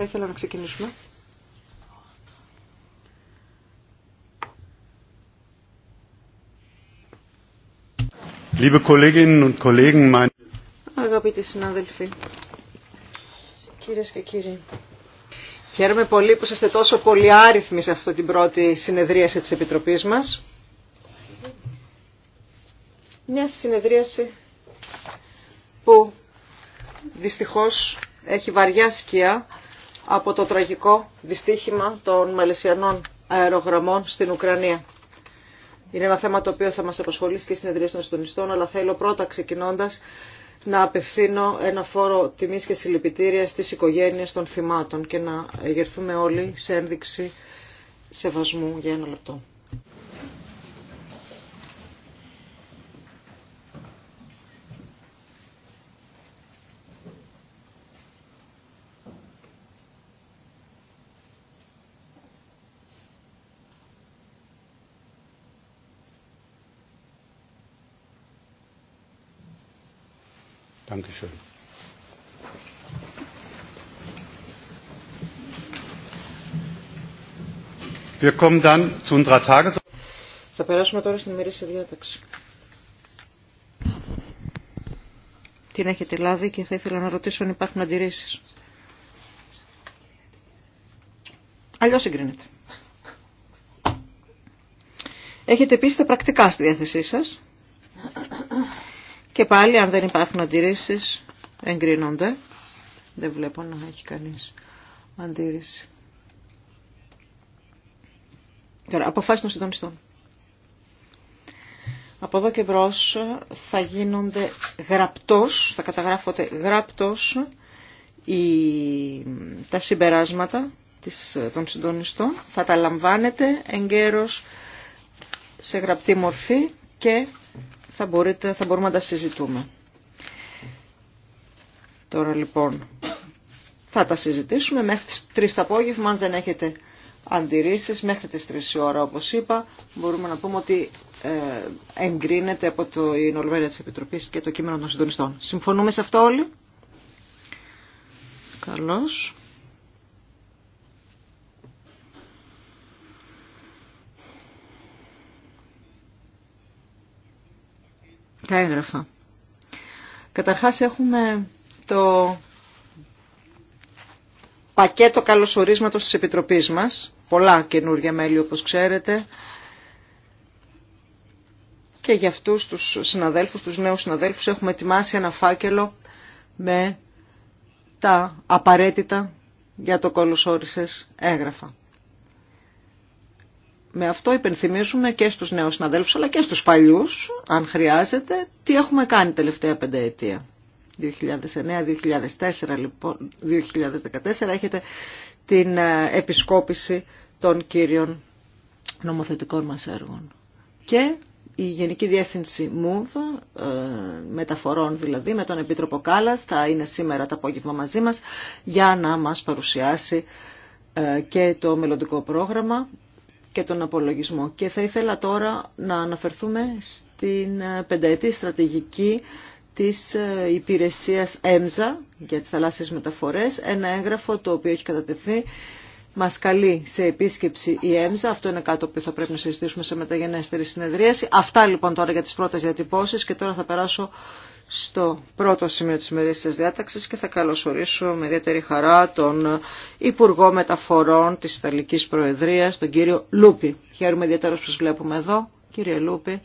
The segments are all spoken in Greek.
Θα ήθελα να ξεκινήσουμε. Liebe Kolleginnen und Kollegen, Αγαπητοί συνάδελφοι, κυρίες και κύριοι, χαίρομαι πολύ που είστε τόσο πολύ άριθμοι σε αυτή την πρώτη συνεδρίαση της Επιτροπής μας. Μια συνεδρίαση που δυστυχώς έχει βαριά σκιά από το τραγικό δυστύχημα των μαλαισιανών αερογραμμών στην Ουκρανία. Είναι ένα θέμα το οποίο θα μας απασχολήσει και συνεδρίες των συντονιστών, αλλά θέλω πρώτα ξεκινώντα να απευθύνω ένα φόρο τιμής και συλληπιτήρια στις οικογένειες των θυμάτων και να γερθούμε όλοι σε ένδειξη σεβασμού για ένα λεπτό. Wir kommen dann zu unserer Tagesordnung. Θα περάσουμε τώρα στην ημερήσια διάταξη. Την έχετε λάβει και θα ήθελα να ρωτήσω αν υπάρχουν αντιρρήσεις. Αλλιώς συγκρίνεται. Έχετε επίσης τα πρακτικά στη διάθεσή σας. Και πάλι αν δεν υπάρχουν αντιρρήσεις εγκρίνονται. Δεν βλέπω να έχει κανείς αντίρρηση. Τώρα, αποφάσεις των συντονιστών. Από εδώ και μπρος θα γίνονται γραπτός, θα καταγράφονται γραπτός τα συμπεράσματα της, των συντονιστών. Θα τα λαμβάνετε εγκαίρως σε γραπτή μορφή και θα, μπορείτε, θα μπορούμε να τα συζητούμε. Τώρα λοιπόν θα τα συζητήσουμε μέχρι τις 3 το απόγευμα, αν δεν έχετε αντιρρήσεις, μέχρι τις 3 η ώρα όπως είπα, μπορούμε να πούμε ότι ε, εγκρίνεται από το Ινολβέρια της Επιτροπής και το κείμενο των συντονιστών. Συμφωνούμε σε αυτό όλοι. Καλώς. τα έγγραφα. Καταρχάς έχουμε το πακέτο καλωσορίσματος της Επιτροπής μας, πολλά καινούργια μέλη όπως ξέρετε, και για αυτούς τους συναδέλφους, τους νέους συναδέλφους έχουμε ετοιμάσει ένα φάκελο με τα απαραίτητα για το κολοσόρισες έγγραφα με αυτό υπενθυμίζουμε και στους νέους συναδέλφους αλλά και στους παλιούς, αν χρειάζεται, τι έχουμε κάνει τελευταία πενταετία. 2009-2004 λοιπόν, 2014 έχετε την ε, επισκόπηση των κύριων νομοθετικών μας έργων. Και η Γενική Διεύθυνση MOVE, ε, μεταφορών δηλαδή, με τον Επίτροπο Κάλλας, θα είναι σήμερα το απόγευμα μαζί μας για να μας παρουσιάσει ε, και το μελλοντικό πρόγραμμα και τον απολογισμό. Και θα ήθελα τώρα να αναφερθούμε στην πενταετή στρατηγική της ε, υπηρεσίας ΕΜΖΑ για τις θαλάσσιες μεταφορές, ένα έγγραφο το οποίο έχει κατατεθεί Μα καλεί σε επίσκεψη η ΕΜΖΑ. Αυτό είναι κάτι που θα πρέπει να συζητήσουμε σε μεταγενέστερη συνεδρίαση. Αυτά λοιπόν τώρα για τι πρώτε διατυπώσει και τώρα θα περάσω στο πρώτο σημείο της της διάταξης και θα καλωσορίσω με ιδιαίτερη χαρά τον Υπουργό Μεταφορών της Ιταλικής Προεδρίας, τον κύριο Λούπη. Χαίρομαι ιδιαίτερα που σας βλέπουμε εδώ. Κύριε Λούπη,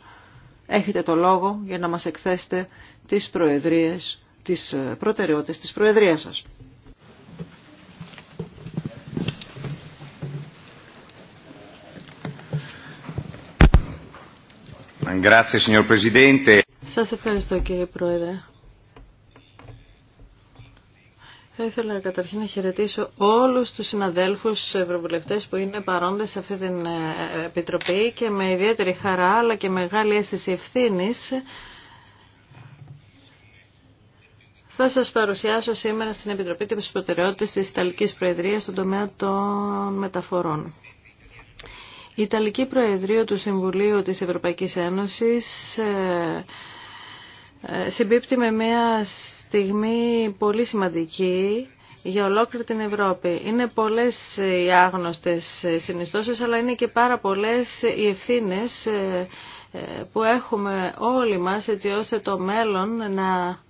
έχετε το λόγο για να μας εκθέσετε τις, προεδρίες, τις προτεραιότητες της Προεδρίας σας. Grazie signor Presidente. Σας ευχαριστώ κύριε Πρόεδρε. Θα ήθελα καταρχήν να χαιρετήσω όλους τους συναδέλφους ευρωβουλευτές που είναι παρόντες σε αυτή την ε, επιτροπή και με ιδιαίτερη χαρά αλλά και μεγάλη αίσθηση ευθύνης θα σας παρουσιάσω σήμερα στην Επιτροπή της Προτεραιότητας της Ιταλικής Προεδρίας στον τομέα των μεταφορών. Η Ιταλική Προεδρία του Συμβουλίου της Ευρωπαϊκής Ένωσης ε, ε, συμπίπτει με μια στιγμή πολύ σημαντική για ολόκληρη την Ευρώπη. Είναι πολλές οι άγνωστες συνιστώσεις, αλλά είναι και πάρα πολλές οι ευθύνες ε, που έχουμε όλοι μας έτσι ώστε το μέλλον να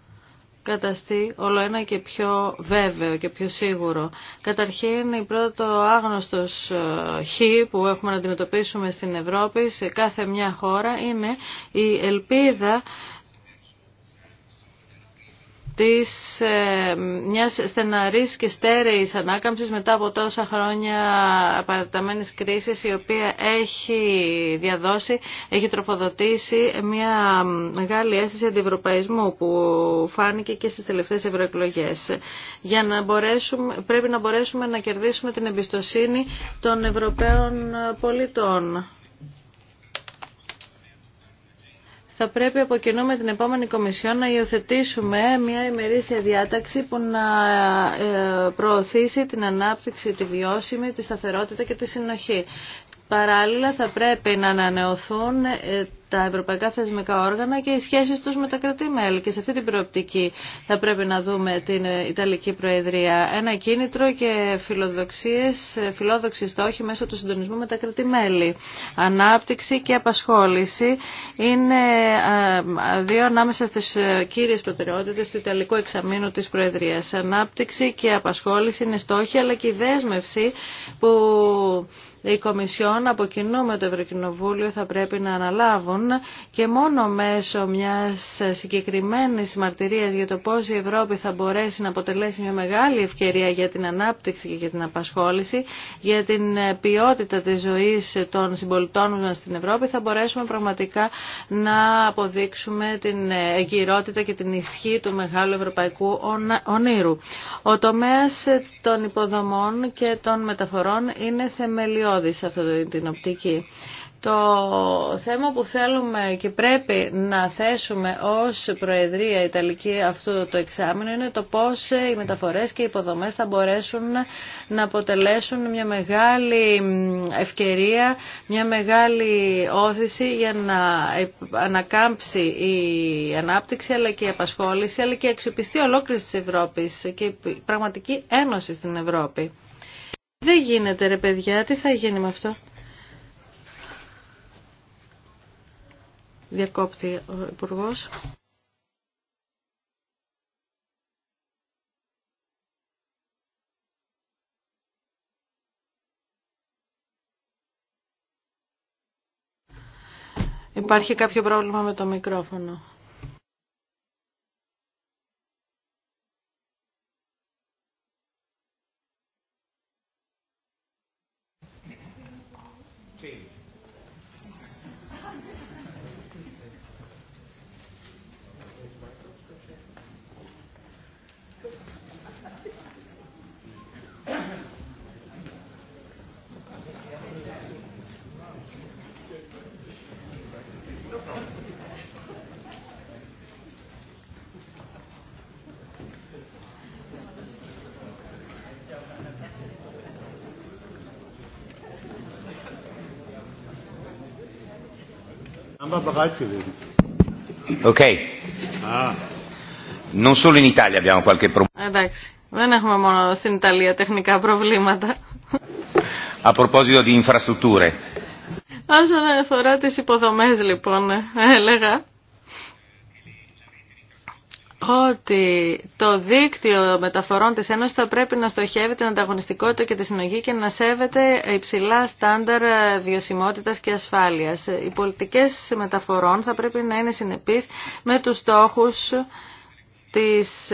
καταστεί όλο ένα και πιο βέβαιο και πιο σίγουρο. Καταρχήν, η πρώτο άγνωστος ε, χ που έχουμε να αντιμετωπίσουμε στην Ευρώπη, σε κάθε μια χώρα, είναι η ελπίδα της ε, μιας στεναρής και στέρεης ανάκαμψης μετά από τόσα χρόνια παραταμένης κρίσης η οποία έχει διαδώσει, έχει τροφοδοτήσει μια μεγάλη αίσθηση αντιευρωπαϊσμού που φάνηκε και στις τελευταίες ευρωεκλογέ. Για να μπορέσουμε, πρέπει να μπορέσουμε να κερδίσουμε την εμπιστοσύνη των Ευρωπαίων πολιτών. θα πρέπει από κοινού με την επόμενη Κομισιόν να υιοθετήσουμε μια ημερήσια διάταξη που να ε, προωθήσει την ανάπτυξη, τη βιώσιμη, τη σταθερότητα και τη συνοχή. Παράλληλα θα πρέπει να ανανεωθούν ε, τα ευρωπαϊκά θεσμικά όργανα και οι σχέσεις τους με τα κρατη Και σε αυτή την προοπτική θα πρέπει να δούμε την Ιταλική Προεδρία. Ένα κίνητρο και φιλοδοξίες, φιλόδοξη στόχη μέσω του συντονισμού με τα κρατημέλη. Ανάπτυξη και απασχόληση είναι ε, δύο ανάμεσα στις ε, κύριες προτεραιότητες του Ιταλικού Εξαμήνου της Προεδρίας. Ανάπτυξη και απασχόληση είναι στόχοι αλλά και η δέσμευση που η Κομισιόν από κοινού με το Ευρωκοινοβούλιο θα πρέπει να αναλάβουν και μόνο μέσω μιας συγκεκριμένης μαρτυρίας για το πώς η Ευρώπη θα μπορέσει να αποτελέσει μια μεγάλη ευκαιρία για την ανάπτυξη και για την απασχόληση, για την ποιότητα της ζωής των συμπολιτών μας στην Ευρώπη θα μπορέσουμε πραγματικά να αποδείξουμε την εγκυρότητα και την ισχύ του μεγάλου ευρωπαϊκού ονείρου. Ο τομέας των υποδομών και των μεταφορών είναι θεμελιώδης σε την οπτική. Το θέμα που θέλουμε και πρέπει να θέσουμε ως Προεδρία Ιταλική αυτού το εξάμεινο είναι το πώς οι μεταφορές και οι υποδομές θα μπορέσουν να αποτελέσουν μια μεγάλη ευκαιρία, μια μεγάλη όθηση για να ανακάμψει η ανάπτυξη αλλά και η απασχόληση αλλά και η αξιοπιστή ολόκληρης της Ευρώπης και η πραγματική ένωση στην Ευρώπη. Δεν γίνεται ρε παιδιά, τι θα γίνει με αυτό. Διακόπτει ο υπουργό. Υπάρχει κάποιο πρόβλημα με το μικρόφωνο. Εντάξει, δεν έχουμε μόνο στην Ιταλία τεχνικά προβλήματα. Α proposito τη Όσον αφορά τις υποδομές λοιπόν, έλεγα ότι το δίκτυο μεταφορών της Ένωσης θα πρέπει να στοχεύει την ανταγωνιστικότητα και τη συνογή και να σέβεται υψηλά στάνταρ βιωσιμότητας και ασφάλειας. Οι πολιτικές μεταφορών θα πρέπει να είναι συνεπείς με τους στόχους της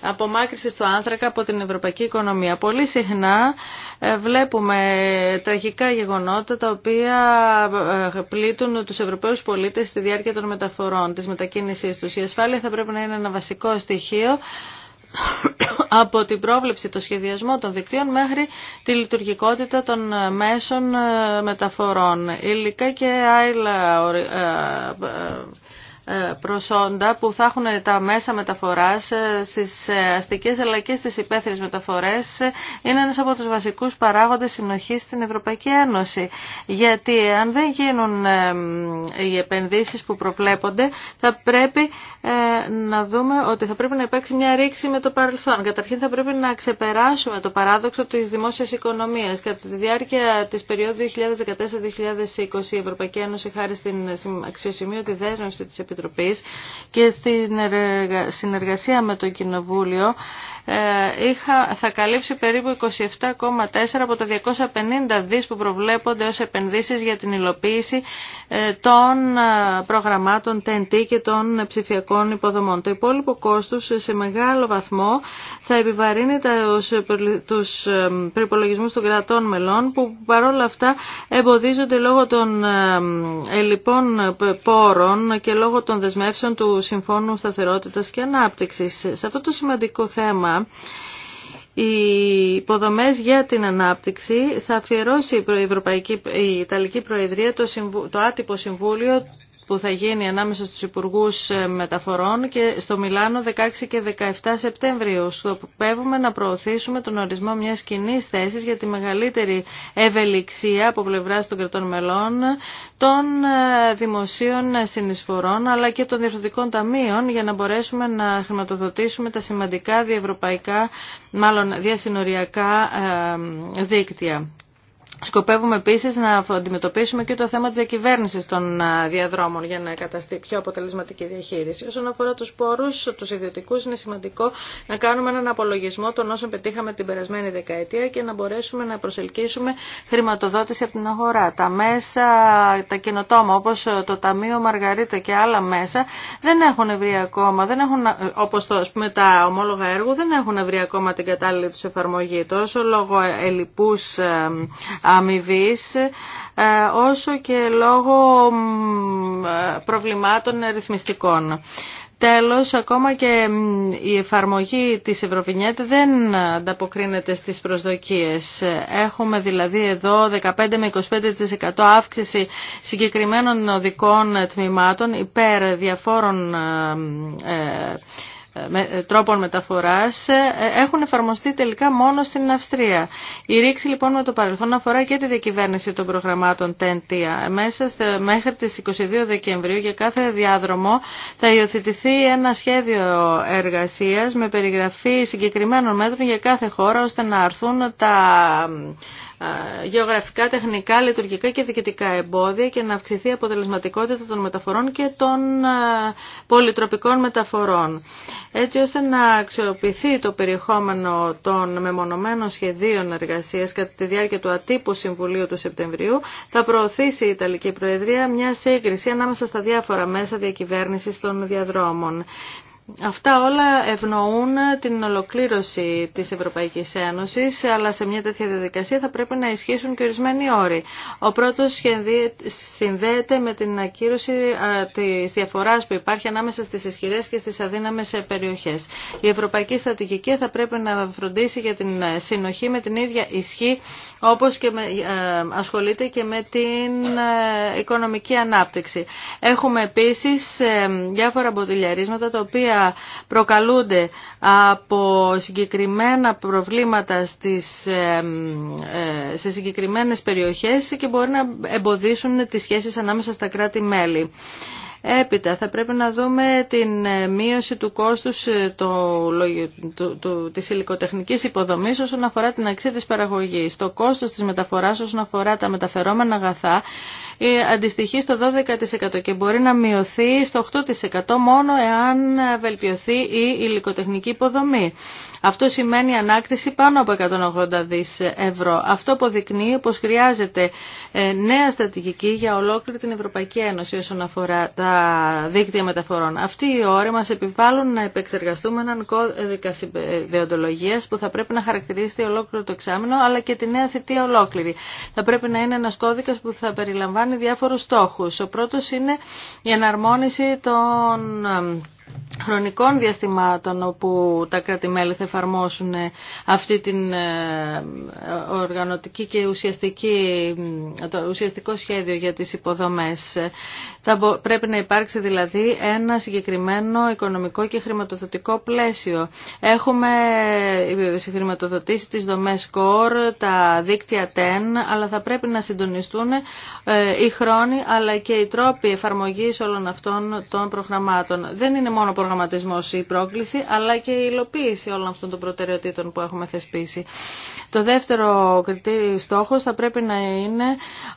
απομάκρυσης του άνθρακα από την ευρωπαϊκή οικονομία. Πολύ συχνά ε, βλέπουμε τραγικά γεγονότα τα οποία ε, πλήττουν τους Ευρωπαίους πολίτες στη διάρκεια των μεταφορών, της μετακίνησής τους. Η ασφάλεια θα πρέπει να είναι ένα βασικό στοιχείο από την πρόβλεψη, το σχεδιασμό των δικτύων μέχρι τη λειτουργικότητα των ε, μέσων μεταφορών. Υλικά και άλλα προσόντα που θα έχουν τα μέσα μεταφοράς ε, στις ε, αστικές αλλά και στις υπαίθριες μεταφορές ε, είναι ένας από τους βασικούς παράγοντες συνοχής στην Ευρωπαϊκή Ένωση. Γιατί αν δεν γίνουν οι επενδύσεις που προβλέπονται θα πρέπει να δούμε ότι θα πρέπει να υπάρξει μια ρήξη με το παρελθόν. Καταρχήν θα πρέπει να ξεπεράσουμε το παράδοξο της δημόσιας οικονομίας. Κατά τη διάρκεια της περίοδου 2014-2020 η Ευρωπαϊκή Ένωση χάρη στην αξιοσημείωτη δέσμευση της Επιτροπής Επιτροπής και στη συνεργασία με το Κοινοβούλιο ε, είχα, θα καλύψει περίπου 27,4 από τα 250 δις που προβλέπονται ως επενδύσεις για την υλοποίηση ε, των ε, προγραμμάτων TNT και των ψηφιακών υποδομών. Το υπόλοιπο κόστος σε μεγάλο βαθμό θα επιβαρύνει τους προπολογισμού των κρατών μελών που παρόλα αυτά εμποδίζονται λόγω των λοιπών πόρων και λόγω των δεσμεύσεων του Συμφώνου Σταθερότητας και Ανάπτυξης. Σε αυτό το σημαντικό θέμα οι υποδομές για την ανάπτυξη θα αφιερώσει η, Ευρωπαϊκή, Ιταλική Προεδρία το, το άτυπο συμβούλιο που θα γίνει ανάμεσα στους Υπουργούς ε, Μεταφορών και στο Μιλάνο 16 και 17 Σεπτεμβρίου. Σκοπεύουμε να προωθήσουμε τον ορισμό μιας κοινή θέσης για τη μεγαλύτερη ευελιξία από πλευρά των κρατών μελών, των ε, δημοσίων συνεισφορών αλλά και των διευθυντικών ταμείων για να μπορέσουμε να χρηματοδοτήσουμε τα σημαντικά διευρωπαϊκά, μάλλον διασυνοριακά ε, δίκτυα. Σκοπεύουμε επίση να αντιμετωπίσουμε και το θέμα τη διακυβέρνηση των διαδρόμων για να καταστεί πιο αποτελεσματική διαχείριση. Όσον αφορά του πόρου, του ιδιωτικού είναι σημαντικό να κάνουμε έναν απολογισμό των όσων πετύχαμε την περασμένη δεκαετία και να μπορέσουμε να προσελκύσουμε χρηματοδότηση από την αγορά. Τα μέσα, τα καινοτόμα όπω ε, το Ταμείο Μαργαρίτα και άλλα μέσα δεν έχουν βρει ακόμα, δεν ε, τα ομόλογα έργου δεν έχουν βρει ακόμα την κατάλληλη του εφαρμογή. Τόσο λόγω ε, αμοιβή, ε, όσο και λόγω προβλημάτων ρυθμιστικών. Τέλος, ακόμα και η εφαρμογή της Ευρωβινιέτ δεν ανταποκρίνεται στις προσδοκίες. Έχουμε δηλαδή εδώ 15 με 25% αύξηση συγκεκριμένων οδικών ε, τμήματων υπέρ διαφόρων ε, ε, τρόπων μεταφοράς ε, ε, έχουν εφαρμοστεί τελικά μόνο στην Αυστρία. Η ρήξη λοιπόν με το παρελθόν αφορά και τη διακυβέρνηση των προγραμμάτων τέντια Μέσα μέχρι τις 22 Δεκεμβρίου για κάθε διάδρομο θα υιοθετηθεί ένα σχέδιο εργασίας με περιγραφή συγκεκριμένων μέτρων για κάθε χώρα ώστε να αρθούν τα γεωγραφικά, τεχνικά, λειτουργικά και διοικητικά εμπόδια και να αυξηθεί η αποτελεσματικότητα των μεταφορών και των πολυτροπικών μεταφορών. Έτσι ώστε να αξιοποιηθεί το περιεχόμενο των μεμονωμένων σχεδίων εργασίας κατά τη διάρκεια του ατύπου Συμβουλίου του Σεπτεμβρίου, θα προωθήσει η Ιταλική Προεδρία μια σύγκριση ανάμεσα στα διάφορα μέσα διακυβέρνησης των διαδρόμων. Αυτά όλα ευνοούν την ολοκλήρωση της Ευρωπαϊκής Ένωσης, αλλά σε μια τέτοια διαδικασία θα πρέπει να ισχύσουν και ορισμένοι όροι. Ο πρώτος συνδέεται με την ακύρωση της διαφοράς που υπάρχει ανάμεσα στις ισχυρές και στις αδύναμες περιοχές. Η Ευρωπαϊκή Στρατηγική θα πρέπει να φροντίσει για την συνοχή με την ίδια ισχύ, όπως και ασχολείται και με την οικονομική ανάπτυξη. Έχουμε επίσης ε, διάφορα μποτιλιαρίσματα, τα οποία προκαλούνται από συγκεκριμένα προβλήματα στις, ε, σε συγκεκριμένες περιοχές και μπορεί να εμποδίσουν τις σχέσεις ανάμεσα στα κράτη-μέλη. Έπειτα θα πρέπει να δούμε την ε, μείωση του κόστους ε, το, το, το, της υλικοτεχνικής υποδομής όσον αφορά την αξία της παραγωγής, το κόστος της μεταφοράς όσον αφορά τα μεταφερόμενα αγαθά ε, αντιστοιχεί στο 12% και μπορεί να μειωθεί στο 8% μόνο εάν βελτιωθεί η υλικοτεχνική υποδομή. Αυτό σημαίνει ανάκτηση πάνω από 180 δις ευρώ. Αυτό αποδεικνύει πως χρειάζεται ε, νέα στρατηγική για ολόκληρη την Ευρωπαϊκή Ένωση όσον αφορά τα δίκτυα μεταφορών. Αυτοί οι όροι μας επιβάλλουν να επεξεργαστούμε έναν κώδικα δεοντολογίας που θα πρέπει να χαρακτηρίσει ολόκληρο το εξάμεινο αλλά και τη νέα θητεία ολόκληρη. Θα πρέπει να είναι ένας κώδικας που θα περιλαμβάνει κάνει διάφορους στόχους. Ο πρώτος είναι η εναρμόνιση των χρονικών διαστημάτων όπου τα κράτη-μέλη θα εφαρμόσουν ε, αυτή την ε, οργανωτική και ουσιαστική, το ουσιαστικό σχέδιο για τις υποδομές. Θα πρέπει να υπάρξει δηλαδή ένα συγκεκριμένο οικονομικό και χρηματοδοτικό πλαίσιο. Έχουμε ε, χρηματοδοτήσει τις δομές CORE, τα δίκτυα TEN, αλλά θα πρέπει να συντονιστούν οι χρόνοι αλλά και οι τρόποι εφαρμογής όλων αυτών των προγραμμάτων. Δεν είναι μόνο ο προγραμματισμός η πρόκληση, αλλά και η υλοποίηση όλων αυτών των προτεραιοτήτων που έχουμε θεσπίσει. Το δεύτερο κριτήριο στόχος θα πρέπει να είναι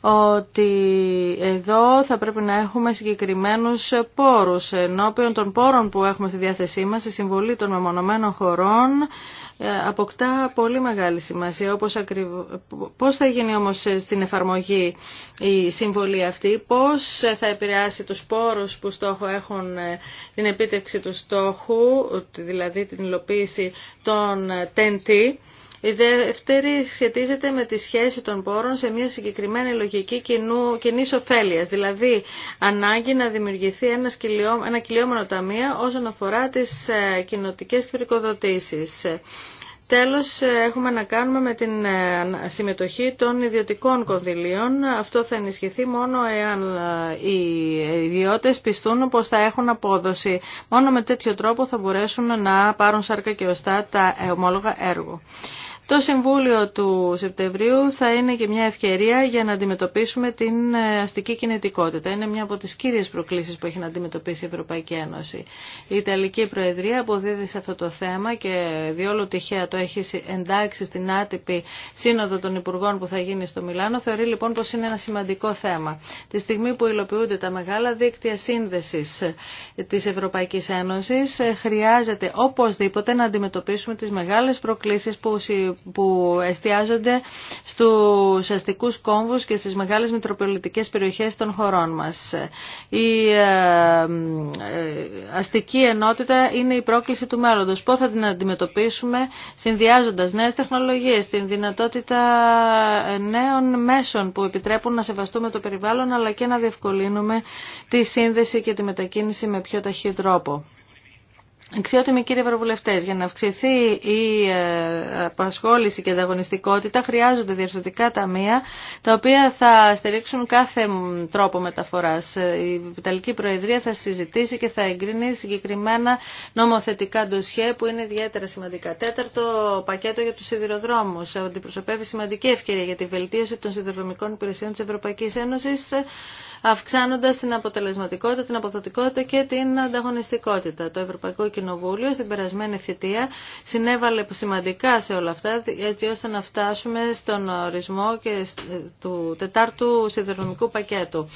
ότι εδώ θα πρέπει να έχουμε συγκεκριμένους πόρους ενώπιον των πόρων που έχουμε στη διάθεσή μα, η συμβολή των μεμονωμένων χωρών, ε, αποκτά πολύ μεγάλη σημασία. Όπως Πώς θα γίνει όμως ε, στην εφαρμογή η συμβολή αυτή, πώς ε, θα επηρεάσει τους πόρους που στόχο έχουν την επίτευξη του στόχου, δηλαδή την υλοποίηση των 10T. Η δεύτερη σχετίζεται με τη σχέση των πόρων σε μια συγκεκριμένη λογική κοινή ωφέλεια, δηλαδή ανάγκη να δημιουργηθεί ένα, κυλιό, ένα κυλιόμενο ταμείο όσον αφορά τι ε, κοινοτικέ χρηκοδοτήσει. Τέλος, ε, έχουμε να κάνουμε με την ε, συμμετοχή των ιδιωτικών κονδυλίων. Αυτό θα ενισχυθεί μόνο εάν οι ιδιώτες πιστούν πως θα έχουν απόδοση. Μόνο με τέτοιο τρόπο θα μπορέσουν να πάρουν σάρκα και οστά τα ομόλογα έργο. Το Συμβούλιο του Σεπτεμβρίου θα είναι και μια ευκαιρία για να αντιμετωπίσουμε την ε, αστική κινητικότητα. Είναι μια από τις κύριες προκλήσεις που έχει να αντιμετωπίσει η Ευρωπαϊκή Ένωση. Η Ιταλική Προεδρία αποδίδει σε αυτό το θέμα και διόλου τυχαία το έχει εντάξει στην άτυπη σύνοδο των Υπουργών που θα γίνει στο Μιλάνο. Θεωρεί λοιπόν πως είναι ένα σημαντικό θέμα. Τη στιγμή που υλοποιούνται τα μεγάλα δίκτυα σύνδεσης ε, της Ευρωπαϊκής Ένωσης ε, χρειάζεται οπωσδήποτε να αντιμετωπίσουμε τις μεγάλες προκλήσεις που που εστιάζονται στους αστικούς κόμβους και στις μεγάλες μητροπολιτικές περιοχές των χωρών μας. Η ε, ε, αστική ενότητα είναι η πρόκληση του μέλλοντος. Πώς θα την αντιμετωπίσουμε συνδυάζοντας νέες τεχνολογίες, την δυνατότητα νέων μέσων που επιτρέπουν να σεβαστούμε το περιβάλλον αλλά και να διευκολύνουμε τη σύνδεση και τη μετακίνηση με πιο ταχύ τρόπο. Αξιότιμοι κύριοι Ευρωβουλευτέ, για να αυξηθεί η ε, απασχόληση και η ανταγωνιστικότητα χρειάζονται διευθυντικά ταμεία τα οποία θα στηρίξουν κάθε τρόπο μεταφορά. Ε, η Ιταλική Προεδρία θα συζητήσει και θα εγκρίνει συγκεκριμένα νομοθετικά ντοσιέ που είναι ιδιαίτερα σημαντικά. Τέταρτο πακέτο για του σιδηροδρόμου. Αντιπροσωπεύει σημαντική ευκαιρία για τη βελτίωση των σιδηροδρομικών υπηρεσιών τη Ευρωπαϊκή Ένωση αυξάνοντα την αποτελεσματικότητα, την αποδοτικότητα και την ανταγωνιστικότητα. Το Ευρωπαϊκό Κοινοβούλιο στην περασμένη θητεία συνέβαλε σημαντικά σε όλα αυτά έτσι ώστε να φτάσουμε στον ορισμό και ε, του τετάρτου σιδηρονομικού πακέτου.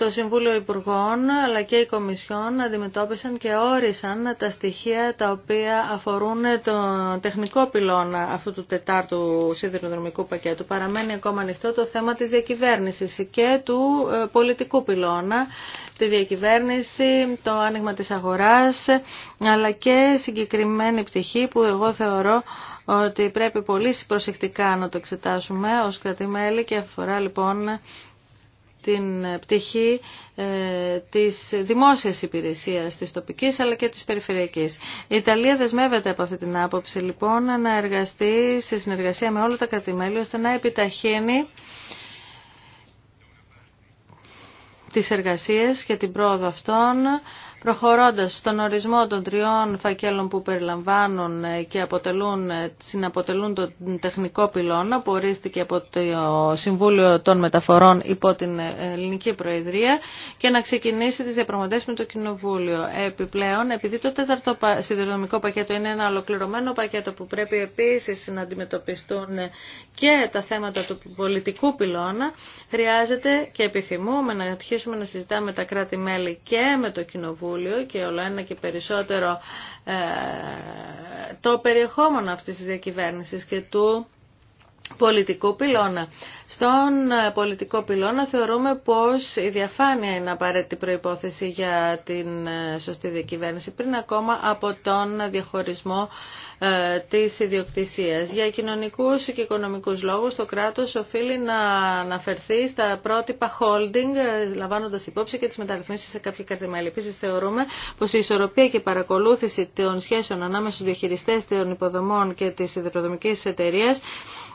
Το Συμβούλιο Υπουργών αλλά και η Κομισιόν αντιμετώπισαν και όρισαν τα στοιχεία τα οποία αφορούν το τεχνικό πυλώνα αυτού του τετάρτου σιδηροδρομικού πακέτου. Παραμένει ακόμα ανοιχτό το θέμα της διακυβέρνησης και του ε, πολιτικού πυλώνα, τη διακυβέρνηση, το άνοιγμα της αγοράς αλλά και συγκεκριμένη πτυχή που εγώ θεωρώ ότι πρέπει πολύ προσεκτικά να το εξετάσουμε ως κρατημέλη και αφορά λοιπόν την πτυχή ε, της δημόσιας υπηρεσίας, της τοπικής αλλά και της περιφερειακής. Η Ιταλία δεσμεύεται από αυτή την άποψη λοιπόν να εργαστεί σε συνεργασία με όλα τα κρατημέλη ώστε να επιταχύνει τις εργασίες και την πρόοδο αυτών Προχωρώντας στον ορισμό των τριών φακέλων που περιλαμβάνουν και αποτελούν, συναποτελούν τον τεχνικό πυλώνα που ορίστηκε από το Συμβούλιο των Μεταφορών υπό την Ελληνική Προεδρία και να ξεκινήσει τις διαπραγματεύσεις με το Κοινοβούλιο. Επιπλέον, επειδή το τέταρτο συνδρομικό πακέτο είναι ένα ολοκληρωμένο πακέτο που πρέπει επίσης να αντιμετωπιστούν και τα θέματα του πολιτικού πυλώνα, χρειάζεται και επιθυμούμε να αρχίσουμε να συζητάμε τα κράτη-μέλη και με το Κοινοβούλιο και όλο ένα και περισσότερο ε, το περιεχόμενο αυτής της διακυβέρνησης και του πολιτικού πυλώνα. Στον ε, πολιτικό πυλώνα θεωρούμε πως η διαφάνεια είναι απαραίτητη προϋπόθεση για την ε, σωστή διακυβέρνηση πριν ακόμα από τον διαχωρισμό ε, της ιδιοκτησίας. Για κοινωνικούς και οικονομικούς λόγους το κράτος οφείλει να αναφερθεί στα πρότυπα holding λαμβάνοντας υπόψη και τις μεταρρυθμίσεις σε κάποια καρδιμαλή. Επίσης θεωρούμε πως η ισορροπία και η παρακολούθηση των σχέσεων ανάμεσα στους διαχειριστές των υποδομών και της υδροδομικής εταιρεία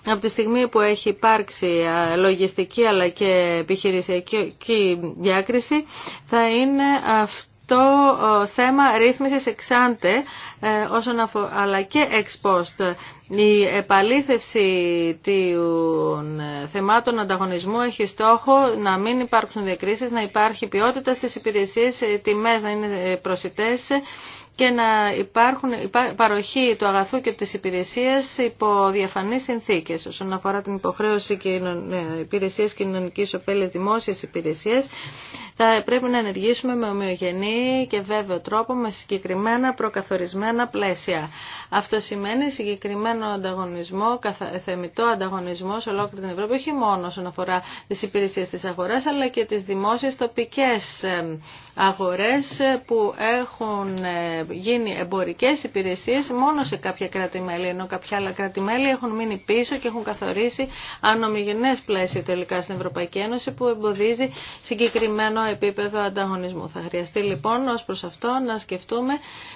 από τη στιγμή που έχει υπάρξει λογιστική αλλά και επιχειρησιακή διάκριση θα είναι αυτό το θέμα ρύθμισης εξάντε ε, όσον αλλά και εξ Η επαλήθευση των ε, θεμάτων ανταγωνισμού έχει στόχο να μην υπάρξουν διακρίσεις, να υπάρχει ποιότητα στις υπηρεσίες, ε, τιμές να είναι προσιτές και να υπάρχουν παροχή του αγαθού και της υπηρεσίας υπό διαφανείς συνθήκες. Όσον αφορά την υποχρέωση ε, υπηρεσίας κοινωνικής οπέλης, δημόσιας υπηρεσίας, θα πρέπει να ενεργήσουμε με ομοιογενή και βέβαιο τρόπο με συγκεκριμένα προκαθορισμένα πλαίσια. Αυτό σημαίνει συγκεκριμένο ανταγωνισμό, θεμητό ανταγωνισμό σε ολόκληρη την Ευρώπη, όχι μόνο όσον αφορά τις υπηρεσίες της αγοράς, αλλά και τις δημόσιες τοπικές ε, αγορές ε, που έχουν γίνει εμπορικές υπηρεσίες μόνο σε κάποια κράτη-μέλη, ενώ κάποια άλλα κράτη-μέλη έχουν μείνει πίσω και έχουν καθορίσει ανομιγενές πλαίσιο τελικά στην Ευρωπαϊκή Ένωση που εμποδίζει συγκεκριμένο επίπεδο ανταγωνισμού. Θα χρειαστεί λοιπόν ως προς αυτό να σκεφτούμε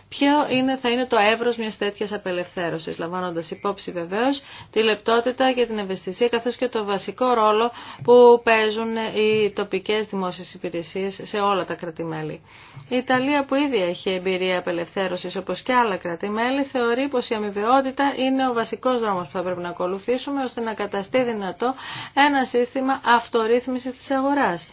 ποιο είναι, θα είναι το εύρος μιας τέτοιας απελευθέρωσης, λαμβάνοντας υπόψη βεβαίως τη λεπτότητα και την ευαισθησία καθώς και το βασικό ρόλο που παίζουν οι τοπικέ δημόσιε υπηρεσίε σε όλα τα κράτη-μέλη. Η Ιταλία που ήδη έχει εμπειρία απελευθέρωσης όπως και άλλα κρατημέλη θεωρεί πως η αμοιβαιότητα είναι ο βασικός δρόμος που θα πρέπει να ακολουθήσουμε ώστε να καταστεί δυνατό ένα σύστημα αυτορύθμισης της αγοράς.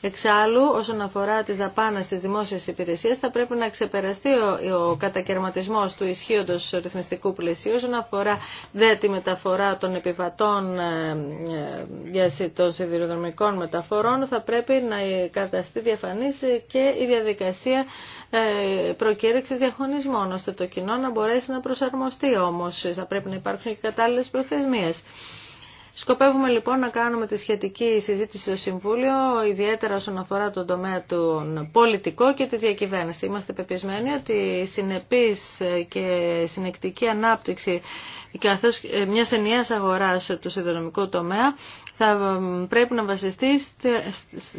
Εξάλλου, όσον αφορά τις δαπάνε τη δημόσια υπηρεσία, θα πρέπει να ξεπεραστεί ο, ο κατακαιρματισμός του ισχύοντος ρυθμιστικού πλαισίου, όσον αφορά δε τη μεταφορά των επιβατών ε, ε, για των σιδηροδρομικών μεταφορών, θα πρέπει να καταστεί διαφανής και η διαδικασία ε, προκήρυξης διαχωνισμών, ώστε το κοινό να μπορέσει να προσαρμοστεί όμω Θα πρέπει να υπάρξουν και κατάλληλε προθεσμίε. Σκοπεύουμε λοιπόν να κάνουμε τη σχετική συζήτηση στο Συμβούλιο, ιδιαίτερα όσον αφορά τον τομέα του πολιτικού και τη διακυβέρνηση. Είμαστε πεπισμένοι ότι συνεπής και συνεκτική ανάπτυξη καθώς ε, μια ενιαία αγοράς του σιδηροδρομικού τομέα θα πρέπει να βασιστεί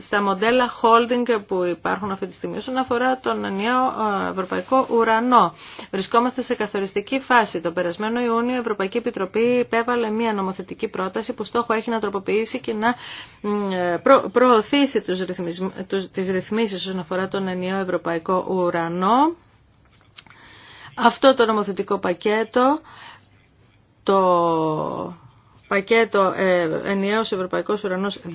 στα μοντέλα holding που υπάρχουν αυτή τη στιγμή. Όσον αφορά τον ενιαίο ε, ευρωπαϊκό ουρανό, βρισκόμαστε σε καθοριστική φάση. Το περασμένο Ιούνιο η Ευρωπαϊκή Επιτροπή υπέβαλε μια νομοθετική πρόταση που στόχο έχει να τροποποιήσει και να ε, προωθήσει τους τους, τις ρυθμίσεις όσον αφορά τον ενιαίο ευρωπαϊκό ουρανό. Αυτό το νομοθετικό πακέτο το πακέτο ε, ενιαίος Ευρωπαϊκός Ουρανός 2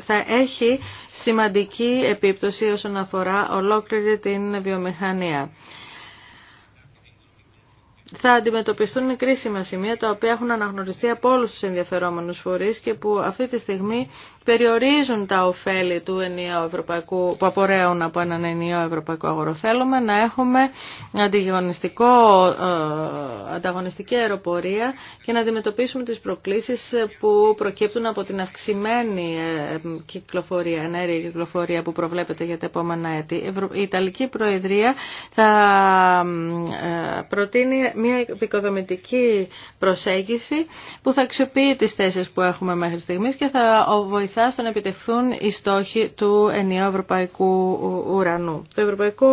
θα έχει σημαντική επίπτωση όσον αφορά ολόκληρη την βιομηχανία θα αντιμετωπιστούν κρίσιμα σημεία τα οποία έχουν αναγνωριστεί από όλου του ενδιαφερόμενου φορεί και που αυτή τη στιγμή περιορίζουν τα ωφέλη του ενιαίου ευρωπαϊκού, που απορρέουν από έναν ενιαίο ευρωπαϊκό αγορό. Θέλουμε να έχουμε ε, ανταγωνιστική αεροπορία και να αντιμετωπίσουμε τι προκλήσει που προκύπτουν από την αυξημένη ε, κυκλοφορία, ενέργεια κυκλοφορία που προβλέπεται για τα επόμενα έτη. Η Ιταλική Προεδρία θα ε, προτείνει μια επικοδομητική προσέγγιση που θα αξιοποιεί τις θέσεις που έχουμε μέχρι στιγμής και θα βοηθά στο να επιτευχθούν οι στόχοι του ενιαίου ευρωπαϊκού ουρανού. Το Ευρωπαϊκό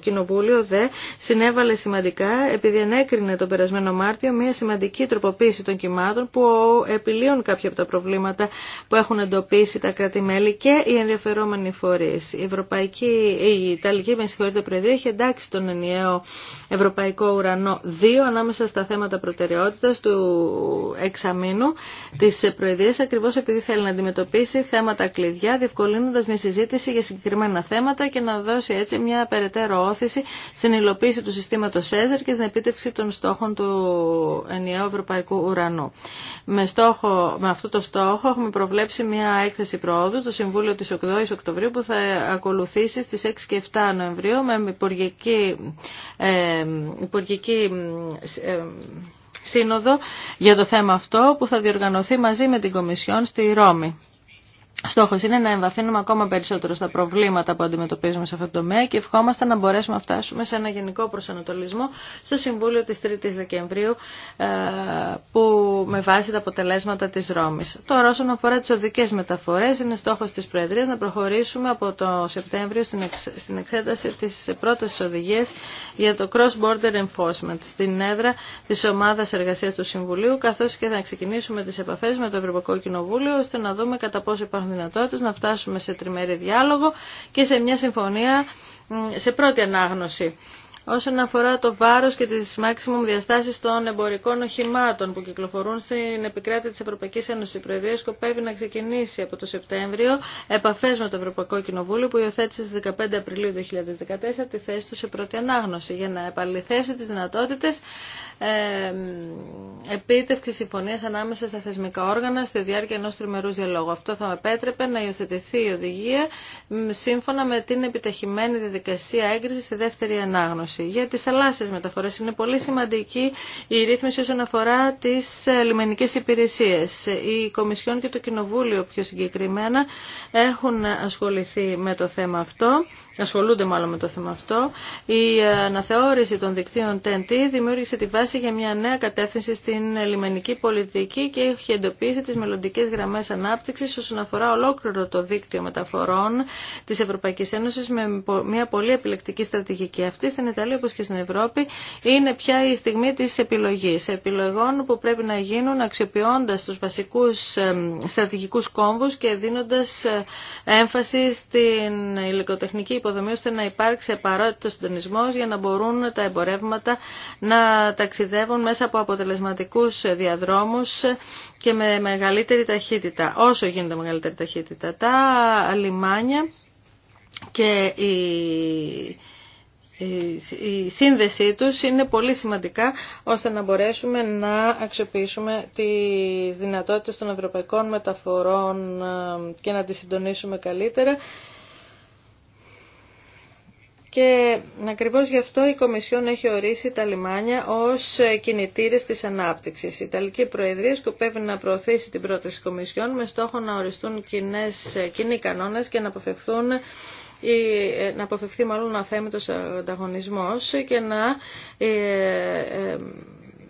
Κοινοβούλιο δε συνέβαλε σημαντικά επειδή ενέκρινε τον περασμένο Μάρτιο μια σημαντική τροποποίηση των κυμάτων που επιλύουν κάποια από τα προβλήματα που έχουν εντοπίσει τα κράτη-μέλη και οι ενδιαφερόμενοι φορείς. Η, Ευρωπαϊκή, η Ιταλική, με συγχωρείτε, Προεδρία έχει εντάξει τον ενιαίο ευρωπαϊκό ουρανό μόνο δύο ανάμεσα στα θέματα προτεραιότητας του εξαμήνου της Προεδρίας, ακριβώς επειδή θέλει να αντιμετωπίσει θέματα κλειδιά, διευκολύνοντας μια συζήτηση για συγκεκριμένα θέματα και να δώσει έτσι μια περαιτέρω όθηση στην υλοποίηση του συστήματος ΣΕΖΕΡ και στην επίτευξη των στόχων του ενιαίου ευρωπαϊκού ουρανού. Με, στόχο, με αυτό το στόχο έχουμε προβλέψει μια έκθεση προόδου το Συμβούλιο της 8 η Οκτωβρίου που θα ακολουθήσει στις 6 και 7 Νοεμβρίου με υπουργική, ε, υπουργική ε, ε, σύνοδο για το θέμα αυτό που θα διοργανωθεί μαζί με την Κομισιόν στη Ρώμη. Στοχό είναι να εμβαθύνουμε ακόμα περισσότερο στα προβλήματα που αντιμετωπίζουμε σε αυτό το τομέα και ευχόμαστε να μπορέσουμε να φτάσουμε σε ένα γενικό προσανατολισμό στο Συμβούλιο τη 3 η Δεκεμβρίου ε, που με βάση τα αποτελέσματα τη Ρώμης. Τώρα όσον αφορά τι οδικές μεταφορέ, είναι στόχο τη Προεδρία να προχωρήσουμε από το Σεπτέμβριο στην εξέταση τη πρώτη οδηγίας για το Cross-Border Enforcement στην έδρα τη ομάδα εργασία του Συμβουλίου καθώ και θα ξεκινήσουμε τι επαφέ με το Ευρωπαϊκό Κοινοβούλιο ώστε να δούμε κατά πόσο υπάρχουν δυνατότητες να φτάσουμε σε τριμερή διάλογο και σε μια συμφωνία σε πρώτη ανάγνωση όσον αφορά το βάρος και τις μάξιμουμ διαστάσεις των εμπορικών οχημάτων που κυκλοφορούν στην επικράτεια της Ευρωπαϊκής Ένωσης. Η Προεδρία σκοπεύει να ξεκινήσει από το Σεπτέμβριο επαφές με το Ευρωπαϊκό Κοινοβούλιο που υιοθέτησε στις 15 Απριλίου 2014 τη θέση του σε πρώτη ανάγνωση για να επαληθεύσει τις δυνατότητες ε, επίτευξη συμφωνία ανάμεσα στα θεσμικά όργανα στη διάρκεια ενό τριμερού διαλόγου. Αυτό θα επέτρεπε να υιοθετηθεί η οδηγία σύμφωνα με την επιταχυμένη διαδικασία έγκρισης στη δεύτερη ανάγνωση. Για τις θαλάσσιες μεταφορές είναι πολύ σημαντική η ρύθμιση όσον αφορά τις ε, λιμενικές υπηρεσίες. Η Κομισιόν και το Κοινοβούλιο πιο συγκεκριμένα έχουν ασχοληθεί με το θέμα αυτό, ασχολούνται μάλλον με το θέμα αυτό. Η αναθεώρηση των δικτύων TNT δημιούργησε τη βάση για μια νέα κατεύθυνση στην λιμενική πολιτική και έχει εντοπίσει τις μελλοντικέ γραμμές ανάπτυξης όσον αφορά ολόκληρο το δίκτυο μεταφορών της Ευρωπαϊκή Ένωση με μια πολύ επιλεκτική στρατηγική. Αυτή στην όπω όπως και στην Ευρώπη, είναι πια η στιγμή της επιλογής. Επιλογών που πρέπει να γίνουν αξιοποιώντας τους βασικούς στρατηγικούς κόμβους και δίνοντας ε, έμφαση στην υλικοτεχνική υποδομή ώστε να υπάρξει επαρότητος συντονισμό για να μπορούν τα εμπορεύματα να ταξιδεύουν μέσα από αποτελεσματικούς διαδρόμους και με μεγαλύτερη ταχύτητα, όσο γίνεται μεγαλύτερη ταχύτητα. Τα λιμάνια και οι η σύνδεσή τους είναι πολύ σημαντικά ώστε να μπορέσουμε να αξιοποιήσουμε τη δυνατότητα των ευρωπαϊκών μεταφορών ε, και να τις συντονίσουμε καλύτερα. Και ακριβώς γι' αυτό η Κομισιόν έχει ορίσει τα λιμάνια ως ε, κινητήρες της ανάπτυξης. Η Ιταλική Προεδρία σκοπεύει να προωθήσει την πρόταση Κομισιόν με στόχο να οριστούν κοινές, ε, κοινοί και να αποφευχθούν ε, να αποφευθεί μάλλον αθέμητος ανταγωνισμός και να ε, ε,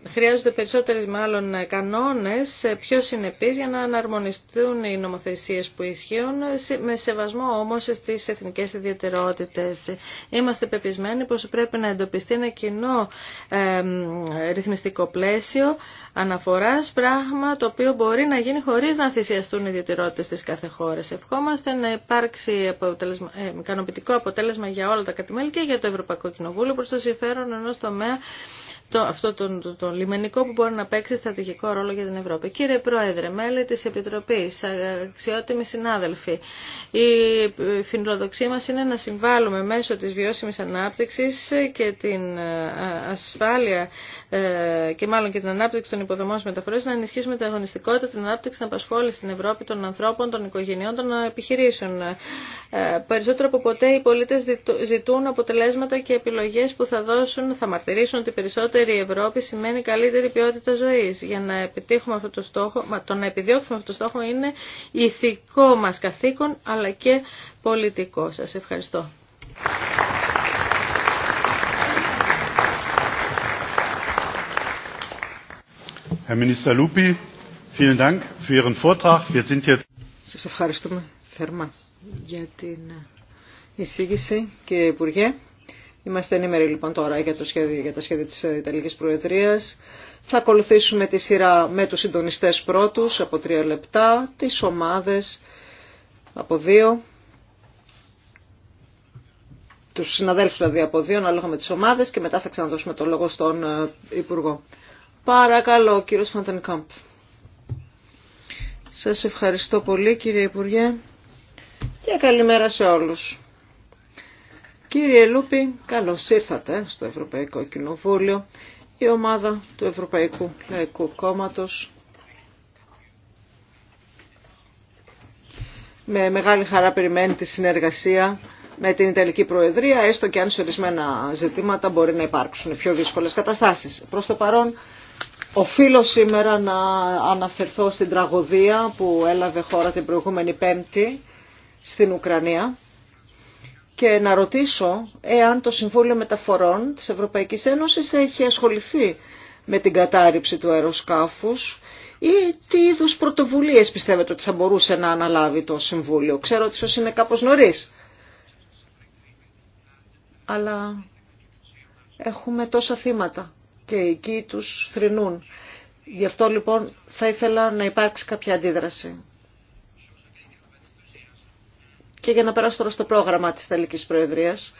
χρειάζονται περισσότεροι μάλλον κανόνες ε, πιο συνεπείς για να αναρμονιστούν οι νομοθεσίες που ισχύουν με σεβασμό όμως στις εθνικές ιδιαιτερότητες. Είμαστε πεπισμένοι πως πρέπει να εντοπιστεί ένα κοινό ρυθμιστικό πλαίσιο αναφοράς, πράγμα το οποίο μπορεί να γίνει χωρίς να θυσιαστούν οι ιδιαιτερότητες της κάθε χώρας. Ευχόμαστε να υπάρξει αποτέλεσμα, ε, ικανοποιητικό αποτέλεσμα για όλα τα κατημέλη και για το Ευρωπαϊκό Κοινοβούλιο προς το συμφέρον ενό τομέα το, αυτό το τον, λιμενικό που μπορεί να παίξει στρατηγικό ρόλο για την Ευρώπη. Κύριε Πρόεδρε, μέλη της Επιτροπής, αξιότιμοι συνάδελφοι, η φιλοδοξία μας είναι να συμβάλλουμε μέσω της βιώσιμης ανάπτυξης και την ε, ασφάλεια ε, και μάλλον και την ανάπτυξη των υποδομών μεταφορές να ενισχύσουμε την αγωνιστικότητα, την ανάπτυξη, την απασχόληση στην Ευρώπη των ανθρώπων, των οικογενειών, των ε, επιχειρήσεων. Περισσότερο από ποτέ οι πολίτες ζητούν αποτελέσματα και επιλογές που θα δώσουν, θα μαρτυρήσουν ότι περισσότερο καλύτερη Ευρώπη σημαίνει καλύτερη ποιότητα ζωής. Για να επιτύχουμε αυτό το στόχο, το να επιδιώξουμε αυτό το στόχο είναι ηθικό μας καθήκον αλλά και πολιτικό. Σας ευχαριστώ. Herr Minister Lupi, vielen Dank für Ihren Vortrag. Wir sind jetzt Σας ευχαριστούμε θερμά για την εισήγηση, κύριε Υπουργέ. Είμαστε ενήμεροι λοιπόν τώρα για, το σχέδιο, για τα σχέδια της ε, Ιταλικής Προεδρίας. Θα ακολουθήσουμε τη σειρά με τους συντονιστές πρώτους από τρία λεπτά, τις ομάδες από δύο, τους συναδέλφους δηλαδή από δύο, ανάλογα με τις ομάδες και μετά θα ξαναδώσουμε το λόγο στον ε, Υπουργό. Παρακαλώ, κύριος Φαντενκάμπ. Σας ευχαριστώ πολύ κύριε Υπουργέ και καλημέρα σε όλους. Κύριε Λούπη, καλώς ήρθατε στο Ευρωπαϊκό Κοινοβούλιο. Η ομάδα του Ευρωπαϊκού Λαϊκού Κόμματος με μεγάλη χαρά περιμένει τη συνεργασία με την Ιταλική Προεδρία, έστω και αν σε ορισμένα ζητήματα μπορεί να υπάρξουν πιο δύσκολες καταστάσεις. Προς το παρόν, οφείλω σήμερα να αναφερθώ στην τραγωδία που έλαβε χώρα την προηγούμενη Πέμπτη στην Ουκρανία και να ρωτήσω εάν το Συμβούλιο Μεταφορών της Ευρωπαϊκής Ένωσης έχει ασχοληθεί με την κατάρριψη του αεροσκάφους ή τι είδους πρωτοβουλίες πιστεύετε ότι θα μπορούσε να αναλάβει το Συμβούλιο. Ξέρω ότι ίσως είναι κάπως νωρίς. Αλλά έχουμε τόσα θύματα και εκεί τους θρυνούν. Γι' αυτό λοιπόν θα ήθελα να υπάρξει κάποια αντίδραση. Και για να περάσω τώρα στο πρόγραμμα της Τελικής Προεδρίας.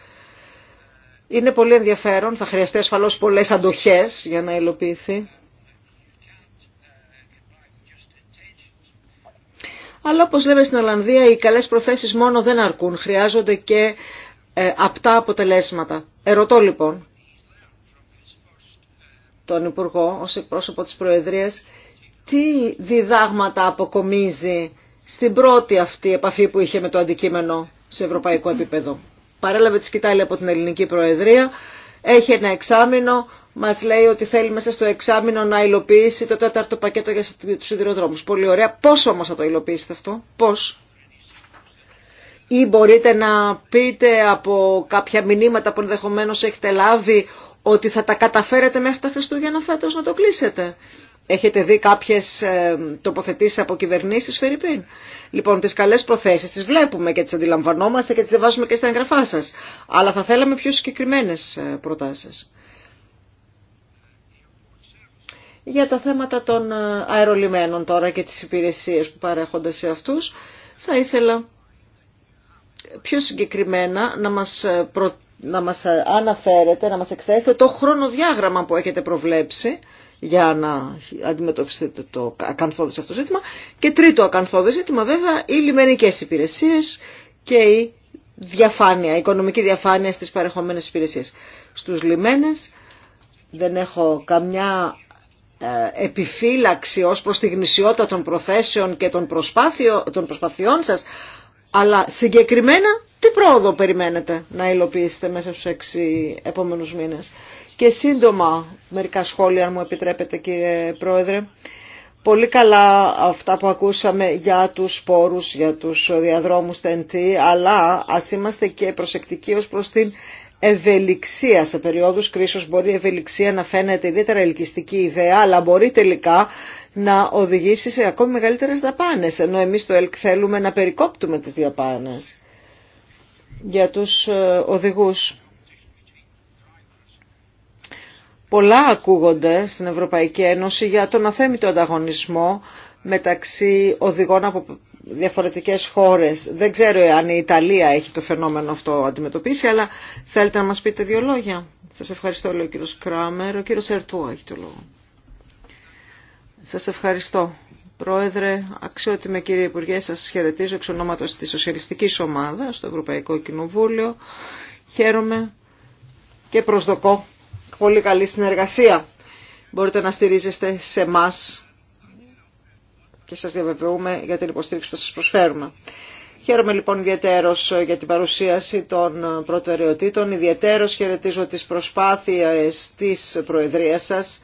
Είναι πολύ ενδιαφέρον, θα χρειαστεί ασφαλώς πολλές αντοχές για να υλοποιηθεί. Αλλά όπως λέμε στην Ολλανδία, οι καλές προθέσεις μόνο δεν αρκούν. Χρειάζονται και ε, απτά αποτελέσματα. Ερωτώ λοιπόν τον Υπουργό ως πρόσωπο της Προεδρίας τι διδάγματα αποκομίζει στην πρώτη αυτή επαφή που είχε με το αντικείμενο σε ευρωπαϊκό επίπεδο. Παρέλαβε τη σκητάλη από την ελληνική προεδρία, έχει ένα εξάμεινο, μας λέει ότι θέλει μέσα στο εξάμεινο να υλοποιήσει το τέταρτο πακέτο για του σιδηροδρόμους. Πολύ ωραία. Πώ όμω θα το υλοποιήσετε αυτό, Πώ, Ή μπορείτε να πείτε από κάποια μηνύματα που ενδεχομένω έχετε λάβει ότι θα τα καταφέρετε μέχρι τα Χριστούγεννα φέτος να το κλείσετε. Έχετε δει κάποιες ε, τοποθετήσεις από κυβερνήσεις Φερρυπίν. Λοιπόν, τις καλές προθέσεις τις βλέπουμε και τις αντιλαμβανόμαστε και τις βάζουμε και στα εγγραφά σα. Αλλά θα θέλαμε πιο συγκεκριμένες ε, προτάσεις. Για τα θέματα των ε, αερολιμένων τώρα και τις υπηρεσίες που παρέχονται σε αυτούς, θα ήθελα πιο συγκεκριμένα να μας, να μας αναφέρετε, να μας εκθέσετε το χρονοδιάγραμμα που έχετε προβλέψει για να αντιμετωπίσετε το ακαθόδες αυτό ζήτημα. Και τρίτο ακαθόδες ζήτημα βέβαια οι λιμενικές υπηρεσίες και η διαφάνεια, η οικονομική διαφάνεια στις παρεχόμενες υπηρεσίες. Στους λιμένες δεν έχω καμιά ε, επιφύλαξη ως προς τη γνησιότητα των προθέσεων και των, των προσπαθειών σας, αλλά συγκεκριμένα τι πρόοδο περιμένετε να υλοποιήσετε μέσα στους έξι επόμενους μήνες και σύντομα μερικά σχόλια, αν μου επιτρέπετε κύριε Πρόεδρε. Πολύ καλά αυτά που ακούσαμε για τους σπόρους, για τους διαδρόμους TNT, αλλά ας είμαστε και προσεκτικοί ως προς την ευελιξία. Σε περιόδους κρίσεως μπορεί η ευελιξία να φαίνεται ιδιαίτερα ελκυστική ιδέα, αλλά μπορεί τελικά να οδηγήσει σε ακόμη μεγαλύτερες δαπάνες, ενώ εμείς το ΕΛΚ θέλουμε να περικόπτουμε τις δαπάνες για τους ε, οδηγούς. Πολλά ακούγονται στην Ευρωπαϊκή Ένωση για τον αθέμητο ανταγωνισμό μεταξύ οδηγών από διαφορετικές χώρες. Δεν ξέρω αν η Ιταλία έχει το φαινόμενο αυτό αντιμετωπίσει, αλλά θέλετε να μας πείτε δύο λόγια. Σας ευχαριστώ, λέει ο κύριος Κράμερ. Ο κύριος Ερτού έχει το λόγο. Σας ευχαριστώ. Πρόεδρε, αξιότιμε κύριε Υπουργέ, σας χαιρετίζω εξ ονόματος της Σοσιαλιστικής Ομάδας στο Ευρωπαϊκό Κοινοβούλιο. Χαίρομαι και προσδοκώ πολύ καλή συνεργασία. Μπορείτε να στηρίζεστε σε εμά και σας διαβεβαιούμε για την υποστήριξη που σας προσφέρουμε. Χαίρομαι λοιπόν ιδιαίτερος για την παρουσίαση των προτεραιοτήτων. Ιδιαίτερος χαιρετίζω τις προσπάθειες της Προεδρίας σας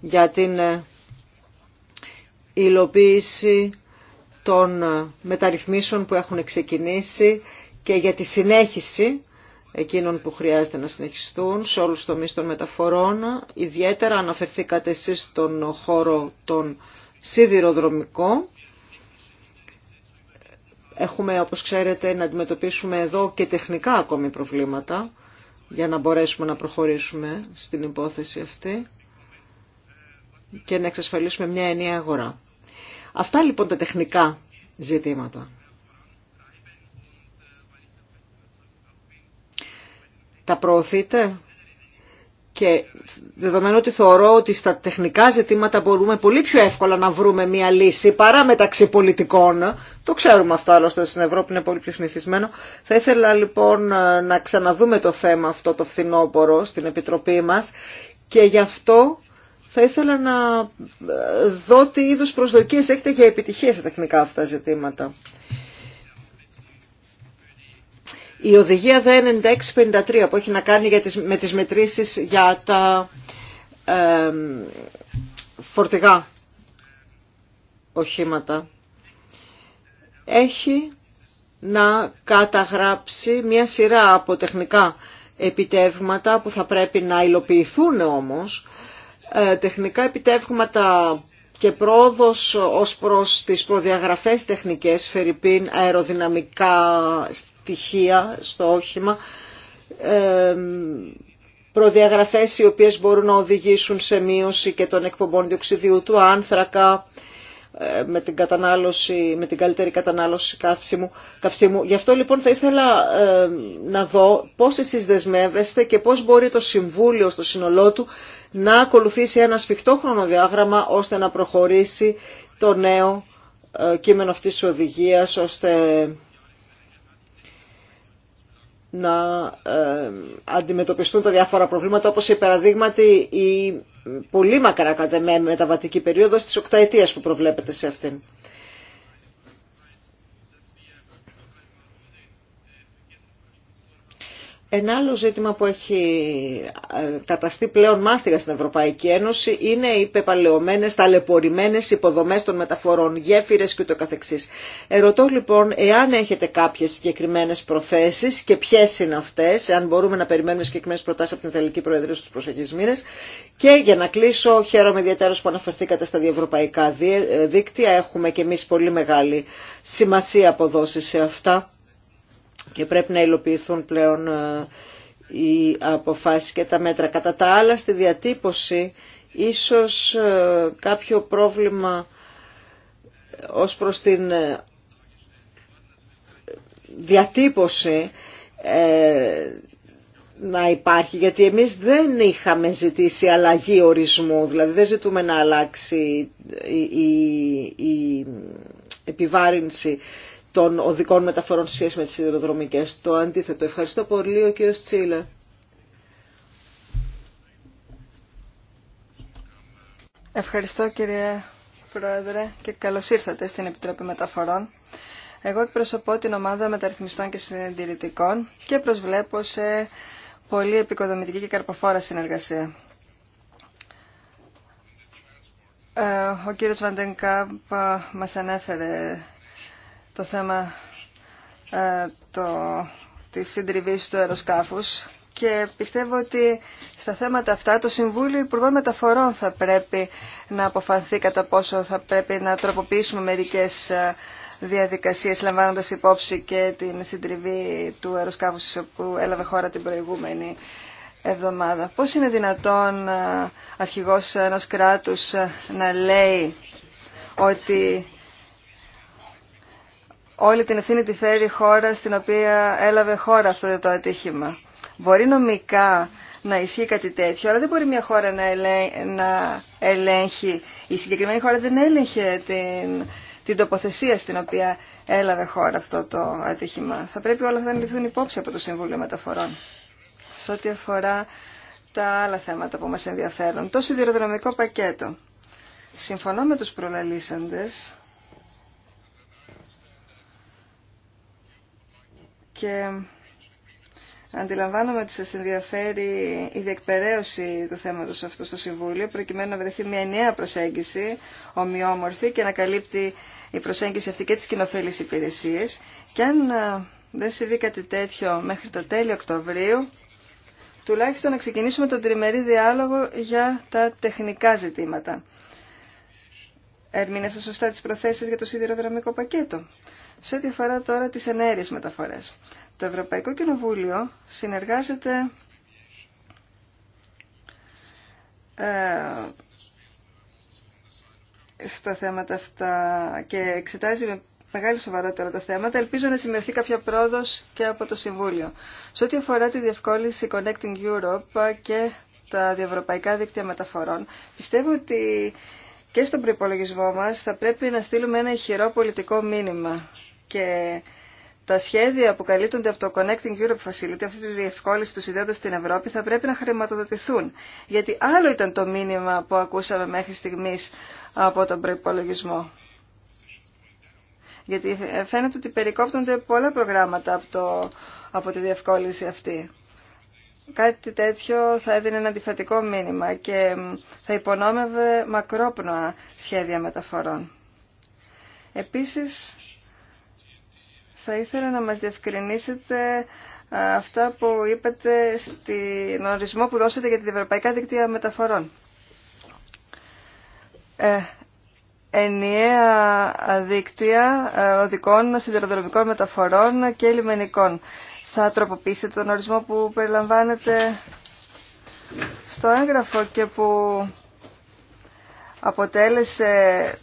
για την υλοποίηση των μεταρρυθμίσεων που έχουν ξεκινήσει και για τη συνέχιση εκείνων που χρειάζεται να συνεχιστούν σε όλους τους τομείς των μεταφορών. Ιδιαίτερα αναφερθήκατε εσείς στον χώρο των σιδηροδρομικό. Έχουμε, όπως ξέρετε, να αντιμετωπίσουμε εδώ και τεχνικά ακόμη προβλήματα για να μπορέσουμε να προχωρήσουμε στην υπόθεση αυτή και να εξασφαλίσουμε μια ενιαία αγορά. Αυτά λοιπόν τα τεχνικά ζητήματα. τα προωθείτε και δεδομένου ότι θεωρώ ότι στα τεχνικά ζητήματα μπορούμε πολύ πιο εύκολα να βρούμε μια λύση παρά μεταξύ πολιτικών, το ξέρουμε αυτό άλλωστε στην Ευρώπη είναι πολύ πιο συνηθισμένο, θα ήθελα λοιπόν ε, να ξαναδούμε το θέμα αυτό το φθινόπωρο στην Επιτροπή μας και γι' αυτό θα ήθελα να ε, δω τι είδους προσδοκίες έχετε για επιτυχία σε τεχνικά αυτά ζητήματα η οδηγία 9653 που έχει να κάνει για τις, με τις μετρήσεις για τα φορτηγά οχήματα έχει να καταγράψει μια σειρά από τεχνικά επιτεύγματα που θα πρέπει να υλοποιηθούν όμως ε, τεχνικά επιτεύγματα και πρόοδος ως προς τις προδιαγραφές τεχνικές, φερρυπίν, αεροδυναμικά στο όχημα, προδιαγραφές οι οποίες μπορούν να οδηγήσουν σε μείωση και των εκπομπών διοξιδίου του άνθρακα, ε, με την, κατανάλωση, με την καλύτερη κατανάλωση καύσιμου. καυσίμου. Γι' αυτό λοιπόν θα ήθελα να δω πώς εσείς δεσμεύεστε και πώς μπορεί το Συμβούλιο στο σύνολό του να ακολουθήσει ένα σφιχτό χρονοδιάγραμμα ώστε να προχωρήσει το νέο ε, κείμενο αυτής της οδηγίας ώστε να ε, αντιμετωπιστούν τα διάφορα προβλήματα όπως η παραδείγματι η πολύ μακρά κατεμέ μεταβατική περίοδος της οκταετίας που προβλέπεται σε αυτήν. Ένα άλλο ζήτημα που έχει ε, καταστεί πλέον μάστιγα στην Ευρωπαϊκή Ένωση είναι οι πεπαλαιωμένες, ταλαιπωρημένες υποδομές των μεταφορών, γέφυρες και το καθεξής. Ερωτώ λοιπόν εάν έχετε κάποιες συγκεκριμένες προθέσεις και ποιες είναι αυτές, εάν μπορούμε να περιμένουμε συγκεκριμένες προτάσεις από την Ιταλική Προεδρία στους προσεχείς μήνες. Και για να κλείσω, χαίρομαι ιδιαίτερα που αναφερθήκατε στα διευρωπαϊκά ε, δίκτυα. Έχουμε και εμείς πολύ μεγάλη σημασία αποδόσεις σε αυτά και πρέπει να υλοποιηθούν πλέον ε, οι αποφάσεις και τα μέτρα. Κατά τα άλλα στη διατύπωση ίσως ε, κάποιο πρόβλημα ε, ως προς την διατύπωση να υπάρχει, γιατί εμείς δεν είχαμε ζητήσει αλλαγή ορισμού, δηλαδή δεν ζητούμε να αλλάξει η, η, η επιβάρυνση των οδικών μεταφορών σχέση με τις σιδηροδρομικές. Το αντίθετο. Ευχαριστώ πολύ ο κύριος Τσίλε. Ευχαριστώ κύριε Πρόεδρε και καλώς ήρθατε στην Επιτροπή Μεταφορών. Εγώ εκπροσωπώ την ομάδα μεταρρυθμιστών και συντηρητικών και προσβλέπω σε πολύ επικοδομητική και καρποφόρα συνεργασία. Ε, ο κύριος Βαντενκάμπ μας ανέφερε το θέμα ε, το, της συντριβής του αεροσκάφους και πιστεύω ότι στα θέματα αυτά το Συμβούλιο Υπουργών Μεταφορών θα πρέπει να αποφανθεί κατά πόσο θα πρέπει να τροποποιήσουμε μερικές ε, διαδικασίες λαμβάνοντας υπόψη και την συντριβή του αεροσκάφους που έλαβε χώρα την προηγούμενη εβδομάδα. Πώς είναι δυνατόν ε, αρχηγός ενός κράτους ε, να λέει ότι όλη την ευθύνη τη φέρει η χώρα στην οποία έλαβε χώρα αυτό το ατύχημα. Μπορεί νομικά να ισχύει κάτι τέτοιο, αλλά δεν μπορεί μια χώρα να, ελέγχει. Η συγκεκριμένη χώρα δεν έλεγχε την, την τοποθεσία στην οποία έλαβε χώρα αυτό το ατύχημα. Θα πρέπει όλα αυτά να ληφθούν υπόψη από το Συμβούλιο Μεταφορών. Σε ό,τι αφορά τα άλλα θέματα που μας ενδιαφέρουν. Το σιδηροδρομικό πακέτο. Συμφωνώ με τους προλαλήσαντες και αντιλαμβάνομαι ότι σας ενδιαφέρει η διεκπαιρέωση του θέματος αυτού στο Συμβούλιο προκειμένου να βρεθεί μια νέα προσέγγιση ομοιόμορφη και να καλύπτει η προσέγγιση αυτή και τις κοινοφέλης υπηρεσίες και αν ε, δεν συμβεί κάτι τέτοιο μέχρι το τέλη Οκτωβρίου τουλάχιστον να ξεκινήσουμε τον τριμερή διάλογο για τα τεχνικά ζητήματα. Ερμήνευσα σωστά τις προθέσεις για το σιδηροδρομικό πακέτο. Σε ό,τι αφορά τώρα τις ενέργειες μεταφορές. Το Ευρωπαϊκό Κοινοβούλιο συνεργάζεται ε, στα θέματα αυτά και εξετάζει με μεγάλη σοβαρότητα τα θέματα. Ελπίζω να σημειωθεί κάποια πρόοδο και από το Συμβούλιο. Σε ό,τι αφορά τη διευκόλυνση Connecting Europe και τα διευρωπαϊκά δίκτυα μεταφορών, πιστεύω ότι και στον προπολογισμό μας θα πρέπει να στείλουμε ένα ηχηρό πολιτικό μήνυμα και τα σχέδια που καλύπτονται από το Connecting Europe Facility, αυτή τη διευκόλυνση του συνδέοντα στην Ευρώπη, θα πρέπει να χρηματοδοτηθούν. Γιατί άλλο ήταν το μήνυμα που ακούσαμε μέχρι στιγμή από τον προπολογισμό. Γιατί φαίνεται ότι περικόπτονται πολλά προγράμματα από, από τη διευκόλυνση αυτή. Κάτι τέτοιο θα έδινε ένα αντιφατικό μήνυμα και θα υπονόμευε μακρόπνοα σχέδια μεταφορών. Επίσης, θα ήθελα να μας διευκρινίσετε αυτά που είπατε στην ορισμό που δώσατε για την Ευρωπαϊκά Δικτύα Μεταφορών. Ε, ενιαία δίκτυα ε, οδικών, σιδηροδρομικών μεταφορών και λιμενικών. Θα τροποποιήσετε τον ορισμό που περιλαμβάνεται στο έγγραφο και που αποτέλεσε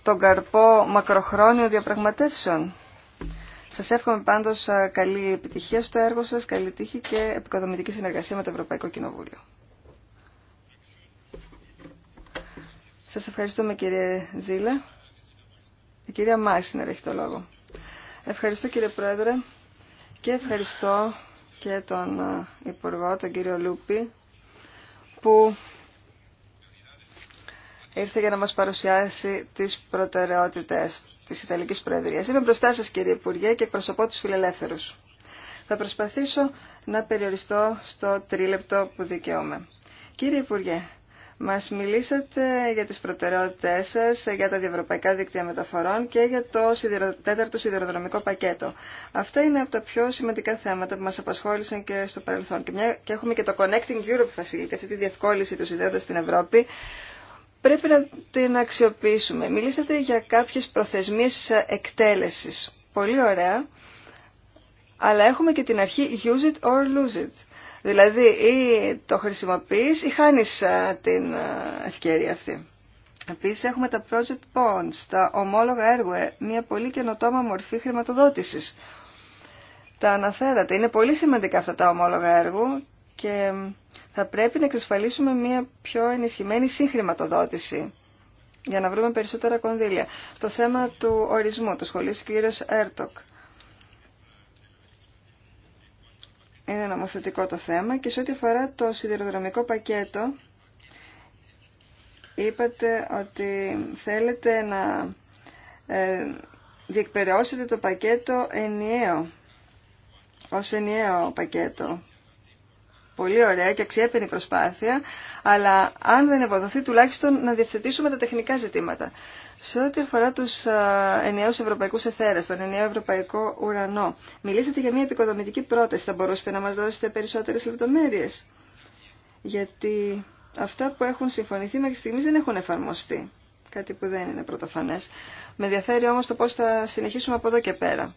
τον καρπό μακροχρόνιων διαπραγματεύσεων. Σας εύχομαι πάντως καλή επιτυχία στο έργο σας, καλή τύχη και επικοδομητική συνεργασία με το Ευρωπαϊκό Κοινοβούλιο. Σας ευχαριστούμε κύριε Ζήλα. Η κυρία Μάισνερ έχει το λόγο. Ευχαριστώ κύριε Πρόεδρε και ευχαριστώ και τον Υπουργό, τον κύριο Λούπη, που ήρθε για να μας παρουσιάσει τις προτεραιότητες της Ιταλικής Προεδρίας. Είμαι μπροστά σας κύριε Υπουργέ και εκπροσωπώ τους φιλελεύθερους. Θα προσπαθήσω να περιοριστώ στο τρίλεπτο που δικαιούμαι. Κύριε Υπουργέ, μας μιλήσατε για τις προτεραιότητές σας, για τα διευρωπαϊκά δίκτυα μεταφορών και για το τέταρτο σιδηροδρομικό πακέτο. Αυτά είναι από τα πιο σημαντικά θέματα που μας απασχόλησαν και στο παρελθόν. Και, μια, και έχουμε και το Connecting Europe Facility, αυτή τη διευκόλυνση του στην Ευρώπη, πρέπει να την αξιοποιήσουμε. Μιλήσατε για κάποιες προθεσμίες εκτέλεσης. Πολύ ωραία. Αλλά έχουμε και την αρχή use it or lose it. Δηλαδή ή το χρησιμοποιείς ή χάνεις την ευκαιρία αυτή. Επίσης έχουμε τα project bonds, τα ομόλογα έργα, ε, μια πολύ καινοτόμα μορφή χρηματοδότησης. Τα αναφέρατε. Είναι πολύ σημαντικά αυτά τα ομόλογα έργου και θα πρέπει να εξασφαλίσουμε μια πιο ενισχυμένη συγχρηματοδότηση για να βρούμε περισσότερα κονδύλια. Το θέμα του ορισμού, το σχολείο ο κύριος Έρτοκ. Είναι νομοθετικό το θέμα και σε ό,τι αφορά το σιδηροδρομικό πακέτο είπατε ότι θέλετε να ε, διεκπαιρεώσετε το πακέτο ενιαίο, ως ενιαίο πακέτο πολύ ωραία και αξιέπαινη προσπάθεια, αλλά αν δεν ευοδοθεί τουλάχιστον να διευθετήσουμε τα τεχνικά ζητήματα. Σε ό,τι αφορά του ενιαίου ευρωπαϊκού εθέρε, τον ενιαίο ευρωπαϊκό ουρανό, μιλήσατε για μια επικοδομητική πρόταση. Θα μπορούσατε να μα δώσετε περισσότερε λεπτομέρειε. Γιατί αυτά που έχουν συμφωνηθεί μέχρι στιγμή δεν έχουν εφαρμοστεί. Κάτι που δεν είναι πρωτοφανέ. Με ενδιαφέρει όμω το πώ θα συνεχίσουμε από εδώ και πέρα.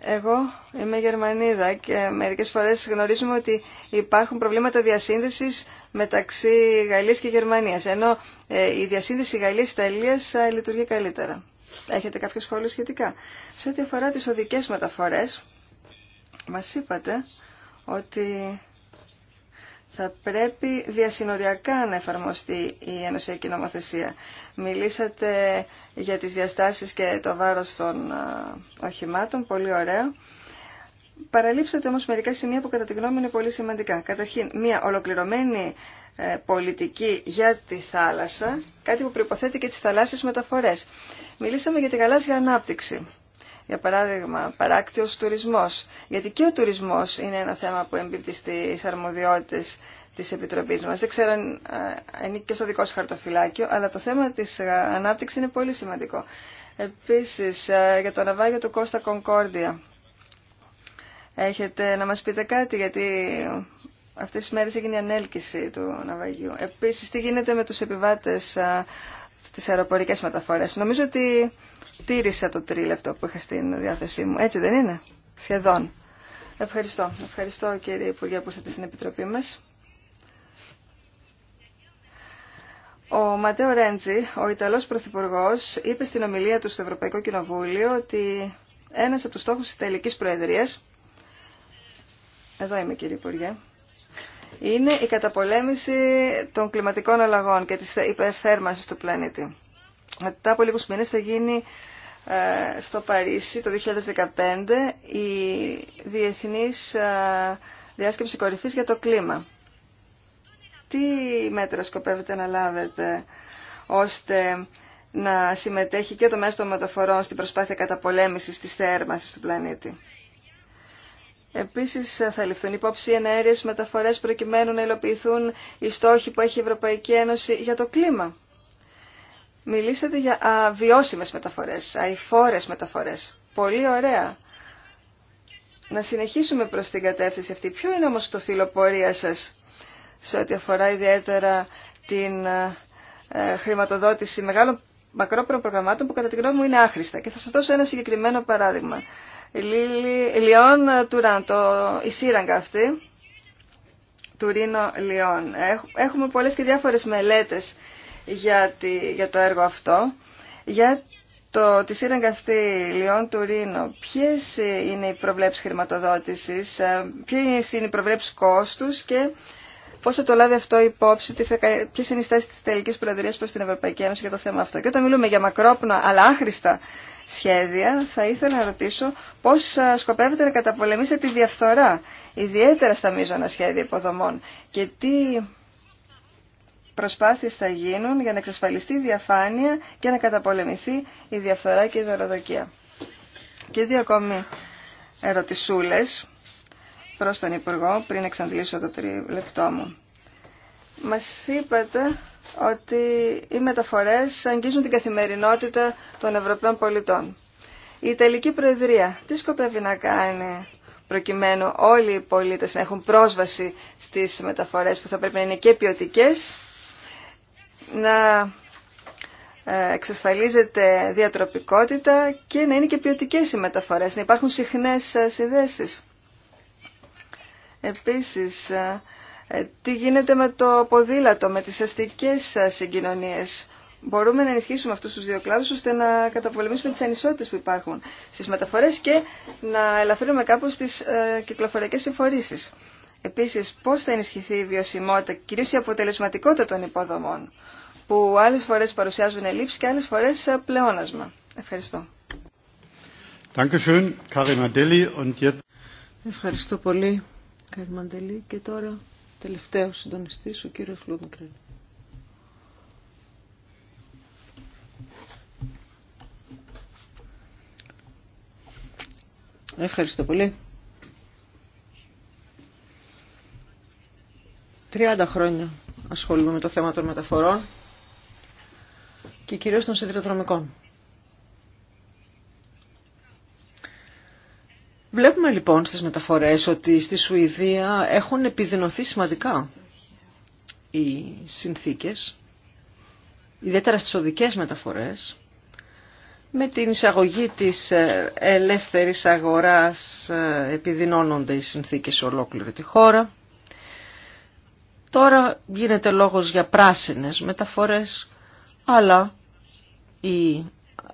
Εγώ είμαι Γερμανίδα και μερικές φορές γνωρίζουμε ότι υπάρχουν προβλήματα διασύνδεσης μεταξύ Γαλλίας και Γερμανίας, ενώ ε, η διασύνδεση Γαλλίας-Ιταλίας ε, λειτουργεί καλύτερα. Έχετε κάποιο σχόλιο σχετικά. Σε ό,τι αφορά τις οδικές μεταφορές, μας είπατε ότι θα πρέπει διασυνοριακά να εφαρμοστεί η ενωσιακή νομοθεσία. Μιλήσατε για τις διαστάσεις και το βάρος των οχημάτων, πολύ ωραίο. Παραλείψατε όμως μερικά σημεία που κατά τη γνώμη είναι πολύ σημαντικά. Καταρχήν, μια ολοκληρωμένη ε, πολιτική για τη θάλασσα, κάτι που προϋποθέτει και τις θαλάσσιες μεταφορές. Μιλήσαμε για τη γαλάζια ανάπτυξη. Για παράδειγμα, παράκτιος τουρισμός. Γιατί και ο τουρισμός είναι ένα θέμα που εμπίπτει στις αρμοδιότητες της Επιτροπής μας. Δεν ξέρω αν είναι και στο δικό σας χαρτοφυλάκιο, αλλά το θέμα της ε, ανάπτυξης είναι πολύ σημαντικό. Επίσης, ε, για το ναυάγιο του Κώστα Κονκόρδια. Έχετε να μας πείτε κάτι, γιατί αυτές τις μέρες έγινε η ανέλκυση του ναυαγίου. Επίσης, τι γίνεται με τους επιβάτες ε, στις αεροπορικές μεταφορές. Νομίζω ότι τήρησα το τρίλεπτο που είχα στην διάθεσή μου. Έτσι δεν είναι. Σχεδόν. Ευχαριστώ. Ευχαριστώ κύριε Υπουργέ που ήρθατε στην Επιτροπή μας. Ο Ματέο Ρέντζι, ο Ιταλός Πρωθυπουργός, είπε στην ομιλία του στο Ευρωπαϊκό Κοινοβούλιο ότι ένας από τους στόχους της Ιταλικής Προεδρίας, εδώ είμαι κύριε Υπουργέ, είναι η καταπολέμηση των κλιματικών αλλαγών και της υπερθέρμανσης του πλανήτη μετά από λίγους μήνες θα γίνει ε, στο Παρίσι το 2015 η Διεθνής ε, Διάσκεψη Κορυφής για το Κλίμα. Τι μέτρα σκοπεύετε να λάβετε ώστε να συμμετέχει και το μέσο των μεταφορών στην προσπάθεια καταπολέμησης της θέρμανσης του πλανήτη. Επίσης ε, θα ληφθούν υπόψη ενέργειες μεταφορές προκειμένου να υλοποιηθούν οι στόχοι που έχει η Ευρωπαϊκή Ένωση για το κλίμα. Μιλήσατε για αβιώσιμε μεταφορέ, μεταφορές, μεταφορέ. μεταφορές. Πολύ ωραία. Να συνεχίσουμε προς την κατεύθυνση αυτή. Ποιο είναι όμως το φιλοπορία σας σε ό,τι αφορά ιδιαίτερα την ε, χρηματοδότηση μεγάλων μακρόπρων προγραμμάτων που κατά τη γνώμη μου είναι άχρηστα. Και θα σας δώσω ένα συγκεκριμένο παράδειγμα. Λιόν Τουράν, το, η σύραγγα αυτή, Τουρίνο Λιόν. Έχουμε πολλές και διάφορες μελέτες για, για το έργο αυτό. Για το, τη σύραγγα αυτή Λιόν Τουρίνο, ποιε είναι οι προβλέψει χρηματοδότηση, ε, ποιε είναι οι προβλέψει κόστου, και πώ θα το λάβει αυτό υπόψη, ποιε είναι οι στάσει τη τελική προεδρία προ την Ευρωπαϊκή Ένωση για το θέμα αυτό. Και όταν μιλούμε για μακρόπνοα αλλά άχρηστα σχέδια, θα ήθελα να ρωτήσω πώ ε, σκοπεύετε να καταπολεμήσετε τη διαφθορά, ιδιαίτερα στα μείζωνα σχέδια υποδομών και τι προσπάθειες θα γίνουν για να εξασφαλιστεί η διαφάνεια και να καταπολεμηθεί η διαφθορά και η δωροδοκία. Και δύο ακόμη ερωτησούλες προς τον Υπουργό πριν εξαντλήσω το τριλεπτό μου. Μας είπατε ότι οι μεταφορές αγγίζουν την καθημερινότητα των Ευρωπαίων πολιτών. Η Ιταλική Προεδρία τι σκοπεύει να κάνει προκειμένου όλοι οι πολίτες να έχουν πρόσβαση στις μεταφορές που θα πρέπει να είναι και ποιοτικές να ε, εξασφαλίζεται διατροπικότητα και να είναι και ποιοτικέ οι μεταφορές, να υπάρχουν συχνές ε, συνδέσεις. Επίσης, ε, τι γίνεται με το ποδήλατο, με τις αστικές συγκοινωνίες. Μπορούμε να ενισχύσουμε αυτούς τους δύο κλάδους ώστε να καταπολεμήσουμε τις ανισότητες που υπάρχουν στις μεταφορές και να ελαφρύνουμε κάπως τις κυκλοφοριακές συμφορήσεις. Επίσης, πώς θα ενισχυθεί η βιωσιμότητα, κυρίως η αποτελεσματικότητα των υποδομών, που άλλες φορές παρουσιάζουν ελλείψεις και άλλες φορές ε, πλεόνασμα. Ευχαριστώ. Ευχαριστώ πολύ, Κάρι Μαντελή. Και τώρα, τελευταίο συντονιστή, ο κύριο Λούμικρεν. Ευχαριστώ πολύ. 30 χρόνια ασχολούμαι με το θέμα των μεταφορών και κυρίως των σιδηροδρομικών. Βλέπουμε λοιπόν στις μεταφορές ότι στη Σουηδία έχουν επιδεινωθεί σημαντικά οι συνθήκες, ιδιαίτερα στις οδικές μεταφορές, με την εισαγωγή της ε, ελεύθερης αγοράς ε, επιδεινώνονται οι συνθήκες σε ολόκληρη τη χώρα. Τώρα γίνεται λόγος για πράσινες μεταφορές, αλλά η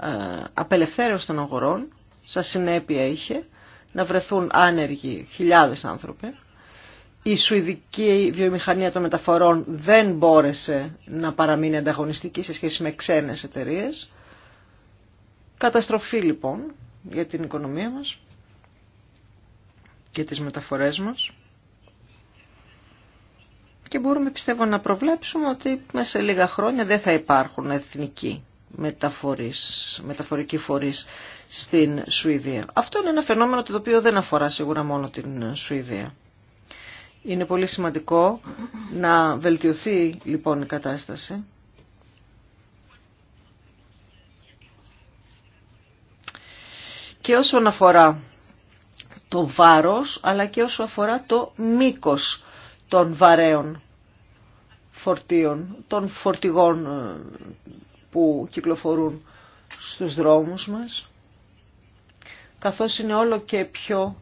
ε, απελευθέρωση των αγορών, σαν συνέπεια είχε, να βρεθούν άνεργοι χιλιάδες άνθρωποι. Η σουηδική βιομηχανία των μεταφορών δεν μπόρεσε να παραμείνει ανταγωνιστική σε σχέση με ξένες εταιρείες. Καταστροφή λοιπόν για την οικονομία μας και τις μεταφορές μας και μπορούμε πιστεύω να προβλέψουμε ότι μέσα σε λίγα χρόνια δεν θα υπάρχουν εθνικοί μεταφορείς, μεταφορικοί φορείς στην Σουηδία. Αυτό είναι ένα φαινόμενο το οποίο δεν αφορά σίγουρα μόνο την Σουηδία. Είναι πολύ σημαντικό να βελτιωθεί λοιπόν η κατάσταση. Και όσον αφορά το βάρος, αλλά και όσον αφορά το μήκος των βαρέων φορτίων, των φορτηγών ε, που κυκλοφορούν στους δρόμους μας, καθώς είναι όλο και πιο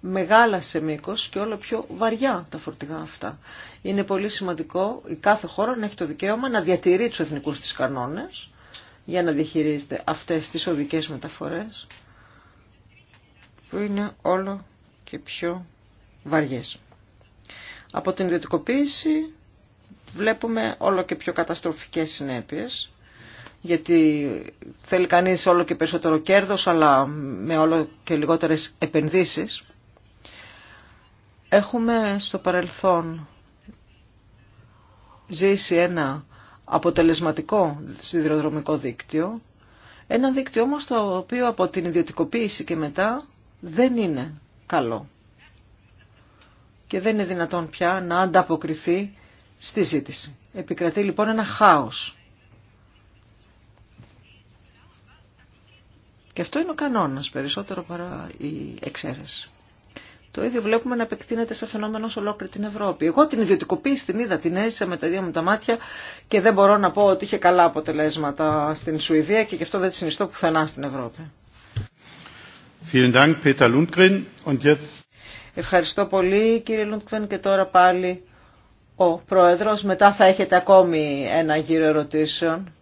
μεγάλα σε μήκο και όλο πιο βαριά τα φορτηγά αυτά. Είναι πολύ σημαντικό η κάθε χώρα να έχει το δικαίωμα να διατηρεί τους εθνικούς της κανόνες για να διαχειρίζεται αυτές τις οδικές μεταφορές που είναι όλο και πιο βαριές. Από την ιδιωτικοποίηση βλέπουμε όλο και πιο καταστροφικές συνέπειες γιατί θέλει κανείς όλο και περισσότερο κέρδος αλλά με όλο και λιγότερες επενδύσεις. Έχουμε στο παρελθόν ζήσει ένα αποτελεσματικό σιδηροδρομικό δίκτυο, ένα δίκτυο όμως το οποίο από την ιδιωτικοποίηση και μετά δεν είναι καλό και δεν είναι δυνατόν πια να ανταποκριθεί στη ζήτηση. Επικρατεί λοιπόν ένα χάος. Και αυτό είναι ο κανόνας περισσότερο παρά η εξαίρεση. Το ίδιο βλέπουμε να επεκτείνεται σε φαινόμενο σε ολόκληρη την Ευρώπη. Εγώ την ιδιωτικοποίηση την είδα, την έζησα με τα δύο μου τα μάτια και δεν μπορώ να πω ότι είχε καλά αποτελέσματα στην Σουηδία και γι' αυτό δεν τη συνιστώ πουθενά στην Ευρώπη. Vielen Dank, Peter Lundgren. Und jetzt Ευχαριστώ πολύ κύριε Λούντκβεν και τώρα πάλι ο Πρόεδρος. Μετά θα έχετε ακόμη ένα γύρο ερωτήσεων.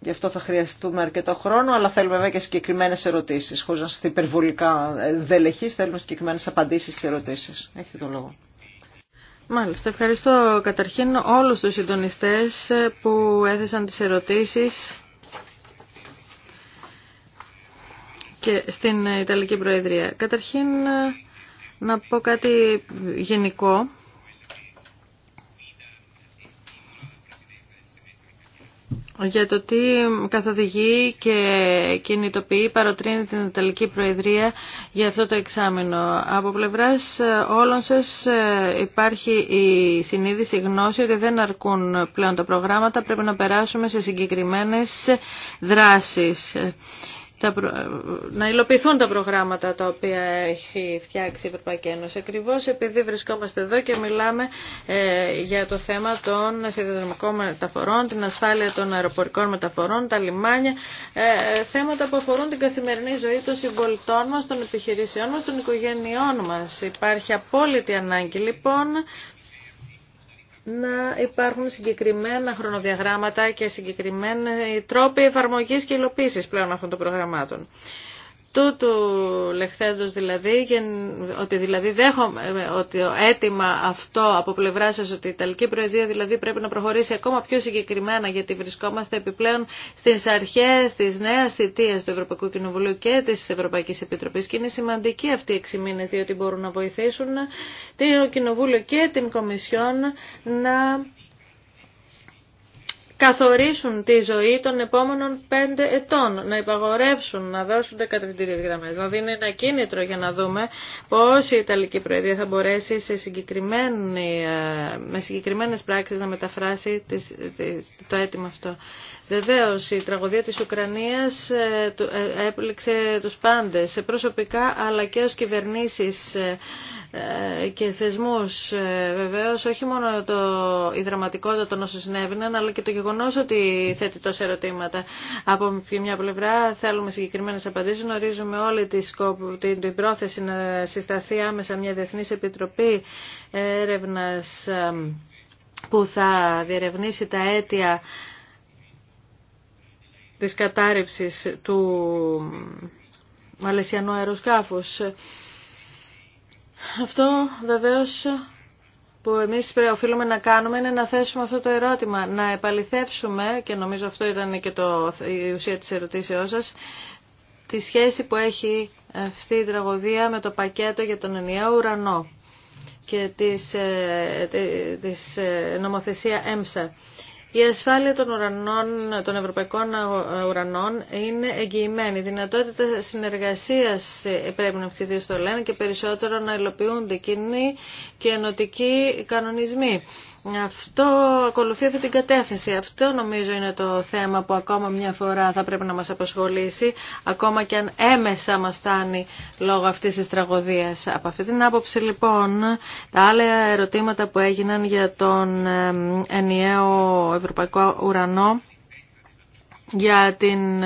Γι' αυτό θα χρειαστούμε αρκετό χρόνο, αλλά θέλουμε βέβαια και συγκεκριμένε ερωτήσει. Χωρί να είστε υπερβολικά δελεχεί, θέλουμε συγκεκριμένε απαντήσει σε ερωτήσει. Έχετε τον λόγο. Μάλιστα. Ευχαριστώ καταρχήν όλους τους συντονιστές που έθεσαν τις ερωτήσεις και στην Ιταλική Προεδρία. Καταρχήν να πω κάτι γενικό. για το τι καθοδηγεί και κινητοποιεί, παροτρύνει την Ιταλική Προεδρία για αυτό το εξάμεινο. Από πλευράς όλων σας ε, υπάρχει η συνείδηση η γνώση ότι δεν αρκούν πλέον τα προγράμματα, πρέπει να περάσουμε σε συγκεκριμένες δράσεις να υλοποιηθούν τα προγράμματα τα οποία έχει φτιάξει η Ευρωπαϊκή Ένωση. Ακριβώ επειδή βρισκόμαστε εδώ και μιλάμε ε, για το θέμα των συνδεδεμικών μεταφορών, την ασφάλεια των αεροπορικών μεταφορών, τα λιμάνια, ε, θέματα που αφορούν την καθημερινή ζωή των συμπολιτών μα, των επιχειρήσεών μα, των οικογένειών μα. Υπάρχει απόλυτη ανάγκη λοιπόν να υπάρχουν συγκεκριμένα χρονοδιαγράμματα και συγκεκριμένοι τρόποι εφαρμογής και υλοποίησης πλέον αυτών των προγραμμάτων τούτου λεχθέντος δηλαδή, ότι δηλαδή δέχομαι ε, ότι το αίτημα αυτό από πλευρά σας ότι η Ιταλική Προεδρία δηλαδή πρέπει να προχωρήσει ακόμα πιο συγκεκριμένα γιατί βρισκόμαστε επιπλέον στις αρχές της νέας θητείας του Ευρωπαϊκού Κοινοβουλίου και της Ευρωπαϊκής Επιτροπής και είναι σημαντική αυτή η έξι μήνες διότι μπορούν να βοηθήσουν το Κοινοβούλιο και την Κομισιόν να καθορίσουν τη ζωή των επόμενων πέντε ετών, να υπαγορεύσουν, να δώσουν κατευθυντήριες γραμμές, να είναι ένα κίνητρο για να δούμε πώς η Ιταλική Προεδρία θα μπορέσει σε συγκεκριμένη, ε, με συγκεκριμένες πράξεις να μεταφράσει το αίτημα αυτό. Βεβαίως η τραγωδία της Ουκρανίας ε, ε, έπληξε τους πάντες, προσωπικά αλλά και ως κυβερνήσεις και θεσμούς. Βεβαίως όχι μόνο το, η δραματικότητα των όσων αλλά και το Εγγονώσω ότι θέτει τόσα ερωτήματα. Από μια πλευρά θέλουμε συγκεκριμένε να γνωρίζουμε όλη τη την, την πρόθεση να συσταθεί άμεσα μια διεθνή Επιτροπή έρευνα που θα διερευνήσει τα αίτια της κατάρρευσης του μαλαισιανού αεροσκάφους. Αυτό βεβαίως που εμείς οφείλουμε να κάνουμε είναι να θέσουμε αυτό το ερώτημα, να επαληθεύσουμε, και νομίζω αυτό ήταν και το, η ουσία της ερωτήσεώς σας, τη σχέση που έχει αυτή η τραγωδία με το πακέτο για τον ενιαίο ουρανό και ε, τη της ε, νομοθεσία ΕΜΣΑ. Η ασφάλεια των, ουρανών, των ευρωπαϊκών ουρανών είναι εγγυημένη. Η δυνατότητα συνεργασίας πρέπει να αυξηθεί στο ΛΕΝ και περισσότερο να υλοποιούνται κοινοί και ενωτικοί κανονισμοί. Αυτό ακολουθεί αυτή την κατεύθυνση. Αυτό νομίζω είναι το θέμα που ακόμα μια φορά θα πρέπει να μας απασχολήσει, ακόμα και αν έμεσα μας φτάνει λόγω αυτής της τραγωδίας. Από αυτή την άποψη λοιπόν, τα άλλα ερωτήματα που έγιναν για τον ενιαίο ευρωπαϊκό ουρανό, για την,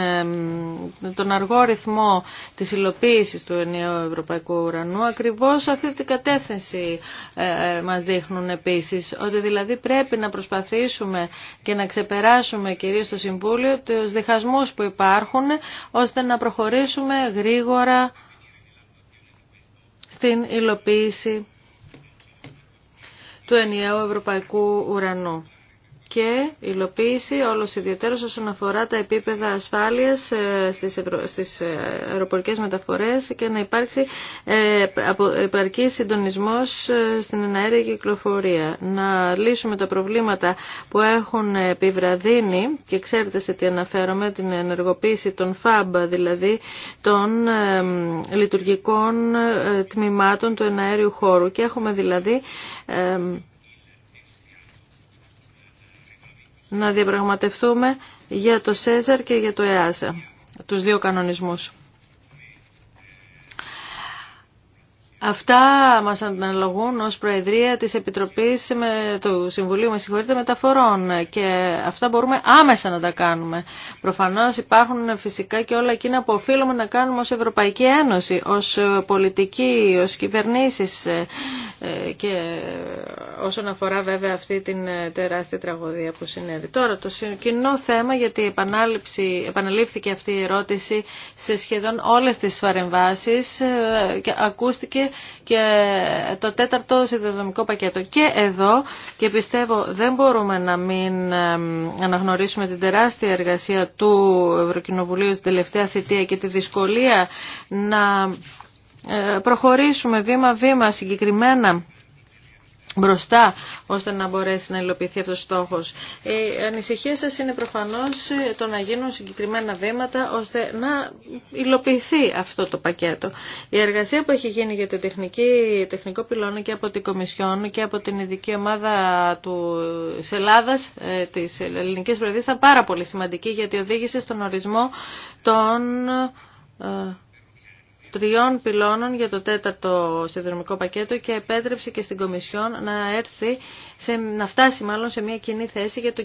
τον αργό ρυθμό της υλοποίησης του ενιαίου ευρωπαϊκού ουρανού ακριβώς αυτή την κατεύθυνση ε, ε, μας δείχνουν επίσης ότι δηλαδή πρέπει να προσπαθήσουμε και να ξεπεράσουμε κυρίως στο Συμβούλιο τους διχασμούς που υπάρχουν ώστε να προχωρήσουμε γρήγορα στην υλοποίηση του ενιαίου ευρωπαϊκού ουρανού και υλοποίηση όλος ιδιαίτερος όσον αφορά τα επίπεδα ασφάλειας ε, στις ε, αεροπορικές μεταφορές και να υπάρξει ε, επαρκή συντονισμός στην εναέρια κυκλοφορία. Να λύσουμε τα προβλήματα που έχουν επιβραδύνει και ξέρετε σε τι αναφέρομαι, την ενεργοποίηση των FAB, δηλαδή των λειτουργικών τμήματων του εναέριου χώρου και έχουμε δηλαδή να διαπραγματευτούμε για το ΣΕΖΑΡ και για το ΕΑΖΑ, τους δύο κανονισμούς. Αυτά μας αναλογούν ως Προεδρία της Επιτροπής του Συμβουλίου με συγχωρείτε, Μεταφορών και αυτά μπορούμε άμεσα να τα κάνουμε. Προφανώς υπάρχουν φυσικά και όλα εκείνα που οφείλουμε να κάνουμε ως Ευρωπαϊκή Ένωση, ως πολιτική, ως κυβερνήσεις ε, ε, και όσον αφορά βέβαια αυτή την ε, τεράστια τραγωδία που συνέβη. Τώρα το κοινό θέμα γιατί επαναλήφθηκε αυτή η ερώτηση σε σχεδόν όλες τις παρεμβάσει και ακούστηκε και το τέταρτο συνδεδομικό πακέτο. Και εδώ, και πιστεύω δεν μπορούμε να μην αναγνωρίσουμε την τεράστια εργασία του Ευρωκοινοβουλίου στην τελευταία θητεία και τη δυσκολία να ε, προχωρήσουμε βήμα-βήμα συγκεκριμένα μπροστά ώστε να μπορέσει να υλοποιηθεί αυτός ο στόχος. Η ανησυχία σας είναι προφανώς το να γίνουν συγκεκριμένα βήματα ώστε να υλοποιηθεί αυτό το πακέτο. Η εργασία που έχει γίνει για το τεχνική, τεχνικό πυλώνα και από την Κομισιόν και από την ειδική ομάδα του, Ελλάδα, Ελλάδας, ε, της Ελληνικής Προεδρίας, ήταν πάρα πολύ σημαντική γιατί οδήγησε στον ορισμό των ε, τριών πυλώνων για το τέταρτο συνδρομικό πακέτο και επέτρεψε και στην Κομισιόν να έρθει, σε, να φτάσει μάλλον σε μια κοινή θέση για το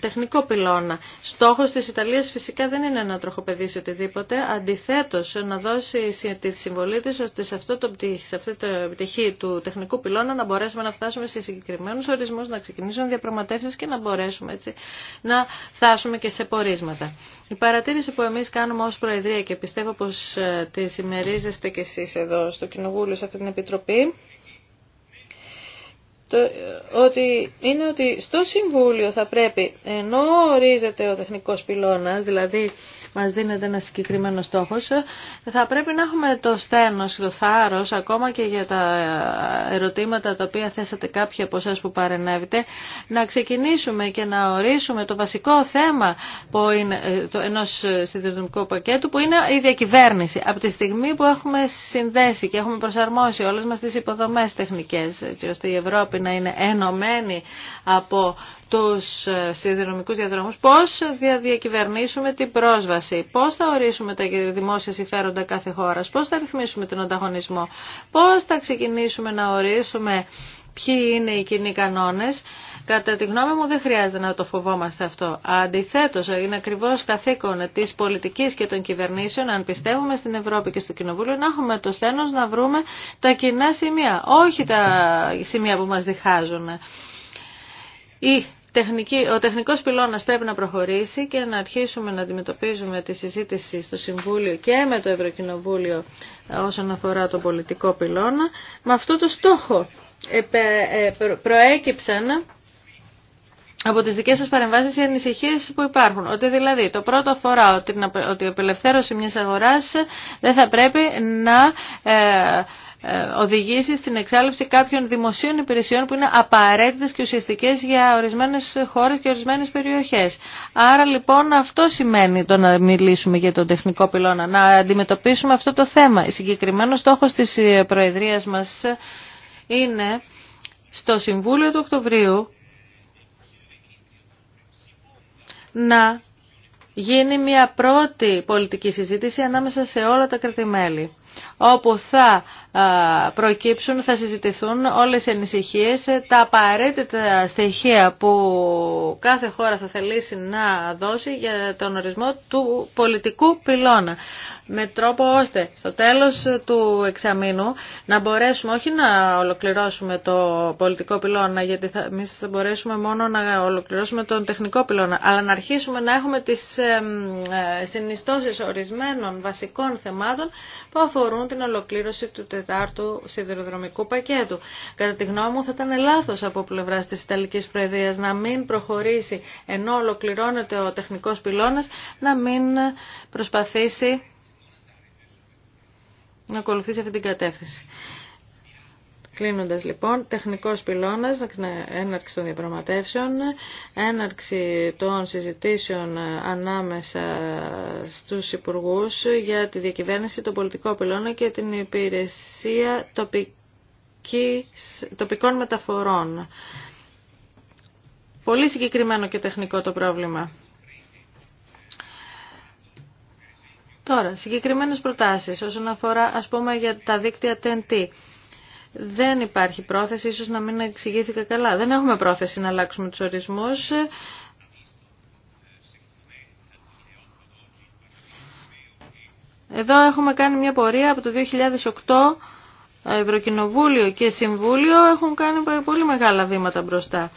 τεχνικό πυλώνα. Στόχος της Ιταλίας φυσικά δεν είναι να τροχοπεδίσει οτιδήποτε, αντιθέτως να δώσει τη συμβολή της ώστε σε αυτό το, σε επιτυχή του τεχνικού πυλώνα να μπορέσουμε να φτάσουμε σε συγκεκριμένους ορισμούς, να ξεκινήσουν διαπραγματεύσεις και να μπορέσουμε έτσι να φτάσουμε και σε πορίσματα. Η παρατήρηση που εμείς κάνουμε ως Προεδρία και πιστεύω πως ε, τη σημερινή συμμερίζεστε κι εσείς εδώ στο Κοινοβούλιο, σε αυτή την Επιτροπή. Ε, ότι είναι ότι στο Συμβούλιο θα πρέπει, ενώ ορίζεται ο τεχνικός πυλώνας, δηλαδή μας δίνεται ένα συγκεκριμένο στόχος, ε, θα πρέπει να έχουμε το στένος, το θάρρος, ακόμα και για τα ε, ερωτήματα τα οποία θέσατε κάποιοι από εσά που παρενέβητε, να ξεκινήσουμε και να ορίσουμε το βασικό θέμα που είναι, το, ενός πακέτου, που είναι η διακυβέρνηση. Από τη στιγμή που έχουμε συνδέσει και έχουμε προσαρμόσει όλες μας τις υποδομές τεχνικές, ώστε η Ευρώπη να είναι ενωμένοι από τους ε, σιδηροδρομικούς διαδρόμους, πώς θα διακυβερνήσουμε την πρόσβαση, πώς θα ορίσουμε τα δημόσια συμφέροντα κάθε χώρας, πώς θα ρυθμίσουμε τον ανταγωνισμό, πώς θα ξεκινήσουμε να ορίσουμε ποιοι είναι οι κοινοί κανόνες, κατά τη γνώμη μου δεν χρειάζεται να το φοβόμαστε αυτό. Αντιθέτως, είναι ακριβώς καθήκον της πολιτικής και των κυβερνήσεων, αν πιστεύουμε στην Ευρώπη και στο Κοινοβούλιο, να έχουμε το στένος να βρούμε τα κοινά σημεία, όχι τα σημεία που μας διχάζουν. Ή ο τεχνικός πυλώνας πρέπει να προχωρήσει και να αρχίσουμε να αντιμετωπίζουμε τη συζήτηση στο Συμβούλιο και με το Ευρωκοινοβούλιο όσον αφορά τον πολιτικό πυλώνα με αυτό το στόχο. Ε, προέκυψαν από τις δικές σας παρεμβάσεις οι ανησυχίες που υπάρχουν. Ότι δηλαδή το πρώτο αφορά ότι η απελευθέρωση μιας αγοράς δεν θα πρέπει να ε, ε, οδηγήσει στην εξάλληψη κάποιων δημοσίων υπηρεσιών που είναι απαραίτητες και ουσιαστικές για ορισμένες χώρες και ορισμένες περιοχές. Άρα λοιπόν αυτό σημαίνει το να μιλήσουμε για τον τεχνικό πυλώνα, να αντιμετωπίσουμε αυτό το θέμα. Συγκεκριμένο στόχος της Προεδρίας μας είναι στο Συμβούλιο του Οκτωβρίου να γίνει μια πρώτη πολιτική συζήτηση ανάμεσα σε όλα τα κρατημέλη, όπου θα προκύψουν, θα συζητηθούν όλες οι ανησυχίες, τα απαραίτητα στοιχεία που κάθε χώρα θα θελήσει να δώσει για τον ορισμό του πολιτικού πυλώνα. Με τρόπο ώστε στο τέλος του εξαμήνου να μπορέσουμε όχι να ολοκληρώσουμε το πολιτικό πυλώνα, γιατί θα, εμείς θα μπορέσουμε μόνο να ολοκληρώσουμε τον τεχνικό πυλώνα, αλλά να αρχίσουμε να έχουμε τις ε, συνιστώσεις ορισμένων βασικών θεμάτων που αφορούν την ολοκλήρωση του τετάρτου σιδηροδρομικού πακέτου. Κατά τη γνώμη μου θα ήταν λάθος από πλευρά της Ιταλικής Προεδρίας να μην προχωρήσει ενώ ολοκληρώνεται ο τεχνικός πυλώνας να μην προσπαθήσει να ακολουθήσει αυτή την κατεύθυνση. Κλείνοντας λοιπόν, τεχνικός πυλώνας, έναρξη των διαπραγματεύσεων, έναρξη των συζητήσεων ανάμεσα στους υπουργούς για τη διακυβέρνηση, τον πολιτικό πυλώνα και την υπηρεσία τοπικής, τοπικών μεταφορών. Πολύ συγκεκριμένο και τεχνικό το πρόβλημα. Τώρα, συγκεκριμένες προτάσεις όσον αφορά ας πούμε για τα δίκτυα TNT δεν υπάρχει πρόθεση, ίσως να μην εξηγήθηκα καλά. Δεν έχουμε πρόθεση να αλλάξουμε τους ορισμούς. Εδώ έχουμε κάνει μια πορεία από το 2008 Ευρωκοινοβούλιο και Συμβούλιο έχουν κάνει πολύ μεγάλα βήματα μπροστά.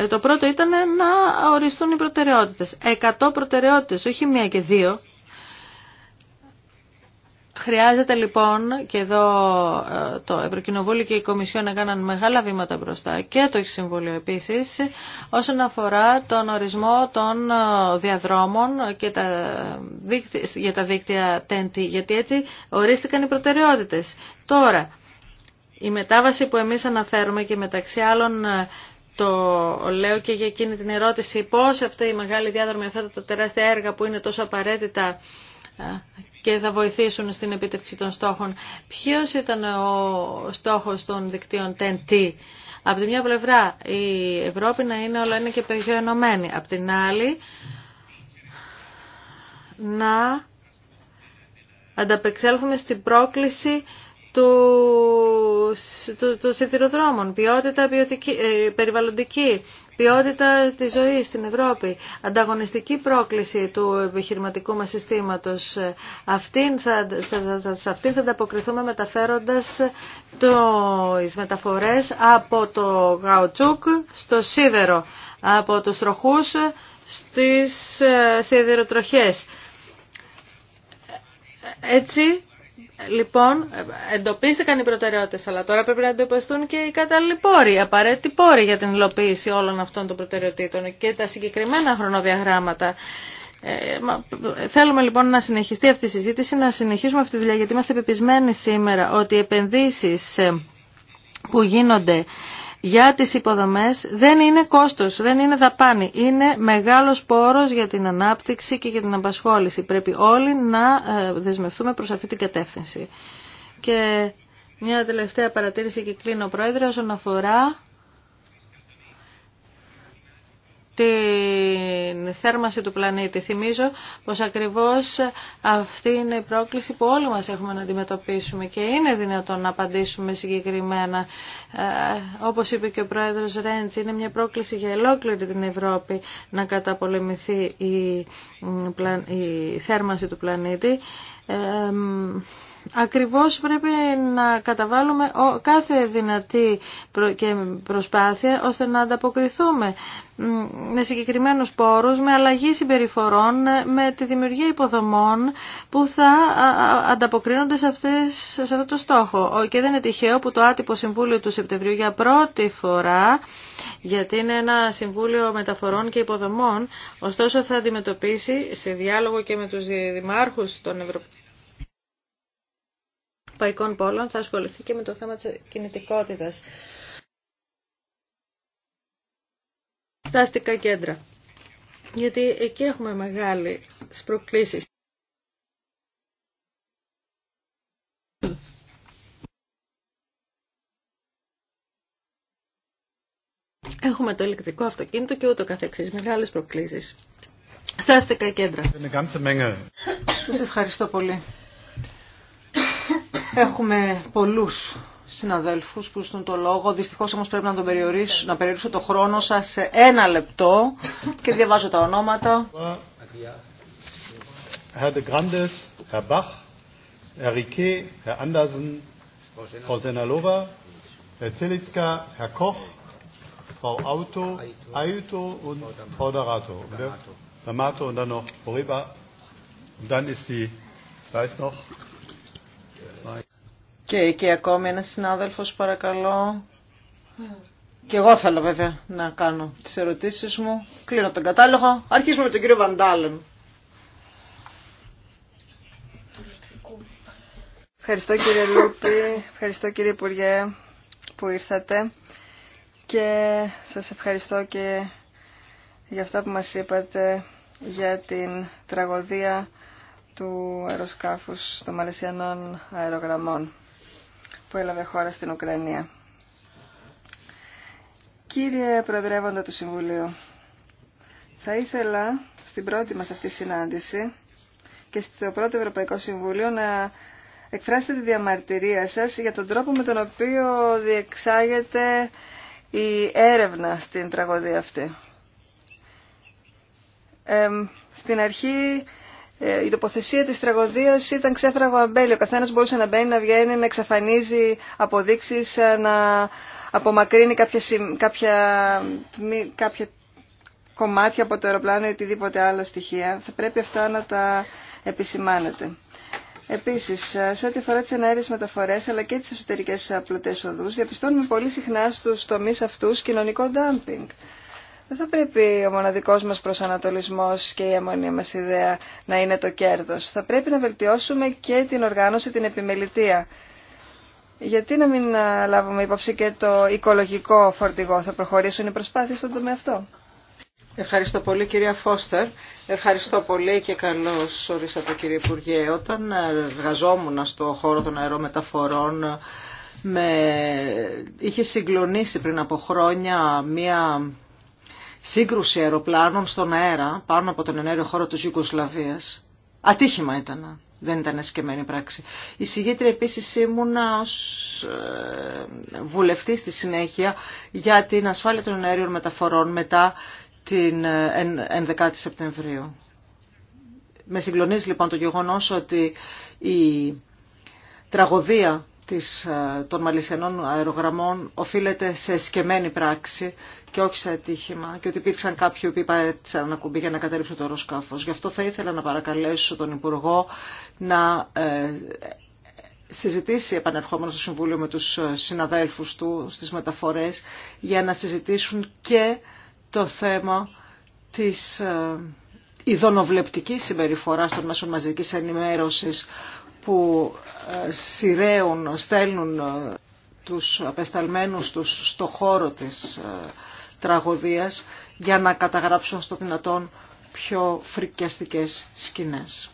Ε, το πρώτο ήταν να οριστούν οι προτεραιότητες. 100 προτεραιότητες, όχι μία και δύο. Χρειάζεται λοιπόν και εδώ ε, το Ευρωκοινοβούλιο και η Κομισιό να μεγάλα βήματα μπροστά και το Συμβούλιο επίσης όσον αφορά τον ορισμό των ε, διαδρόμων και τα δίκτυα, για τα δίκτυα TNT γιατί έτσι ορίστηκαν οι προτεραιότητες. Τώρα, η μετάβαση που εμείς αναφέρουμε και μεταξύ άλλων ε, το λέω και για εκείνη την ερώτηση πώς αυτή η μεγάλη διάδρομη αυτά τα τεράστια έργα που είναι τόσο απαραίτητα και θα βοηθήσουν στην επίτευξη των στόχων. Ποιος ήταν ο στόχος των δικτύων TEN-T. Από τη μια πλευρά η Ευρώπη να είναι όλα είναι και πιο ενωμένη. Από την άλλη να ανταπεξέλθουμε στην πρόκληση του, του, του σιδηροδρόμων, ποιότητα ε, περιβαλλοντική, ποιότητα της ζωής στην Ευρώπη, ανταγωνιστική πρόκληση του επιχειρηματικού μας συστήματος. Αυτήν θα, σε αυτήν θα ανταποκριθούμε μεταφέροντας τις μεταφορές από το γαουτσούκ στο σίδερο, από τους τροχούς στις ε, σιδηροτροχές. Έτσι Λοιπόν, εντοπίστηκαν οι προτεραιότητε, αλλά τώρα πρέπει να εντοπιστούν και οι κατάλληλοι πόροι, απαραίτητοι πόροι για την υλοποίηση όλων αυτών των προτεραιοτήτων και τα συγκεκριμένα χρονοδιαγράμματα. Ε, θέλουμε λοιπόν να συνεχιστεί αυτή η συζήτηση, να συνεχίσουμε αυτή τη δουλειά, γιατί είμαστε πεπισμένοι σήμερα ότι οι επενδύσει ε, που γίνονται για τις υποδομές δεν είναι κόστος, δεν είναι δαπάνη. Είναι μεγάλος πόρος για την ανάπτυξη και για την απασχόληση. Πρέπει όλοι να ε, δεσμευτούμε προς αυτή την κατεύθυνση. Και μια τελευταία παρατήρηση και κλείνω, Πρόεδρε, όσον αφορά την την θέρμανση του πλανήτη. Θυμίζω πως ακριβώς αυτή είναι η πρόκληση που όλοι μας έχουμε να αντιμετωπίσουμε και είναι δυνατόν να απαντήσουμε συγκεκριμένα. Ε, όπως είπε και ο πρόεδρος Ρέντς, είναι μια πρόκληση για ολόκληρη την Ευρώπη να καταπολεμηθεί η, η θέρμανση του πλανήτη. Ε, Ακριβώς πρέπει να καταβάλουμε κάθε δυνατή και προσπάθεια ώστε να ανταποκριθούμε με συγκεκριμένους πόρους, με αλλαγή συμπεριφορών, με τη δημιουργία υποδομών που θα ανταποκρίνονται σε, αυτές, σε αυτό το στόχο. Και δεν είναι τυχαίο που το άτυπο Συμβούλιο του Σεπτεμβρίου για πρώτη φορά, γιατί είναι ένα Συμβούλιο Μεταφορών και Υποδομών, ωστόσο θα αντιμετωπίσει σε διάλογο και με τους δημάρχους των Ευρωπαϊκών ευρωπαϊκών πόλων θα ασχοληθεί και με το θέμα της κινητικότητας. Στα αστικά κέντρα. Γιατί εκεί έχουμε μεγάλη προκλήσει. Έχουμε το ηλεκτρικό αυτοκίνητο και ούτω καθεξής. Μεγάλες προκλήσεις. Στα αστικά κέντρα. Σας ευχαριστώ πολύ. Έχουμε πολλούς συναδέλφους που στον το λόγο. Δυστυχώς όμως πρέπει να τον περιορίσω, να περιορίσω το χρόνο σας σε ένα λεπτό και διαβάζω τα ονόματα. Herr de Grandes, Herr Bach, Herr Riquet, Herr Andersen, Frau Senalova, Herr Zelitska, Herr Koch, Frau Auto, Aito und Frau Darato. D'Amato und dann noch Boriba. Und dann ist die, weiß noch και, και ακόμη ένας συνάδελφος παρακαλώ. Και εγώ θέλω βέβαια να κάνω τις ερωτήσεις μου. Κλείνω τον κατάλογο. Αρχίζουμε με τον κύριο Βαντάλεν. Ευχαριστώ κύριε Λούπη, ευχαριστώ κύριε Υπουργέ που ήρθατε και σας ευχαριστώ και για αυτά που μας είπατε για την τραγωδία του αεροσκάφους των Μαλαισιανών αερογραμμών που έλαβε χώρα στην Ουκρανία. Κύριε Προεδρεύοντα του Συμβουλίου, θα ήθελα στην πρώτη μας αυτή συνάντηση και στο πρώτο Ευρωπαϊκό Συμβουλίο να εκφράσετε τη διαμαρτυρία σας για τον τρόπο με τον οποίο διεξάγεται η έρευνα στην τραγωδία αυτή. στην αρχή ε, η τοποθεσία της τραγωδίας ήταν ξέφραγο αμπέλιο. Ο καθένας μπορούσε να μπαίνει, να βγαίνει, να εξαφανίζει αποδείξεις, ε, να απομακρύνει κάποια, κομμάτια από το αεροπλάνο ή οτιδήποτε άλλο στοιχεία. Θα πρέπει αυτά να τα επισημάνετε. Επίσης, ε, σε ό,τι αφορά τις ενέργειε μεταφορές αλλά και τις εσωτερικές απλωτές οδούς, διαπιστώνουμε πολύ συχνά στους τομείς αυτούς κοινωνικό ντάμπινγκ. Δεν θα πρέπει ο μοναδικός μας προσανατολισμός και η αιμονή μας ιδέα να είναι το κέρδος. Θα πρέπει να βελτιώσουμε και την οργάνωση, την επιμελητεία. Γιατί να μην λάβουμε υπόψη και το οικολογικό φορτηγό. Θα προχωρήσουν οι προσπάθειες στον τομέα αυτό. Ευχαριστώ πολύ κυρία Φώστερ. Ευχαριστώ πολύ και καλώς ορίσατε κύριε Υπουργέ. Όταν εργαζόμουν στο χώρο των αερομεταφορών με είχε συγκλονίσει πριν από χρόνια μία σύγκρουση αεροπλάνων στον αέρα πάνω από τον ενέργειο χώρο της Ιουγκοσλαβίας. Ατύχημα ήταν, δεν ήταν ασκεμένη πράξη. Η συγγήτρια επίσης ήμουνα ως ε, βουλευτή στη συνέχεια για την ασφάλεια των αέριων μεταφορών μετά την 11η ε, Σεπτεμβρίου. Με συγκλονίζει λοιπόν το γεγονός ότι η τραγωδία της, ε, των μαλισιανών αερογραμμών οφείλεται σε σκεμμένη πράξη και όχι σε ατύχημα και ότι υπήρξαν κάποιοι που πάτησαν ένα κουμπί για να καταρρύψουν το αεροσκάφο. Γι' αυτό θα ήθελα να παρακαλέσω τον Υπουργό να ε, συζητήσει επανερχόμενο στο Συμβούλιο με τους ε, συναδέλφους του στις μεταφορές για να συζητήσουν και το θέμα της ειδωνοβλεπτικής συμπεριφοράς των μέσων μαζικής ενημέρωσης που ε, σειραίουν, στέλνουν ε, τους απεσταλμένους τους στο χώρο της ε, τραγωδίας για να καταγράψουν στο δυνατόν πιο φρικιαστικές σκηνές.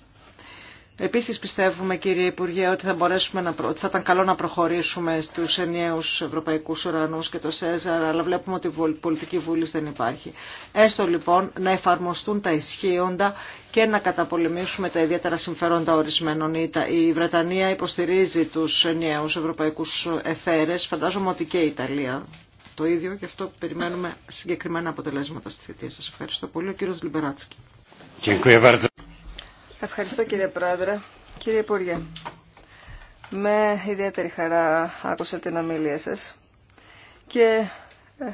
Επίση, πιστεύουμε κύριε Υπουργέ ότι θα, μπορέσουμε να θα ήταν καλό να προχωρήσουμε στου ενιαίου Ευρωπαϊκού ουρανού και το ΣΕΖΑΡ, αλλά βλέπουμε ότι πολιτική βούλη δεν υπάρχει. Έστω λοιπόν να εφαρμοστούν τα ισχύοντα και να καταπολεμήσουμε τα ιδιαίτερα συμφέροντα ορισμένων. Η Βρετανία υποστηρίζει τους ενιαίου Ευρωπαϊκού εθέρες, φαντάζομαι ότι και η Ιταλία. Το ίδιο γι' αυτό περιμένουμε συγκεκριμένα αποτελέσματα στη θητεία σα. Ευχαριστώ πολύ. Ο κύριο Λιμπεράτσκι. Ευχαριστώ κύριε Πρόεδρε. Κύριε Υπουργέ, με ιδιαίτερη χαρά άκουσα την ομιλία σας και ε,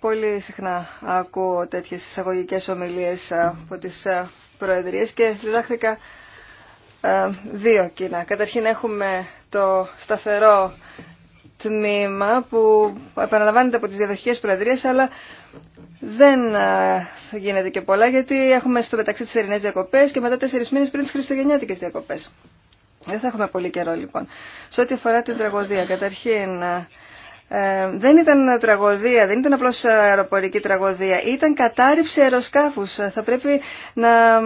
πολύ συχνά ακούω τέτοιες εισαγωγικέ ομιλίες ε, από τις ε, Προεδρίες και διδάχθηκα δύο κοινά. Καταρχήν έχουμε το σταθερό τμήμα που επαναλαμβάνεται από τις διαδοχικές Προεδρίες αλλά δεν θα ε, γίνεται και πολλά γιατί έχουμε στο μεταξύ τις θερινέ διακοπέ και μετά τέσσερι μήνε πριν τι χριστουγεννιάτικε διακοπέ. Δεν θα έχουμε πολύ καιρό λοιπόν. Σε ό,τι αφορά την τραγωδία, καταρχήν ε, ε, δεν ήταν τραγωδία, δεν ήταν απλώς αεροπορική τραγωδία, ήταν κατάρριψη αεροσκάφους. Θα πρέπει να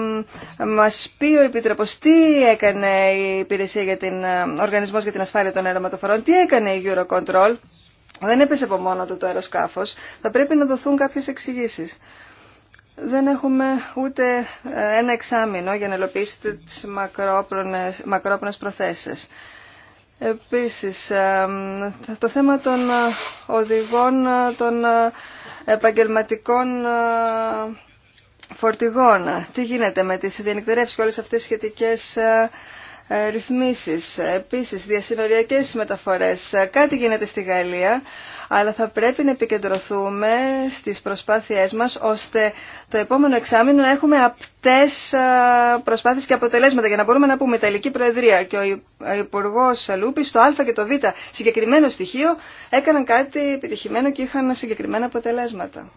μας πει ο Επιτροπός τι έκανε η υπηρεσία για την, οργανισμός για την ασφάλεια των αεροματοφορών, τι έκανε η Eurocontrol δεν έπεσε από μόνο του το αεροσκάφο. θα πρέπει να δοθούν κάποιε εξηγήσει. Δεν έχουμε ούτε ε, ένα εξάμεινο για να ελοπίσετε τι μακρόπνε προθέσει. προθέσεις. Επίσης, ε, το θέμα των ε, οδηγών των επαγγελματικών φορτηγών. Τι γίνεται με τις διανυκτερεύσει και όλε αυτές τι σχετικέ. Ε, ρυθμίσεις, επίσης διασυνοριακές μεταφορές. Ε, κάτι γίνεται στη Γαλλία, αλλά θα πρέπει να επικεντρωθούμε στις προσπάθειές μας, ώστε το επόμενο εξάμεινο να έχουμε απτές ε, προσπάθειες και αποτελέσματα, για να μπορούμε να πούμε Ιταλική Προεδρία και ο υπουργό Λούπη το Α και το Β συγκεκριμένο στοιχείο έκαναν κάτι επιτυχημένο και είχαν συγκεκριμένα αποτελέσματα.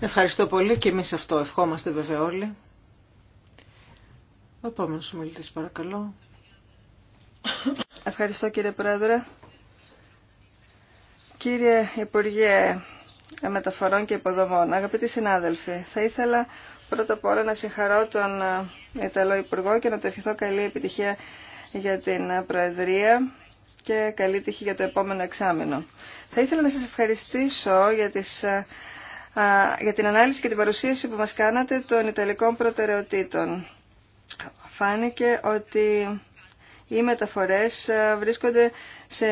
Ευχαριστώ πολύ και εμείς αυτό ευχόμαστε βέβαια όλοι. Ο επόμενος παρακαλώ. Ευχαριστώ κύριε Πρόεδρε. Κύριε Υπουργέ Μεταφορών και Υποδομών, αγαπητοί συνάδελφοι, θα ήθελα πρώτα απ' όλα να συγχαρώ τον Ιταλό Υπουργό και να του ευχηθώ καλή επιτυχία για την Προεδρία και καλή τύχη για το επόμενο εξάμεινο. Θα ήθελα να σας ευχαριστήσω για, για την ανάλυση και την παρουσίαση που μας κάνατε των Ιταλικών προτεραιοτήτων φάνηκε ότι οι μεταφορές ε, βρίσκονται σε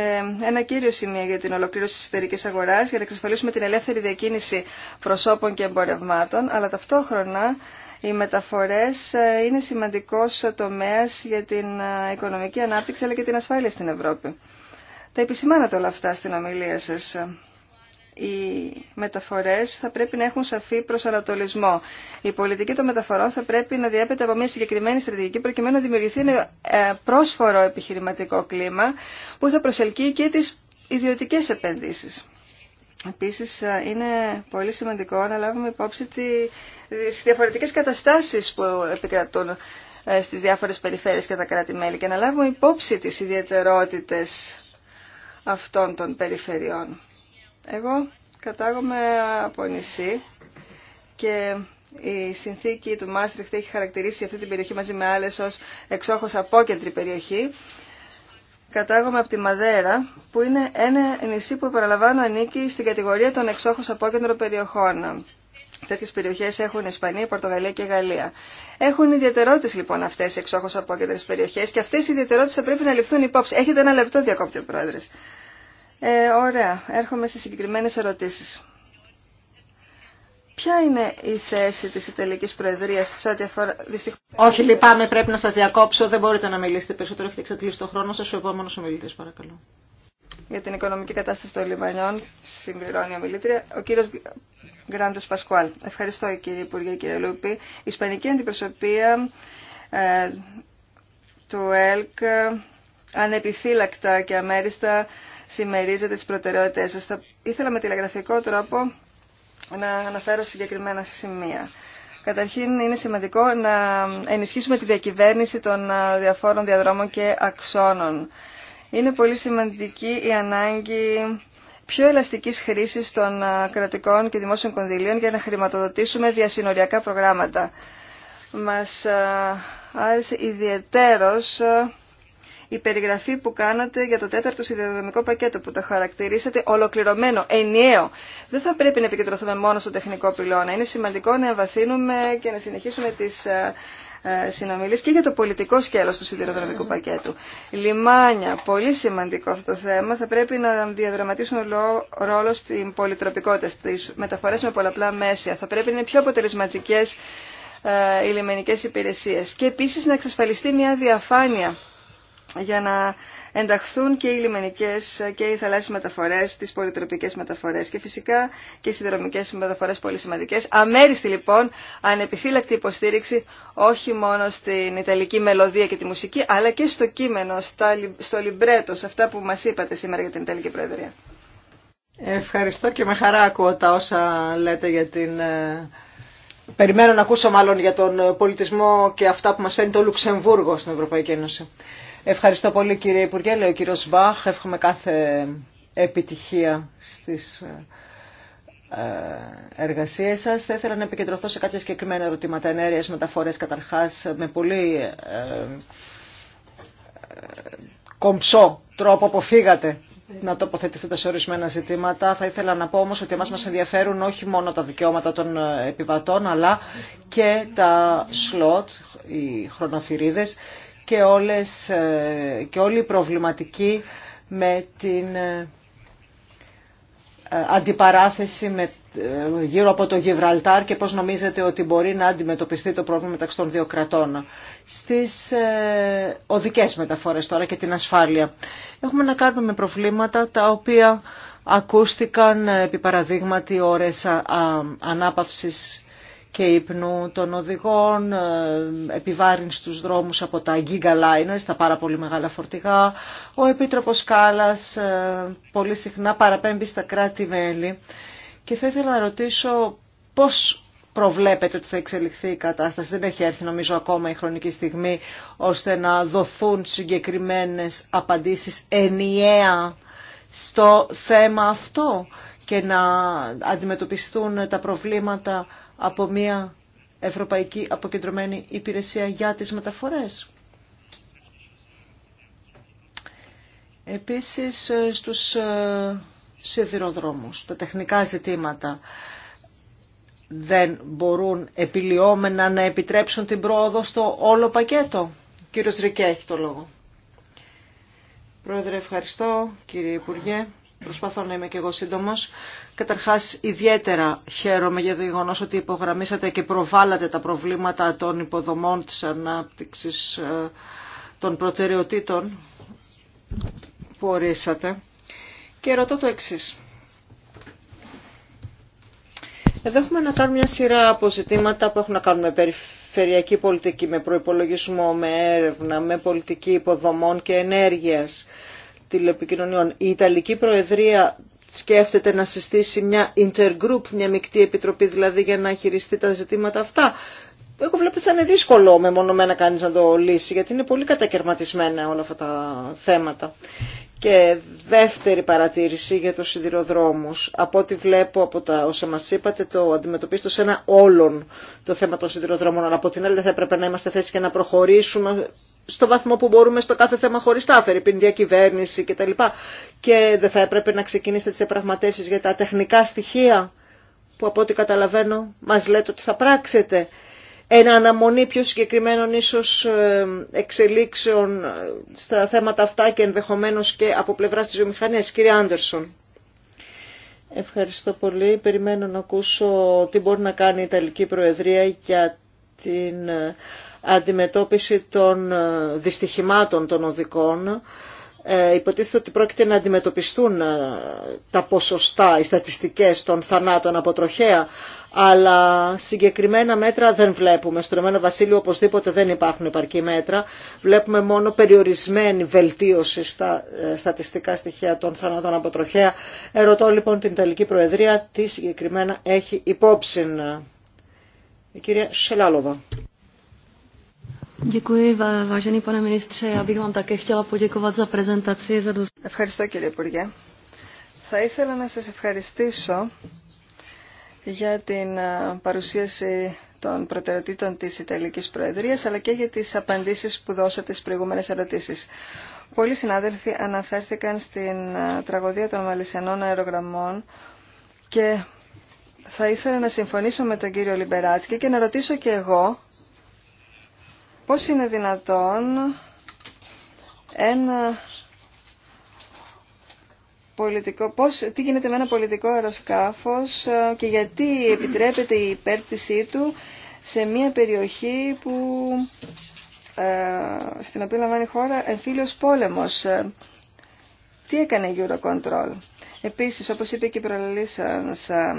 ένα κύριο σημείο για την ολοκλήρωση της εσωτερικής αγοράς για να εξασφαλίσουμε την ελεύθερη διακίνηση προσώπων και εμπορευμάτων, αλλά ταυτόχρονα οι μεταφορές ε, είναι σημαντικός τομέας για την ε, οικονομική ανάπτυξη αλλά και την ασφάλεια στην Ευρώπη. Τα επισημάνατε όλα αυτά στην ομιλία σας οι μεταφορές θα πρέπει να έχουν σαφή προσανατολισμό. Η πολιτική των μεταφορών θα πρέπει να διέπεται από μια συγκεκριμένη στρατηγική προκειμένου να δημιουργηθεί ένα ε, πρόσφορο επιχειρηματικό κλίμα που θα προσελκύει και τις ιδιωτικές επενδύσεις. Επίσης ε, είναι πολύ σημαντικό να λάβουμε υπόψη τις διαφορετικές καταστάσεις που επικρατούν ε, στις διάφορες περιφέρειες και τα κράτη-μέλη και να λάβουμε υπόψη τις ιδιαιτερότητες αυτών των περιφερειών. Εγώ κατάγομαι από νησί και η συνθήκη του Μάστριχτ έχει χαρακτηρίσει αυτή την περιοχή μαζί με άλλες ως εξόχως απόκεντρη περιοχή. Κατάγομαι από τη Μαδέρα, που είναι ένα νησί που παραλαμβάνω ανήκει στην κατηγορία των εξόχως απόκεντρων περιοχών. Τέτοιες περιοχές έχουν Ισπανία, Πορτογαλία και Γαλλία. Έχουν ιδιαιτερότητες λοιπόν αυτές οι εξόχως απόκεντρες περιοχές και αυτές οι ιδιαιτερότητες θα πρέπει να ληφθούν υπόψη. Έχετε ένα λεπτό διακόπτει ο ε, ωραία, έρχομαι σε συγκεκριμένες ερωτήσεις. Ποια είναι η θέση της Ιταλικής Προεδρίας σε ό,τι αφορά... Δυστυχώς... Όχι, λυπάμαι, πρέπει να σας διακόψω. Δεν μπορείτε να μιλήσετε περισσότερο. Έχετε εξατλήσει το χρόνο σας. Ο επόμενος ομιλητής, παρακαλώ. Για την οικονομική κατάσταση των Λιβανιών, συμπληρώνει η ομιλήτρια, ο κύριος Γκράντε Πασκουάλ. Ευχαριστώ, κύριε Υπουργέ, κύριε Λούπη. Η Ισπανική αντιπροσωπεία ε, του ΕΛΚ ε, ανεπιφύλακτα και αμέριστα συμμερίζετε τις προτεραιότητες σας. Θα ήθελα με τηλεγραφικό τρόπο να αναφέρω συγκεκριμένα σημεία. Καταρχήν είναι σημαντικό να ενισχύσουμε τη διακυβέρνηση των διαφόρων διαδρόμων και αξώνων. Είναι πολύ σημαντική η ανάγκη πιο ελαστικής χρήσης των κρατικών και δημόσιων κονδυλίων για να χρηματοδοτήσουμε διασυνοριακά προγράμματα. Μας άρεσε ιδιαιτέρως η περιγραφή που κάνατε για το τέταρτο σιδηροδρομικό πακέτο που το χαρακτηρίσατε ολοκληρωμένο, ενιαίο. Δεν θα πρέπει να επικεντρωθούμε μόνο στο τεχνικό πυλώνα. Είναι σημαντικό να εμβαθύνουμε και να συνεχίσουμε τις ε, ε, συνομιλίες και για το πολιτικό σκέλος του σιδηροδρομικού πακέτου. Λιμάνια, πολύ σημαντικό αυτό το θέμα, θα πρέπει να διαδραματίσουν ρόλο στην πολυτροπικότητα, στις μεταφορές με πολλαπλά μέσα. Θα πρέπει να είναι πιο αποτελεσματικές ε, οι λιμενικές υπηρεσίες και επίσης να εξασφαλιστεί μια διαφάνεια για να ενταχθούν και οι λιμενικές και οι θαλάσσιες μεταφορές, τις πολυτροπικές μεταφορές και φυσικά και οι συνδρομικές μεταφορές πολύ σημαντικές. Αμέριστη λοιπόν ανεπιφύλακτη υποστήριξη όχι μόνο στην Ιταλική μελωδία και τη μουσική αλλά και στο κείμενο, στο λιμπρέτο, σε αυτά που μας είπατε σήμερα για την Ιταλική Προεδρία. Ευχαριστώ και με χαρά ακούω τα όσα λέτε για την... Ε, περιμένω να ακούσω μάλλον για τον πολιτισμό και αυτά που μας φέρνει το Λουξεμβούργο στην Ευρωπαϊκή Ένωση. Ευχαριστώ πολύ κύριε Υπουργέ, λέει ο κύριος Μπαχ. Εύχομαι κάθε επιτυχία στις ε, ε, εργασίες σας. Θα ήθελα να επικεντρωθώ σε κάποια συγκεκριμένα ερωτήματα ενέργεια μεταφορές καταρχάς, με πολύ ε, κομψό τρόπο αποφύγατε να τοποθετηθείτε σε ορισμένα ζητήματα. Θα ήθελα να πω όμως ότι εμά μας ενδιαφέρουν όχι μόνο τα δικαιώματα των επιβατών αλλά και τα σλότ, οι χρονοθυρίδες και, όλες, ε, και όλη η προβληματική με την ε, ε, αντιπαράθεση με, γύρω από το Γιβραλτάρ και πώς νομίζετε ότι μπορεί να αντιμετωπιστεί το πρόβλημα μεταξύ των δύο κρατών. Στις ε, οδικές μεταφορές τώρα και την ασφάλεια. Έχουμε να κάνουμε προβλήματα τα οποία ακούστηκαν επί παραδείγματι ώρες ανάπαυσης και ύπνου των οδηγών, ε, επιβάρυνση στους δρόμους από τα gigaliners, τα πάρα πολύ μεγάλα φορτηγά. Ο Επίτροπος Κάλλας ε, πολύ συχνά παραπέμπει στα κράτη-μέλη. Και θα ήθελα να ρωτήσω πώς προβλέπετε ότι θα εξελιχθεί η κατάσταση. Δεν έχει έρθει νομίζω ακόμα η χρονική στιγμή ώστε να δοθούν συγκεκριμένες απαντήσεις ενιαία στο θέμα αυτό και να αντιμετωπιστούν τα προβλήματα από μια Ευρωπαϊκή Αποκεντρωμένη Υπηρεσία για τις Μεταφορές. Επίσης στους ε, σιδηροδρόμους, τα τεχνικά ζητήματα δεν μπορούν επιλειόμενα να επιτρέψουν την πρόοδο στο όλο πακέτο. κύριος Ρικέ έχει το λόγο. Πρόεδρε, ευχαριστώ. Κύριε Υπουργέ, προσπαθώ να είμαι και εγώ σύντομο. Καταρχά, ιδιαίτερα χαίρομαι για το γεγονό ότι υπογραμμίσατε και προβάλλατε τα προβλήματα των υποδομών τη ανάπτυξη ε, των προτεραιοτήτων που ορίσατε. Και ρωτώ το εξή. Εδώ έχουμε να κάνουμε μια σειρά από ζητήματα που έχουν να κάνουν με περιφέρεια περιφερειακή πολιτική, με προϋπολογισμό, με έρευνα, με πολιτική υποδομών και ενέργειας τηλεπικοινωνιών. Η Ιταλική Προεδρία σκέφτεται να συστήσει μια intergroup, μια μεικτή επιτροπή δηλαδή για να χειριστεί τα ζητήματα αυτά. Εγώ βλέπω ότι θα είναι δύσκολο μεμονωμένα κανείς να το λύσει, γιατί είναι πολύ κατακαιρματισμένα όλα αυτά τα θέματα. Και δεύτερη παρατήρηση για το σιδηροδρόμους. Από ό,τι βλέπω από τα όσα μας είπατε, το αντιμετωπίστε σε ένα όλον το θέμα των σιδηροδρόμων. Αλλά από την άλλη θα έπρεπε να είμαστε θέσει και να προχωρήσουμε στο βαθμό που μπορούμε στο κάθε θέμα χωριστά, αφαιρεπίν διακυβέρνηση κτλ. Και δεν θα έπρεπε να ξεκινήσετε τις επραγματεύσεις για τα τεχνικά στοιχεία που από ό,τι καταλαβαίνω μας λέτε ότι θα πράξετε. Ένα αναμονή πιο συγκεκριμένων ίσως ε, εξελίξεων ε, στα θέματα αυτά και ενδεχομένως και από πλευράς της βιομηχανία. Κύριε Άντερσον. Ευχαριστώ πολύ. Περιμένω να ακούσω τι μπορεί να κάνει η Ιταλική Προεδρία για την ε, αντιμετώπιση των δυστυχημάτων των οδικών ε, υποτίθεται ότι πρόκειται να αντιμετωπιστούν ε, τα ποσοστά, οι στατιστικές των θανάτων από τροχέα, αλλά συγκεκριμένα μέτρα δεν βλέπουμε. Στο Ρωμένο Βασίλειο οπωσδήποτε δεν υπάρχουν επαρκή μέτρα. Βλέπουμε μόνο περιορισμένη βελτίωση στα ε, στατιστικά στοιχεία των θανάτων από τροχέα. Ερωτώ λοιπόν την Ιταλική Προεδρία τι συγκεκριμένα έχει υπόψη. Η κυρία Σελάλοβα. Ευχαριστώ κύριε Υπουργέ. Θα ήθελα να σας ευχαριστήσω για την παρουσίαση των προτεραιοτήτων της Ιταλικής Προεδρίας αλλά και για τις απαντήσεις που δώσατε στις προηγούμενες ερωτήσεις. Πολλοί συνάδελφοι αναφέρθηκαν στην τραγωδία των Μαλισιανών αερογραμμών και θα ήθελα να συμφωνήσω με τον κύριο Λιμπεράτσκι και να ρωτήσω και εγώ Πώς είναι δυνατόν ένα πολιτικό, πώς, τι γίνεται με ένα πολιτικό αεροσκάφος και γιατί επιτρέπεται η υπέρτισή του σε μια περιοχή που, ε, στην οποία λαμβάνει χώρα εμφύλιος πόλεμος. Τι έκανε η Eurocontrol. Επίσης, όπως είπε και η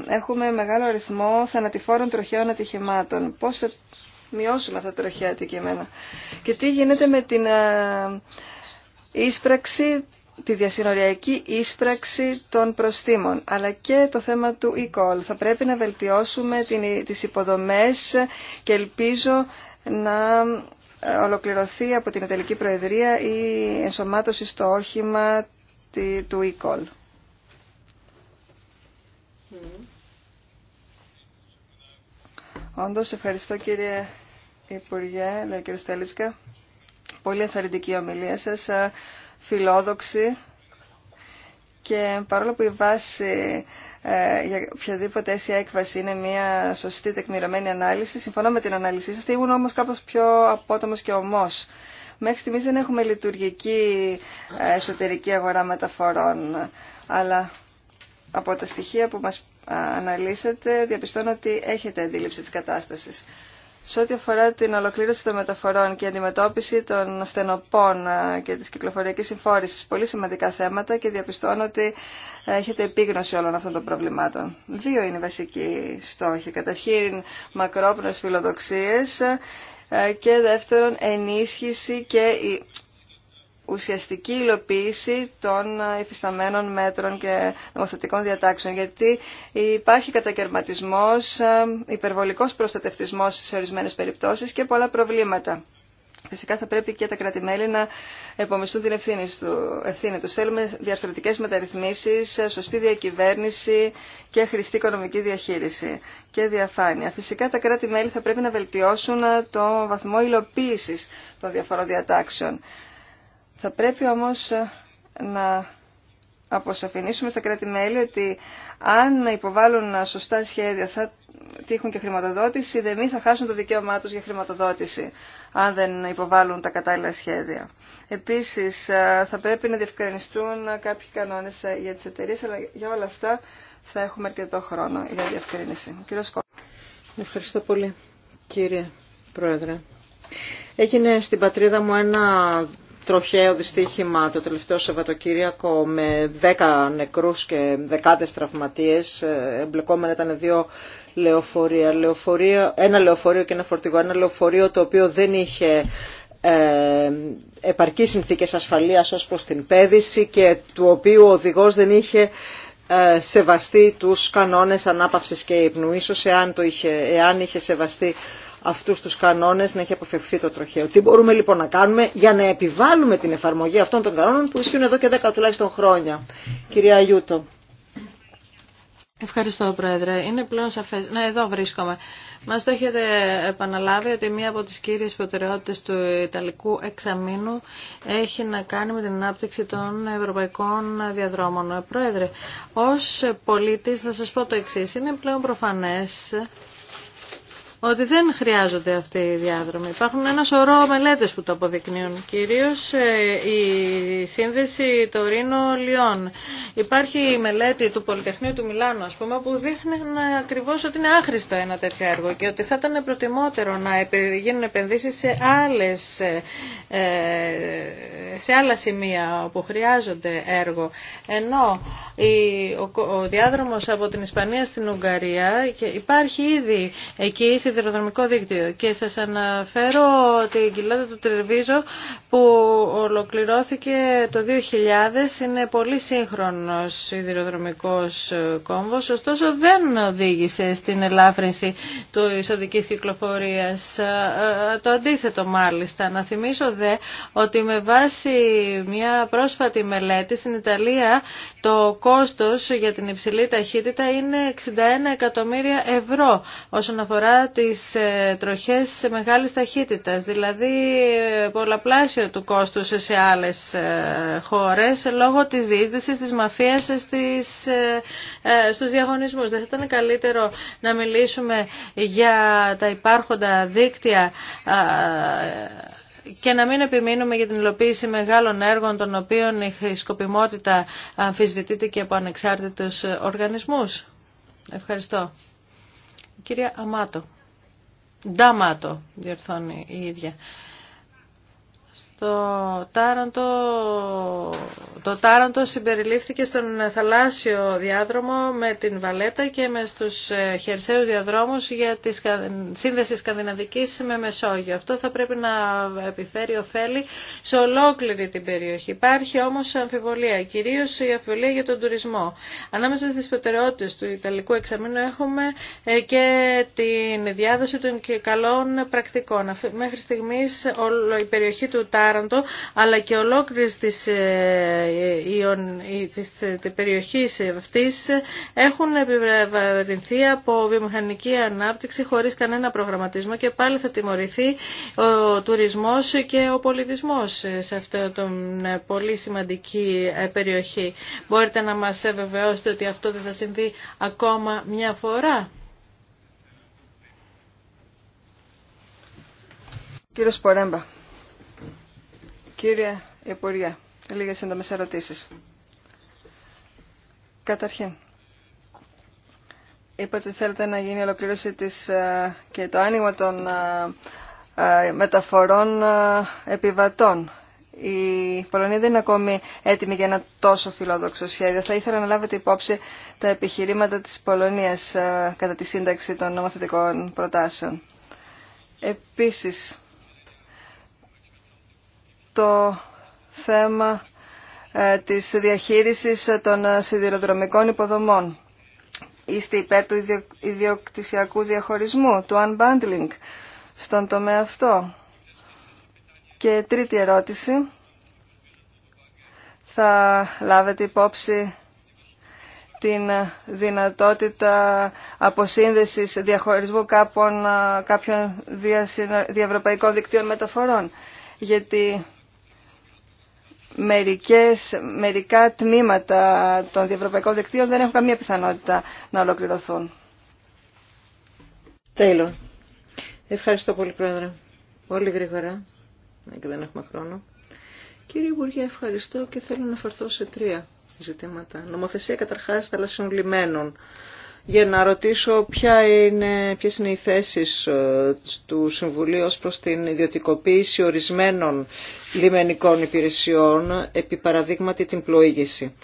έχουμε μεγάλο αριθμό θανατηφόρων τροχαίων ατυχημάτων. Πώς μειώσουμε αυτά τα τροχιά αντικείμενα. Και τι γίνεται με την ε, ίσπραξη, τη διασυνοριακή ίσπραξη των προστήμων, αλλά και το θέμα του e-call. Θα πρέπει να βελτιώσουμε τις υποδομές και ελπίζω να ε, ολοκληρωθεί από την Ιταλική Προεδρία η ενσωμάτωση στο όχημα του e-call. Mm. Όντω ευχαριστώ κύριε Υπουργέ, λέει κύριε Στέλισκα. Πολύ η ομιλία σα, φιλόδοξη και παρόλο που η βάση ε, για οποιαδήποτε αίσια έκβαση είναι μια σωστή τεκμηρωμένη ανάλυση, συμφωνώ με την ανάλυση σας, ήμουν όμως κάπως πιο απότομο και ομό. Μέχρι στιγμή δεν έχουμε λειτουργική ε, εσωτερική αγορά μεταφορών, αλλά από τα στοιχεία που μας Αναλύσετε, διαπιστώνω ότι έχετε αντίληψη της κατάστασης. Σε ό,τι αφορά την ολοκλήρωση των μεταφορών και αντιμετώπιση των στενοπών ε, και της κυκλοφοριακής συμφόρησης, πολύ σημαντικά θέματα και διαπιστώνω ότι ε, έχετε επίγνωση όλων αυτών των προβλημάτων. Δύο είναι οι βασικοί στόχοι. Καταρχήν μακρόπνες φιλοδοξίες ε, και δεύτερον ενίσχυση και ουσιαστική υλοποίηση των υφισταμένων μέτρων και νομοθετικών διατάξεων. Γιατί υπάρχει κατακαιρματισμός, ε, υπερβολικός προστατευτισμός σε ορισμένες περιπτώσεις και πολλά προβλήματα. Φυσικά θα πρέπει και τα κράτη-μέλη να επομιστούν την ευθύνη, του, ευθύνη τους. Θέλουμε διαρθρωτικές μεταρρυθμίσεις, ε, σωστή διακυβέρνηση και χρηστή οικονομική διαχείριση και διαφάνεια. Φυσικά τα κράτη-μέλη θα πρέπει να βελτιώσουν ε, το βαθμό υλοποίησης των διαφορών διατάξεων. Θα πρέπει όμως ε, να αποσαφηνίσουμε στα κράτη-μέλη ότι αν υποβάλουν ε, σωστά σχέδια θα τύχουν και χρηματοδότηση, δεν μη θα χάσουν το δικαίωμά τους για χρηματοδότηση, αν δεν υποβάλουν τα κατάλληλα σχέδια. Επίσης, ε, θα πρέπει να διευκρινιστούν κάποιοι κανόνες για τις εταιρείε, αλλά για όλα αυτά θα έχουμε αρκετό χρόνο για διευκρίνηση. Ευχαριστώ πολύ, κύριε Πρόεδρε. Έγινε στην πατρίδα μου ένα τροχαίο δυστύχημα το τελευταίο Σαββατοκύριακο με δέκα νεκρούς και δεκάδες τραυματίες. Ε, εμπλεκόμενα ήταν δύο λεωφορεία. Ένα λεωφορείο και ένα φορτηγό. Ένα λεωφορείο το οποίο δεν είχε ε, επαρκή συνθήκες ασφαλείας ως προς την πέδηση και του οποίου ο οδηγός δεν είχε ε, σεβαστεί τους κανόνες ανάπαυσης και ύπνου. Ίσως εάν, το εάν είχε σεβαστεί αυτούς τους κανόνες, να έχει αποφευθεί το τροχαίο. Τι μπορούμε λοιπόν να κάνουμε για να επιβάλλουμε την εφαρμογή αυτών των κανόνων που ισχύουν εδώ και 10 τουλάχιστον χρόνια. Κυρία Αγιούτο. Ευχαριστώ, Πρόεδρε. Είναι πλέον σαφέ. Ναι, εδώ βρίσκομαι. Μα το έχετε επαναλάβει ότι μία από τι κύριε προτεραιότητε του Ιταλικού εξαμήνου έχει να κάνει με την ανάπτυξη των ευρωπαϊκών διαδρόμων. Πρόεδρε, ω πολίτη θα σα πω το εξή. Είναι πλέον προφανέ ότι δεν χρειάζονται αυτοί οι διάδρομοι. Υπάρχουν ένα σωρό μελέτες που το αποδεικνύουν, κυρίως ε, η σύνδεση λιον Υπάρχει η μελέτη του Πολυτεχνείου του Μιλάνου, ας πούμε, που δείχνει ακριβώς ότι είναι άχρηστο ένα τέτοιο έργο και ότι θα ήταν προτιμότερο να γίνουν επενδύσεις σε, άλλες, ε, ε, σε άλλα σημεία όπου χρειάζονται έργο. Ενώ ο διάδρομος από την Ισπανία στην Ουγγαρία υπάρχει ήδη εκεί σιδηροδρομικό δίκτυο. Και σας αναφέρω την κοιλάδα του Τρεβίζο που ολοκληρώθηκε το 2000. Είναι πολύ σύγχρονος σιδηροδρομικός κόμβος, ωστόσο δεν οδήγησε στην ελάφρυνση του εισοδικής κυκλοφορίας. Ε, το αντίθετο μάλιστα. Να θυμίσω δε ότι με βάση μια πρόσφατη μελέτη στην Ιταλία το κόστος για την υψηλή ταχύτητα είναι 61 εκατομμύρια ευρώ όσον αφορά τις ε, τροχές μεγάλης ταχύτητας, δηλαδή ε, πολλαπλάσιο του κόστου σε άλλες ε, χώρες λόγω της διείσδυσης της μαφίας στις, στους διαγωνισμούς. Δεν θα ήταν καλύτερο να μιλήσουμε για τα υπάρχοντα δίκτυα και να μην επιμείνουμε για την υλοποίηση μεγάλων έργων των οποίων η σκοπιμότητα αμφισβητείται και από ανεξάρτητους οργανισμούς. Ευχαριστώ. Κυρία Αμάτο. Νταμάτο, διορθώνει η ίδια. Το τάραντο, το τάραντο συμπεριλήφθηκε στον θαλάσσιο διάδρομο με την Βαλέτα και με στους ε, χερσαίους διαδρόμους για τη σύνδεση Σκανδιναβικής με Μεσόγειο. Αυτό θα πρέπει να επιφέρει ωφέλη σε ολόκληρη την περιοχή. Υπάρχει όμως αμφιβολία, κυρίως η αμφιβολία για τον τουρισμό. Ανάμεσα στις προτεραιότητες του Ιταλικού εξαμήνου έχουμε ε, και την διάδοση των καλών πρακτικών. Μέχρι στιγμής η περιοχή του αλλά και ολόκληρης της, ε, ε, ε, της, της περιοχής αυτής έχουν επιβεβαιωθεί από βιομηχανική ανάπτυξη χωρίς κανένα προγραμματισμό και πάλι θα τιμωρηθεί ο τουρισμός και ο πολιτισμός σε αυτή την πολύ σημαντική περιοχή. Μπορείτε να μας βεβαιώσετε ότι αυτό δεν θα συμβεί ακόμα μια φορά. Κύριος Κύριε Υπουργέ, λίγες σύντομες ερωτήσεις. Καταρχήν, είπατε ότι θέλετε να γίνει η ολοκλήρωση της, ε, και το άνοιγμα των ε, ε, μεταφορών επιβατών. Η Πολωνία δεν είναι ακόμη έτοιμη για ένα τόσο φιλόδοξο σχέδιο. Θα ήθελα να λάβετε υπόψη τα επιχειρήματα της Πολωνίας κατά τη σύνταξη των νομοθετικών προτάσεων. Επίσης, το θέμα ε, της διαχείρισης των σιδηροδρομικών υποδομών. Είστε υπέρ του ιδιοκτησιακού διαχωρισμού, του unbundling, στον τομέα αυτό. Και τρίτη ερώτηση. Θα λάβετε υπόψη την δυνατότητα αποσύνδεσης διαχωρισμού κάποιων διευρωπαϊκών δικτύων μεταφορών. Γιατί μερικές, μερικά τμήματα των διευρωπαϊκών δικτύων δεν έχουν καμία πιθανότητα να ολοκληρωθούν. Τέλο. Ευχαριστώ πολύ, Πρόεδρε. Πολύ γρήγορα, και δεν έχουμε χρόνο. Κύριε Υπουργέ, ευχαριστώ και θέλω να φερθώ σε τρία ζητήματα. Νομοθεσία καταρχάς θαλασσιών λιμένων για να ρωτήσω ποια είναι, ποιες είναι οι θέσεις ε, του Συμβουλίου ως προς την ιδιωτικοποίηση ορισμένων λιμενικών υπηρεσιών, επί παραδείγματι την πλοήγηση.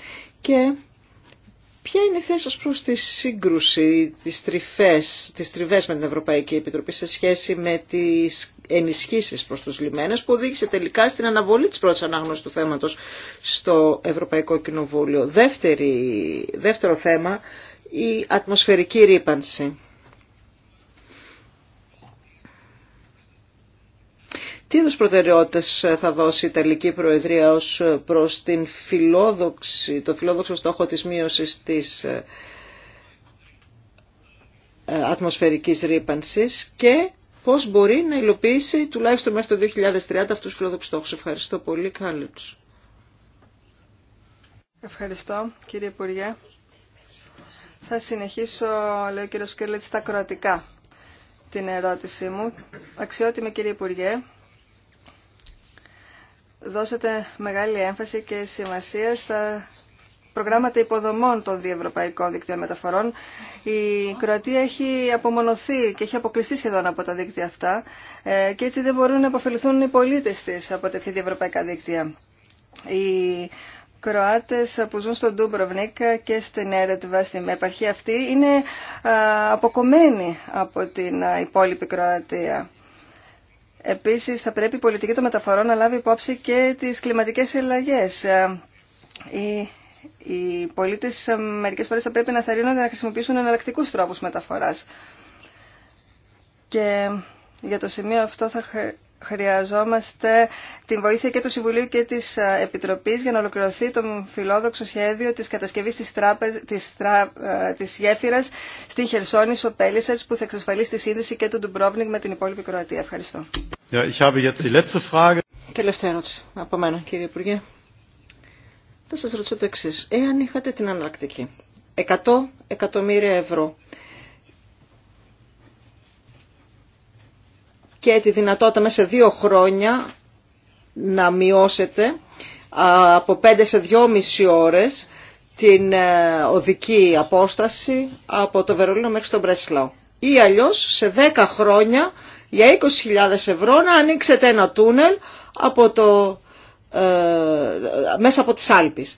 Και ποια είναι η θέση ως προς τη σύγκρουση, τις, τριφές, τριβές με την Ευρωπαϊκή Επιτροπή σε σχέση με τις ενισχύσεις προς τους λιμένες που οδήγησε τελικά στην αναβολή της πρώτης ανάγνωσης του θέματος στο Ευρωπαϊκό Κοινοβούλιο. δεύτερο θέμα, η ατμοσφαιρική ρήπανση. Τι είδους προτεραιότητες θα δώσει η Ιταλική Προεδρία ως προς την φιλόδοξη, το φιλόδοξο στόχο της μείωσης της ε, ατμοσφαιρικής ρήπανσης και πώς μπορεί να υλοποιήσει τουλάχιστον μέχρι το 2030 αυτούς τους φιλόδοξους στόχους. Ευχαριστώ πολύ. Κάλιτς. Ευχαριστώ κύριε Υπουργέ. Θα συνεχίσω, λέει ο κύριος τα στα κροατικά την ερώτησή μου. Αξιότιμη κύριε Υπουργέ, δώσατε μεγάλη έμφαση και σημασία στα προγράμματα υποδομών των διευρωπαϊκών δικτύων μεταφορών. Η Κροατία έχει απομονωθεί και έχει αποκλειστεί σχεδόν από τα δίκτυα αυτά ε, και έτσι δεν μπορούν να αποφεληθούν οι πολίτες της από τέτοια διευρωπαϊκά δίκτυα. Κροάτες που ζουν στον Ντούμπροβνικ και στην Έρετβα, στην επαρχία αυτή, είναι αποκομμένοι από την υπόλοιπη Κροατία. Επίσης θα πρέπει η πολιτική των μεταφορών να λάβει υπόψη και τις κλιματικές ελλαγές. Οι, οι πολίτες μερικές φορές θα πρέπει να θερύνονται να χρησιμοποιήσουν εναλλακτικούς τρόπους μεταφοράς. Και για το σημείο αυτό θα, χρειαζόμαστε την βοήθεια και του Συμβουλίου και της Επιτροπής για να ολοκληρωθεί το φιλόδοξο σχέδιο της κατασκευής της, τράπεζ, της, τρα, της γέφυρας στη Χερσόνησο Πέλισσας που θα εξασφαλίσει τη σύνδεση και του Ντουμπρόβνικ με την υπόλοιπη Κροατία. Ευχαριστώ. Τελευταία ερώτηση από μένα κύριε Υπουργέ. Θα σας ρωτήσω το εξή. Εάν είχατε την ανάκτικη 100 εκατομμύρια ευρώ και τη δυνατότητα μέσα σε δύο χρόνια να μειώσετε από 5 σε 2,5 ώρες την ε, οδική απόσταση από το Βερολίνο μέχρι τον Μπρέσλαο. Ή αλλιώς σε 10 χρόνια για 20.000 ευρώ να ανοίξετε ένα τούνελ από το, ε, μέσα από τις Άλπεις.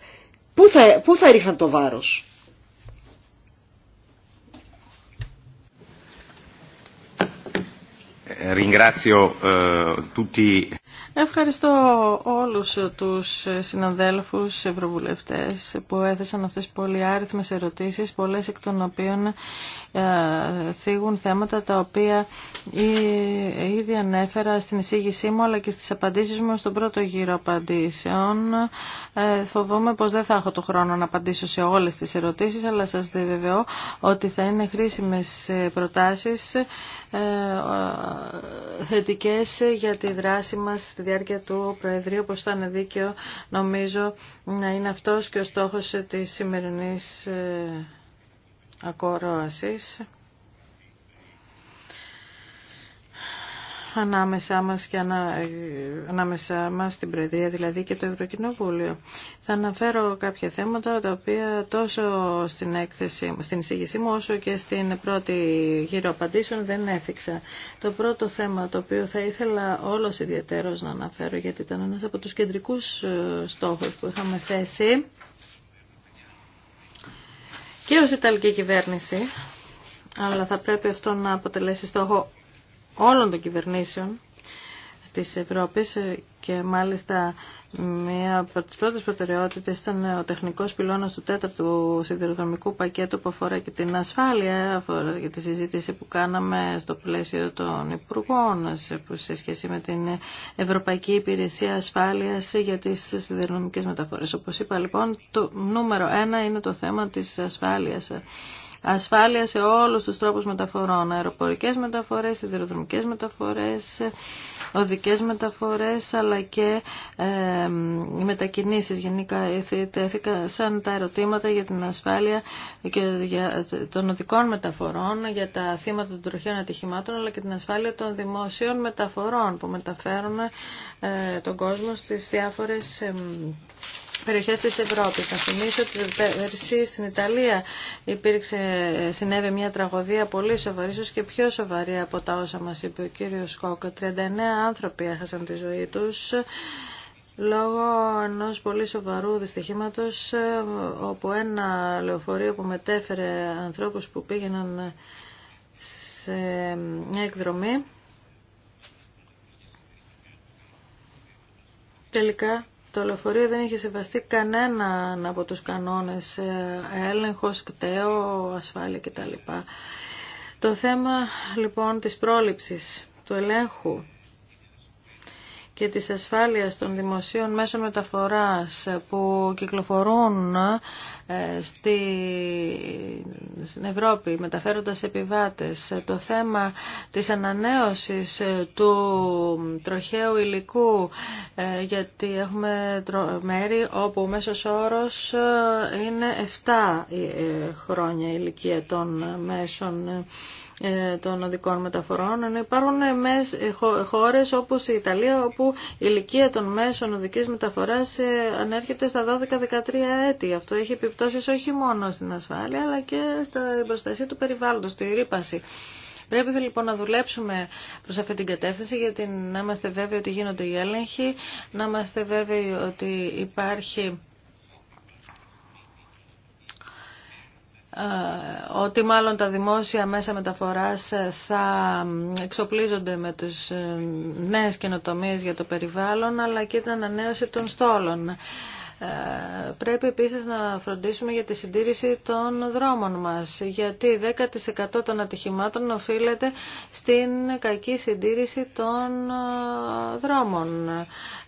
Πού θα, πού θα ρίχναν το βάρος. ringrazio tutti Ευχαριστώ όλους τους συναδέλφους ευρωβουλευτές που έθεσαν αυτές τις άριθμες ερωτήσεις, πολλές εκ των οποίων ε, θίγουν θέματα τα οποία ήδη ανέφερα στην εισήγησή μου αλλά και στις απαντήσεις μου στον πρώτο γύρο απαντήσεων. Ε, Φοβόμαι πως δεν θα έχω το χρόνο να απαντήσω σε όλες τις ερωτήσεις αλλά σας διαβεβαιώ ότι θα είναι χρήσιμες προτάσεις ε, θετικές για τη δράση μας διάρκεια του Προεδρείου, όπως θα είναι δίκαιο, νομίζω να είναι αυτός και ο στόχος της σημερινής ε, ακόρωασης. ανάμεσά μας και ανά, ανάμεσά μας την Προεδρία δηλαδή και το Ευρωκοινοβούλιο. Θα αναφέρω κάποια θέματα τα οποία τόσο στην έκθεση, στην εισήγησή μου όσο και στην πρώτη γύρω απαντήσεων δεν έθιξα. Το πρώτο θέμα το οποίο θα ήθελα όλος ιδιαίτερος να αναφέρω γιατί ήταν ένας από τους κεντρικούς ε, στόχους που είχαμε θέσει και ως Ιταλική κυβέρνηση αλλά θα πρέπει αυτό να αποτελέσει στόχο όλων των κυβερνήσεων στις Ευρώπη. Ε, και μάλιστα μία από τις πρώτες προτεραιότητες ήταν ο τεχνικός πυλώνας του τέταρτου σιδηροδρομικού πακέτου που αφορά και την ασφάλεια, αφορά και τη συζήτηση που κάναμε στο πλαίσιο των Υπουργών σε σχέση με την Ευρωπαϊκή Υπηρεσία Ασφάλειας για τις σιδηροδρομικές μεταφορές. Όπως είπα λοιπόν, το νούμερο ένα είναι το θέμα της ασφάλειας ασφάλεια σε όλους τους τρόπους μεταφορών. Αεροπορικές μεταφορές, σιδηροδρομικές μεταφορές, οδικές μεταφορές, αλλά και ε, μετακινήσεις γενικά. Ε, Τέθηκα σαν τα ερωτήματα για την ασφάλεια και για των οδικών μεταφορών, για τα θύματα των τροχιών ατυχημάτων, αλλά και την ασφάλεια των δημόσιων μεταφορών που μεταφέρουν ε, τον κόσμο στις διάφορες Περιοχέ τη Ευρώπη. Να θυμίσω ότι πέρσι στην Ιταλία υπήρξε, συνέβη μια τραγωδία πολύ σοβαρή, ίσως και πιο σοβαρή από τα όσα μας είπε ο κύριος Κόκο. 39 άνθρωποι έχασαν τη ζωή τους λόγω ενό πολύ σοβαρού δυστυχήματος όπου ένα λεωφορείο που μετέφερε ανθρώπους που πήγαιναν σε μια εκδρομή τελικά το λεωφορείο δεν είχε σεβαστεί κανέναν από τους κανόνες ε, έλεγχος, κτέο, ασφάλεια κτλ. Το θέμα λοιπόν της πρόληψης, του ελέγχου και της ασφάλειας των δημοσίων μέσων μεταφοράς που κυκλοφορούν ε, στην Ευρώπη μεταφέροντας επιβάτες, το θέμα της ανανέωσης ε, του τροχαίου υλικού ε, γιατί έχουμε μέρη όπου ο μέσος όρος είναι 7 χρόνια ηλικία των μέσων ε, των οδικών μεταφορών, ενώ υπάρχουν ε, ε, χώρες όπως η Ιταλία όπου η ηλικία των μέσων οδικής μεταφοράς ανέρχεται στα 12-13 έτη. Αυτό έχει επιπτώσεις όχι μόνο στην ασφάλεια αλλά και στην προστασία του περιβάλλοντος, στη ρήπαση. Πρέπει λοιπόν να δουλέψουμε προ αυτή την κατεύθυνση γιατί να είμαστε βέβαιοι ότι γίνονται οι έλεγχοι, να είμαστε βέβαιοι ότι υπάρχει Ε, ότι μάλλον τα δημόσια μέσα μεταφοράς ε, θα εξοπλίζονται με τους ε, νέες καινοτομίες για το περιβάλλον αλλά και την ανανέωση των στόλων. Ε, πρέπει επίσης να φροντίσουμε για τη συντήρηση των δρόμων μας, γιατί 10% των ατυχημάτων οφείλεται στην κακή συντήρηση των ε, δρόμων.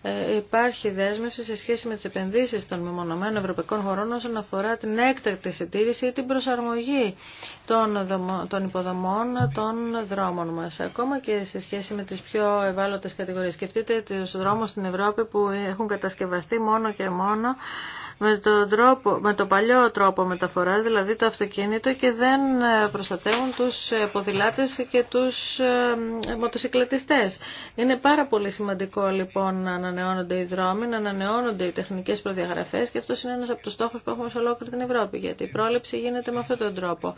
Ε, υπάρχει δέσμευση σε σχέση με τις επενδύσεις των μεμονωμένων ευρωπαϊκών χωρών όσον αφορά την έκτακτη συντήρηση ή την προσαρμογή των υποδομών των δρόμων μας. Ακόμα και σε σχέση με τις πιο ευάλωτες κατηγορίες. Σκεφτείτε τους δρόμους στην Ευρώπη που έχουν κατασκευαστεί μόνο και μόνο με, τον τρόπο, με το παλιό τρόπο μεταφοράς, δηλαδή το αυτοκίνητο και δεν ε, προστατεύουν τους ε, ποδηλάτες και τους ε, μοτοσυκλετιστές. Είναι πάρα πολύ σημαντικό λοιπόν να ανανεώνονται οι δρόμοι, να ανανεώνονται οι τεχνικές προδιαγραφές και αυτό είναι ένας από τους στόχους που έχουμε σε ολόκληρη την Ευρώπη, γιατί η πρόληψη γίνεται με αυτόν τον τρόπο.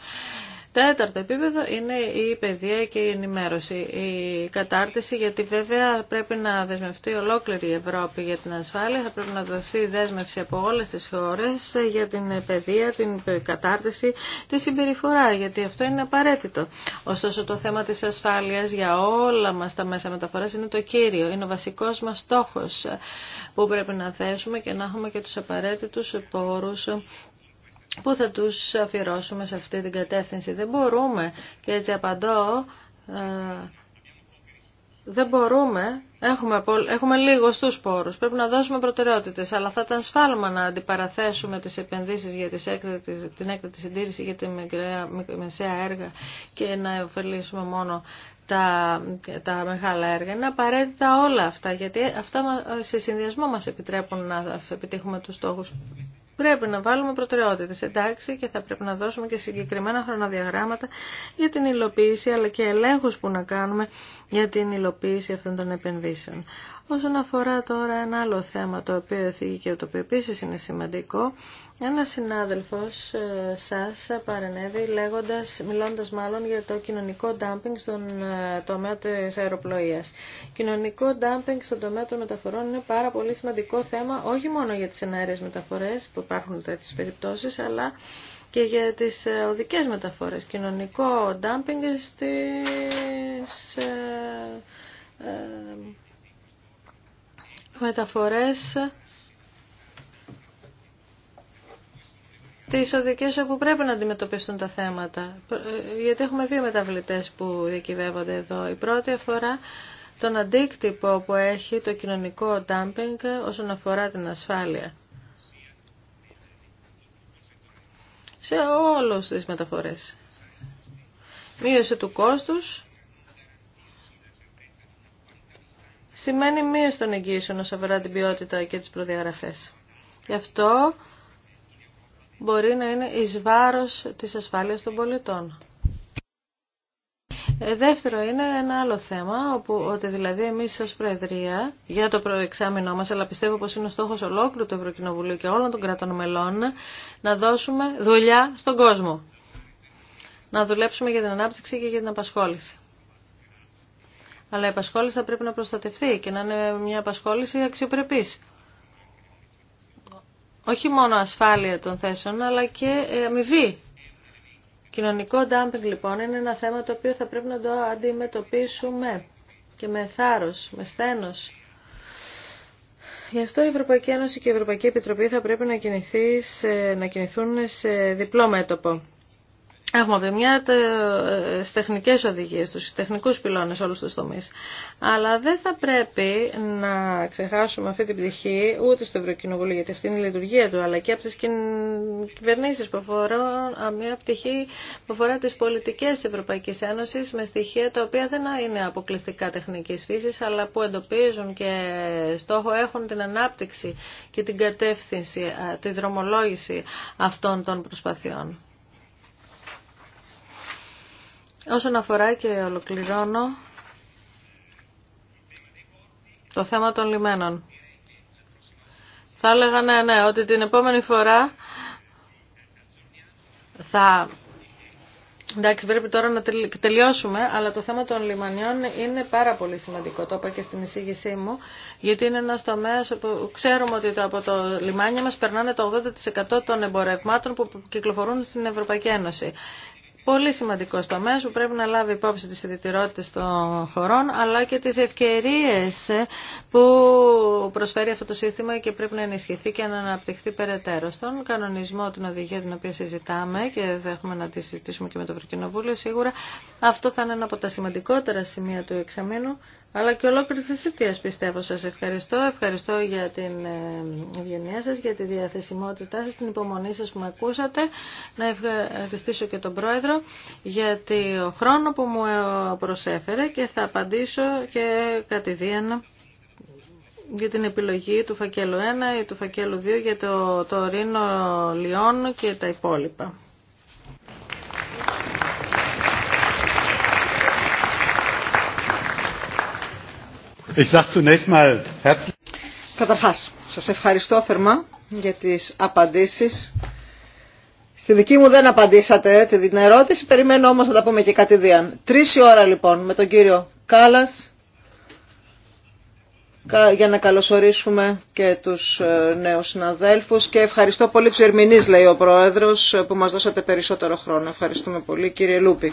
Τέταρτο επίπεδο είναι η παιδεία και η ενημέρωση, η κατάρτιση, γιατί βέβαια πρέπει να δεσμευτεί ολόκληρη η Ευρώπη για την ασφάλεια, θα πρέπει να δοθεί δέσμευση από όλες τις χώρες για την παιδεία, την κατάρτιση, τη συμπεριφορά, γιατί αυτό είναι απαραίτητο. Ωστόσο το θέμα της ασφάλειας για όλα μας τα μέσα μεταφοράς είναι το κύριο, είναι ο βασικός μας στόχος που πρέπει να θέσουμε και να έχουμε και τους απαραίτητους πόρους που θα τους αφιερώσουμε σε αυτή την κατεύθυνση. Δεν μπορούμε, και έτσι απαντώ, ε, δεν μπορούμε, έχουμε, έχουμε λίγο στους πόρους, πρέπει να δώσουμε προτεραιότητες, αλλά θα ήταν σφάλμα να αντιπαραθέσουμε τις επενδύσεις για τις την έκτατη συντήρηση για τη μικραία, μεσαία έργα και να ωφελήσουμε μόνο τα, τα μεγάλα έργα. Είναι απαραίτητα όλα αυτά, γιατί αυτά σε συνδυασμό μας επιτρέπουν να επιτύχουμε τους στόχους Πρέπει να βάλουμε προτεραιότητες, εντάξει, και θα πρέπει να δώσουμε και συγκεκριμένα χρονοδιαγράμματα για την υλοποίηση, αλλά και ελέγχους που να κάνουμε για την υλοποίηση αυτών των επενδύσεων. Όσον αφορά τώρα ένα άλλο θέμα το οποίο θίγει και το οποίο επίσης είναι σημαντικό, ένας συνάδελφος ε, σας παρενέβη λέγοντας, μιλώντας μάλλον για το κοινωνικό ντάμπινγκ στον ε, τομέα της αεροπλοείας. Κοινωνικό ντάμπινγκ στον τομέα των μεταφορών είναι πάρα πολύ σημαντικό θέμα, όχι μόνο για τις εναέρειες μεταφορές που υπάρχουν τέτοιες περιπτώσεις, αλλά και για τις ε, οδικές μεταφορές. Κοινωνικό ντάμπινγκ στις μεταφορές τις οδικές όπου πρέπει να αντιμετωπιστούν τα θέματα. Γιατί έχουμε δύο μεταβλητές που διακυβεύονται εδώ. Η πρώτη αφορά τον αντίκτυπο που έχει το κοινωνικό ντάμπινγκ όσον αφορά την ασφάλεια. Σε όλους τις μεταφορές. Μείωση του κόστους σημαίνει μείωση των εγγύσεων όσον αφορά την ποιότητα και τις προδιαγραφές. Γι' αυτό μπορεί να είναι εις βάρος της ασφάλειας των πολιτών. Ε, δεύτερο είναι ένα άλλο θέμα, όπου ότι δηλαδή εμείς ως Προεδρία, για το προεξάμεινό μας, αλλά πιστεύω πως είναι ο στόχος ολόκληρου του Ευρωκοινοβουλίου και όλων των κρατών μελών, να δώσουμε δουλειά στον κόσμο. Να δουλέψουμε για την ανάπτυξη και για την απασχόληση. Αλλά η απασχόληση θα πρέπει να προστατευτεί και να είναι μια απασχόληση αξιοπρεπή. Όχι μόνο ασφάλεια των θέσεων, αλλά και ε, αμοιβή. Κοινωνικό ντάμπινγκ λοιπόν είναι ένα θέμα το οποίο θα πρέπει να το αντιμετωπίσουμε και με θάρρος, με στένος. Γι' αυτό η Ευρωπαϊκή Ένωση και η Ευρωπαϊκή Επιτροπή θα πρέπει να, σε, να κινηθούν σε διπλό μέτωπο. Έχουμε από τη μια ε, τις τεχνικές οδηγίες, τους τεχνικούς πυλώνες όλους τους τομείς. Αλλά δεν θα πρέπει να ξεχάσουμε αυτή την πτυχή ούτε στο Ευρωκοινοβούλιο, γιατί αυτή είναι η λειτουργία του, αλλά και από τις κυβερνήσεις που αφορά μια πτυχή που αφορά τις πολιτικές της Ευρωπαϊκής Ένωσης με στοιχεία τα οποία δεν είναι αποκλειστικά τεχνικής φύσης, αλλά που εντοπίζουν και στόχο έχουν την ανάπτυξη και την κατεύθυνση, τη δρομολόγηση αυτών των προσπαθειών. Όσον αφορά και ολοκληρώνω το θέμα των λιμένων. Θα έλεγα ναι, ναι, ότι την επόμενη φορά θα... Εντάξει, πρέπει τώρα να τελειώσουμε, αλλά το θέμα των λιμανιών είναι πάρα πολύ σημαντικό. Το είπα και στην εισήγησή μου, γιατί είναι ένα τομέα που ξέρουμε ότι από το λιμάνι μα περνάνε το 80% των εμπορευμάτων που κυκλοφορούν στην Ευρωπαϊκή Ένωση πολύ σημαντικό τομέα που πρέπει να λάβει υπόψη τις ιδιαιτερότητες των χωρών αλλά και τις ευκαιρίες που προσφέρει αυτό το σύστημα και πρέπει να ενισχυθεί και να αναπτυχθεί περαιτέρω. Στον κανονισμό, την οδηγία την οποία συζητάμε και θα έχουμε να τη συζητήσουμε και με το Ευρωκοινοβούλιο σίγουρα αυτό θα είναι ένα από τα σημαντικότερα σημεία του εξαμήνου αλλά και ολόκληρη τη θητεία πιστεύω. Σα ευχαριστώ. Ευχαριστώ για την ε, ευγενία σα, για τη διαθεσιμότητά σα, την υπομονή σα που με ακούσατε. Να ευχαριστήσω και τον Πρόεδρο για το χρόνο που μου ε, προσέφερε και θα απαντήσω και κατηδίαν για την επιλογή του φακέλου 1 ή του φακέλου 2 για το, το Ρήνο Λιών και τα υπόλοιπα. Καταρχάς, σας ευχαριστώ θερμά για τις απαντήσεις. Στη δική μου δεν απαντήσατε την ερώτηση, περιμένω όμως να τα πούμε και κατηδίαν. Τρεις η ώρα λοιπόν με τον κύριο Κάλας για να καλωσορίσουμε και τους ε, νέους συναδέλφους και ευχαριστώ πολύ τους Ερμηνείς λέει ο Πρόεδρος που μας δώσατε περισσότερο χρόνο. Ευχαριστούμε πολύ κύριε Λούπη.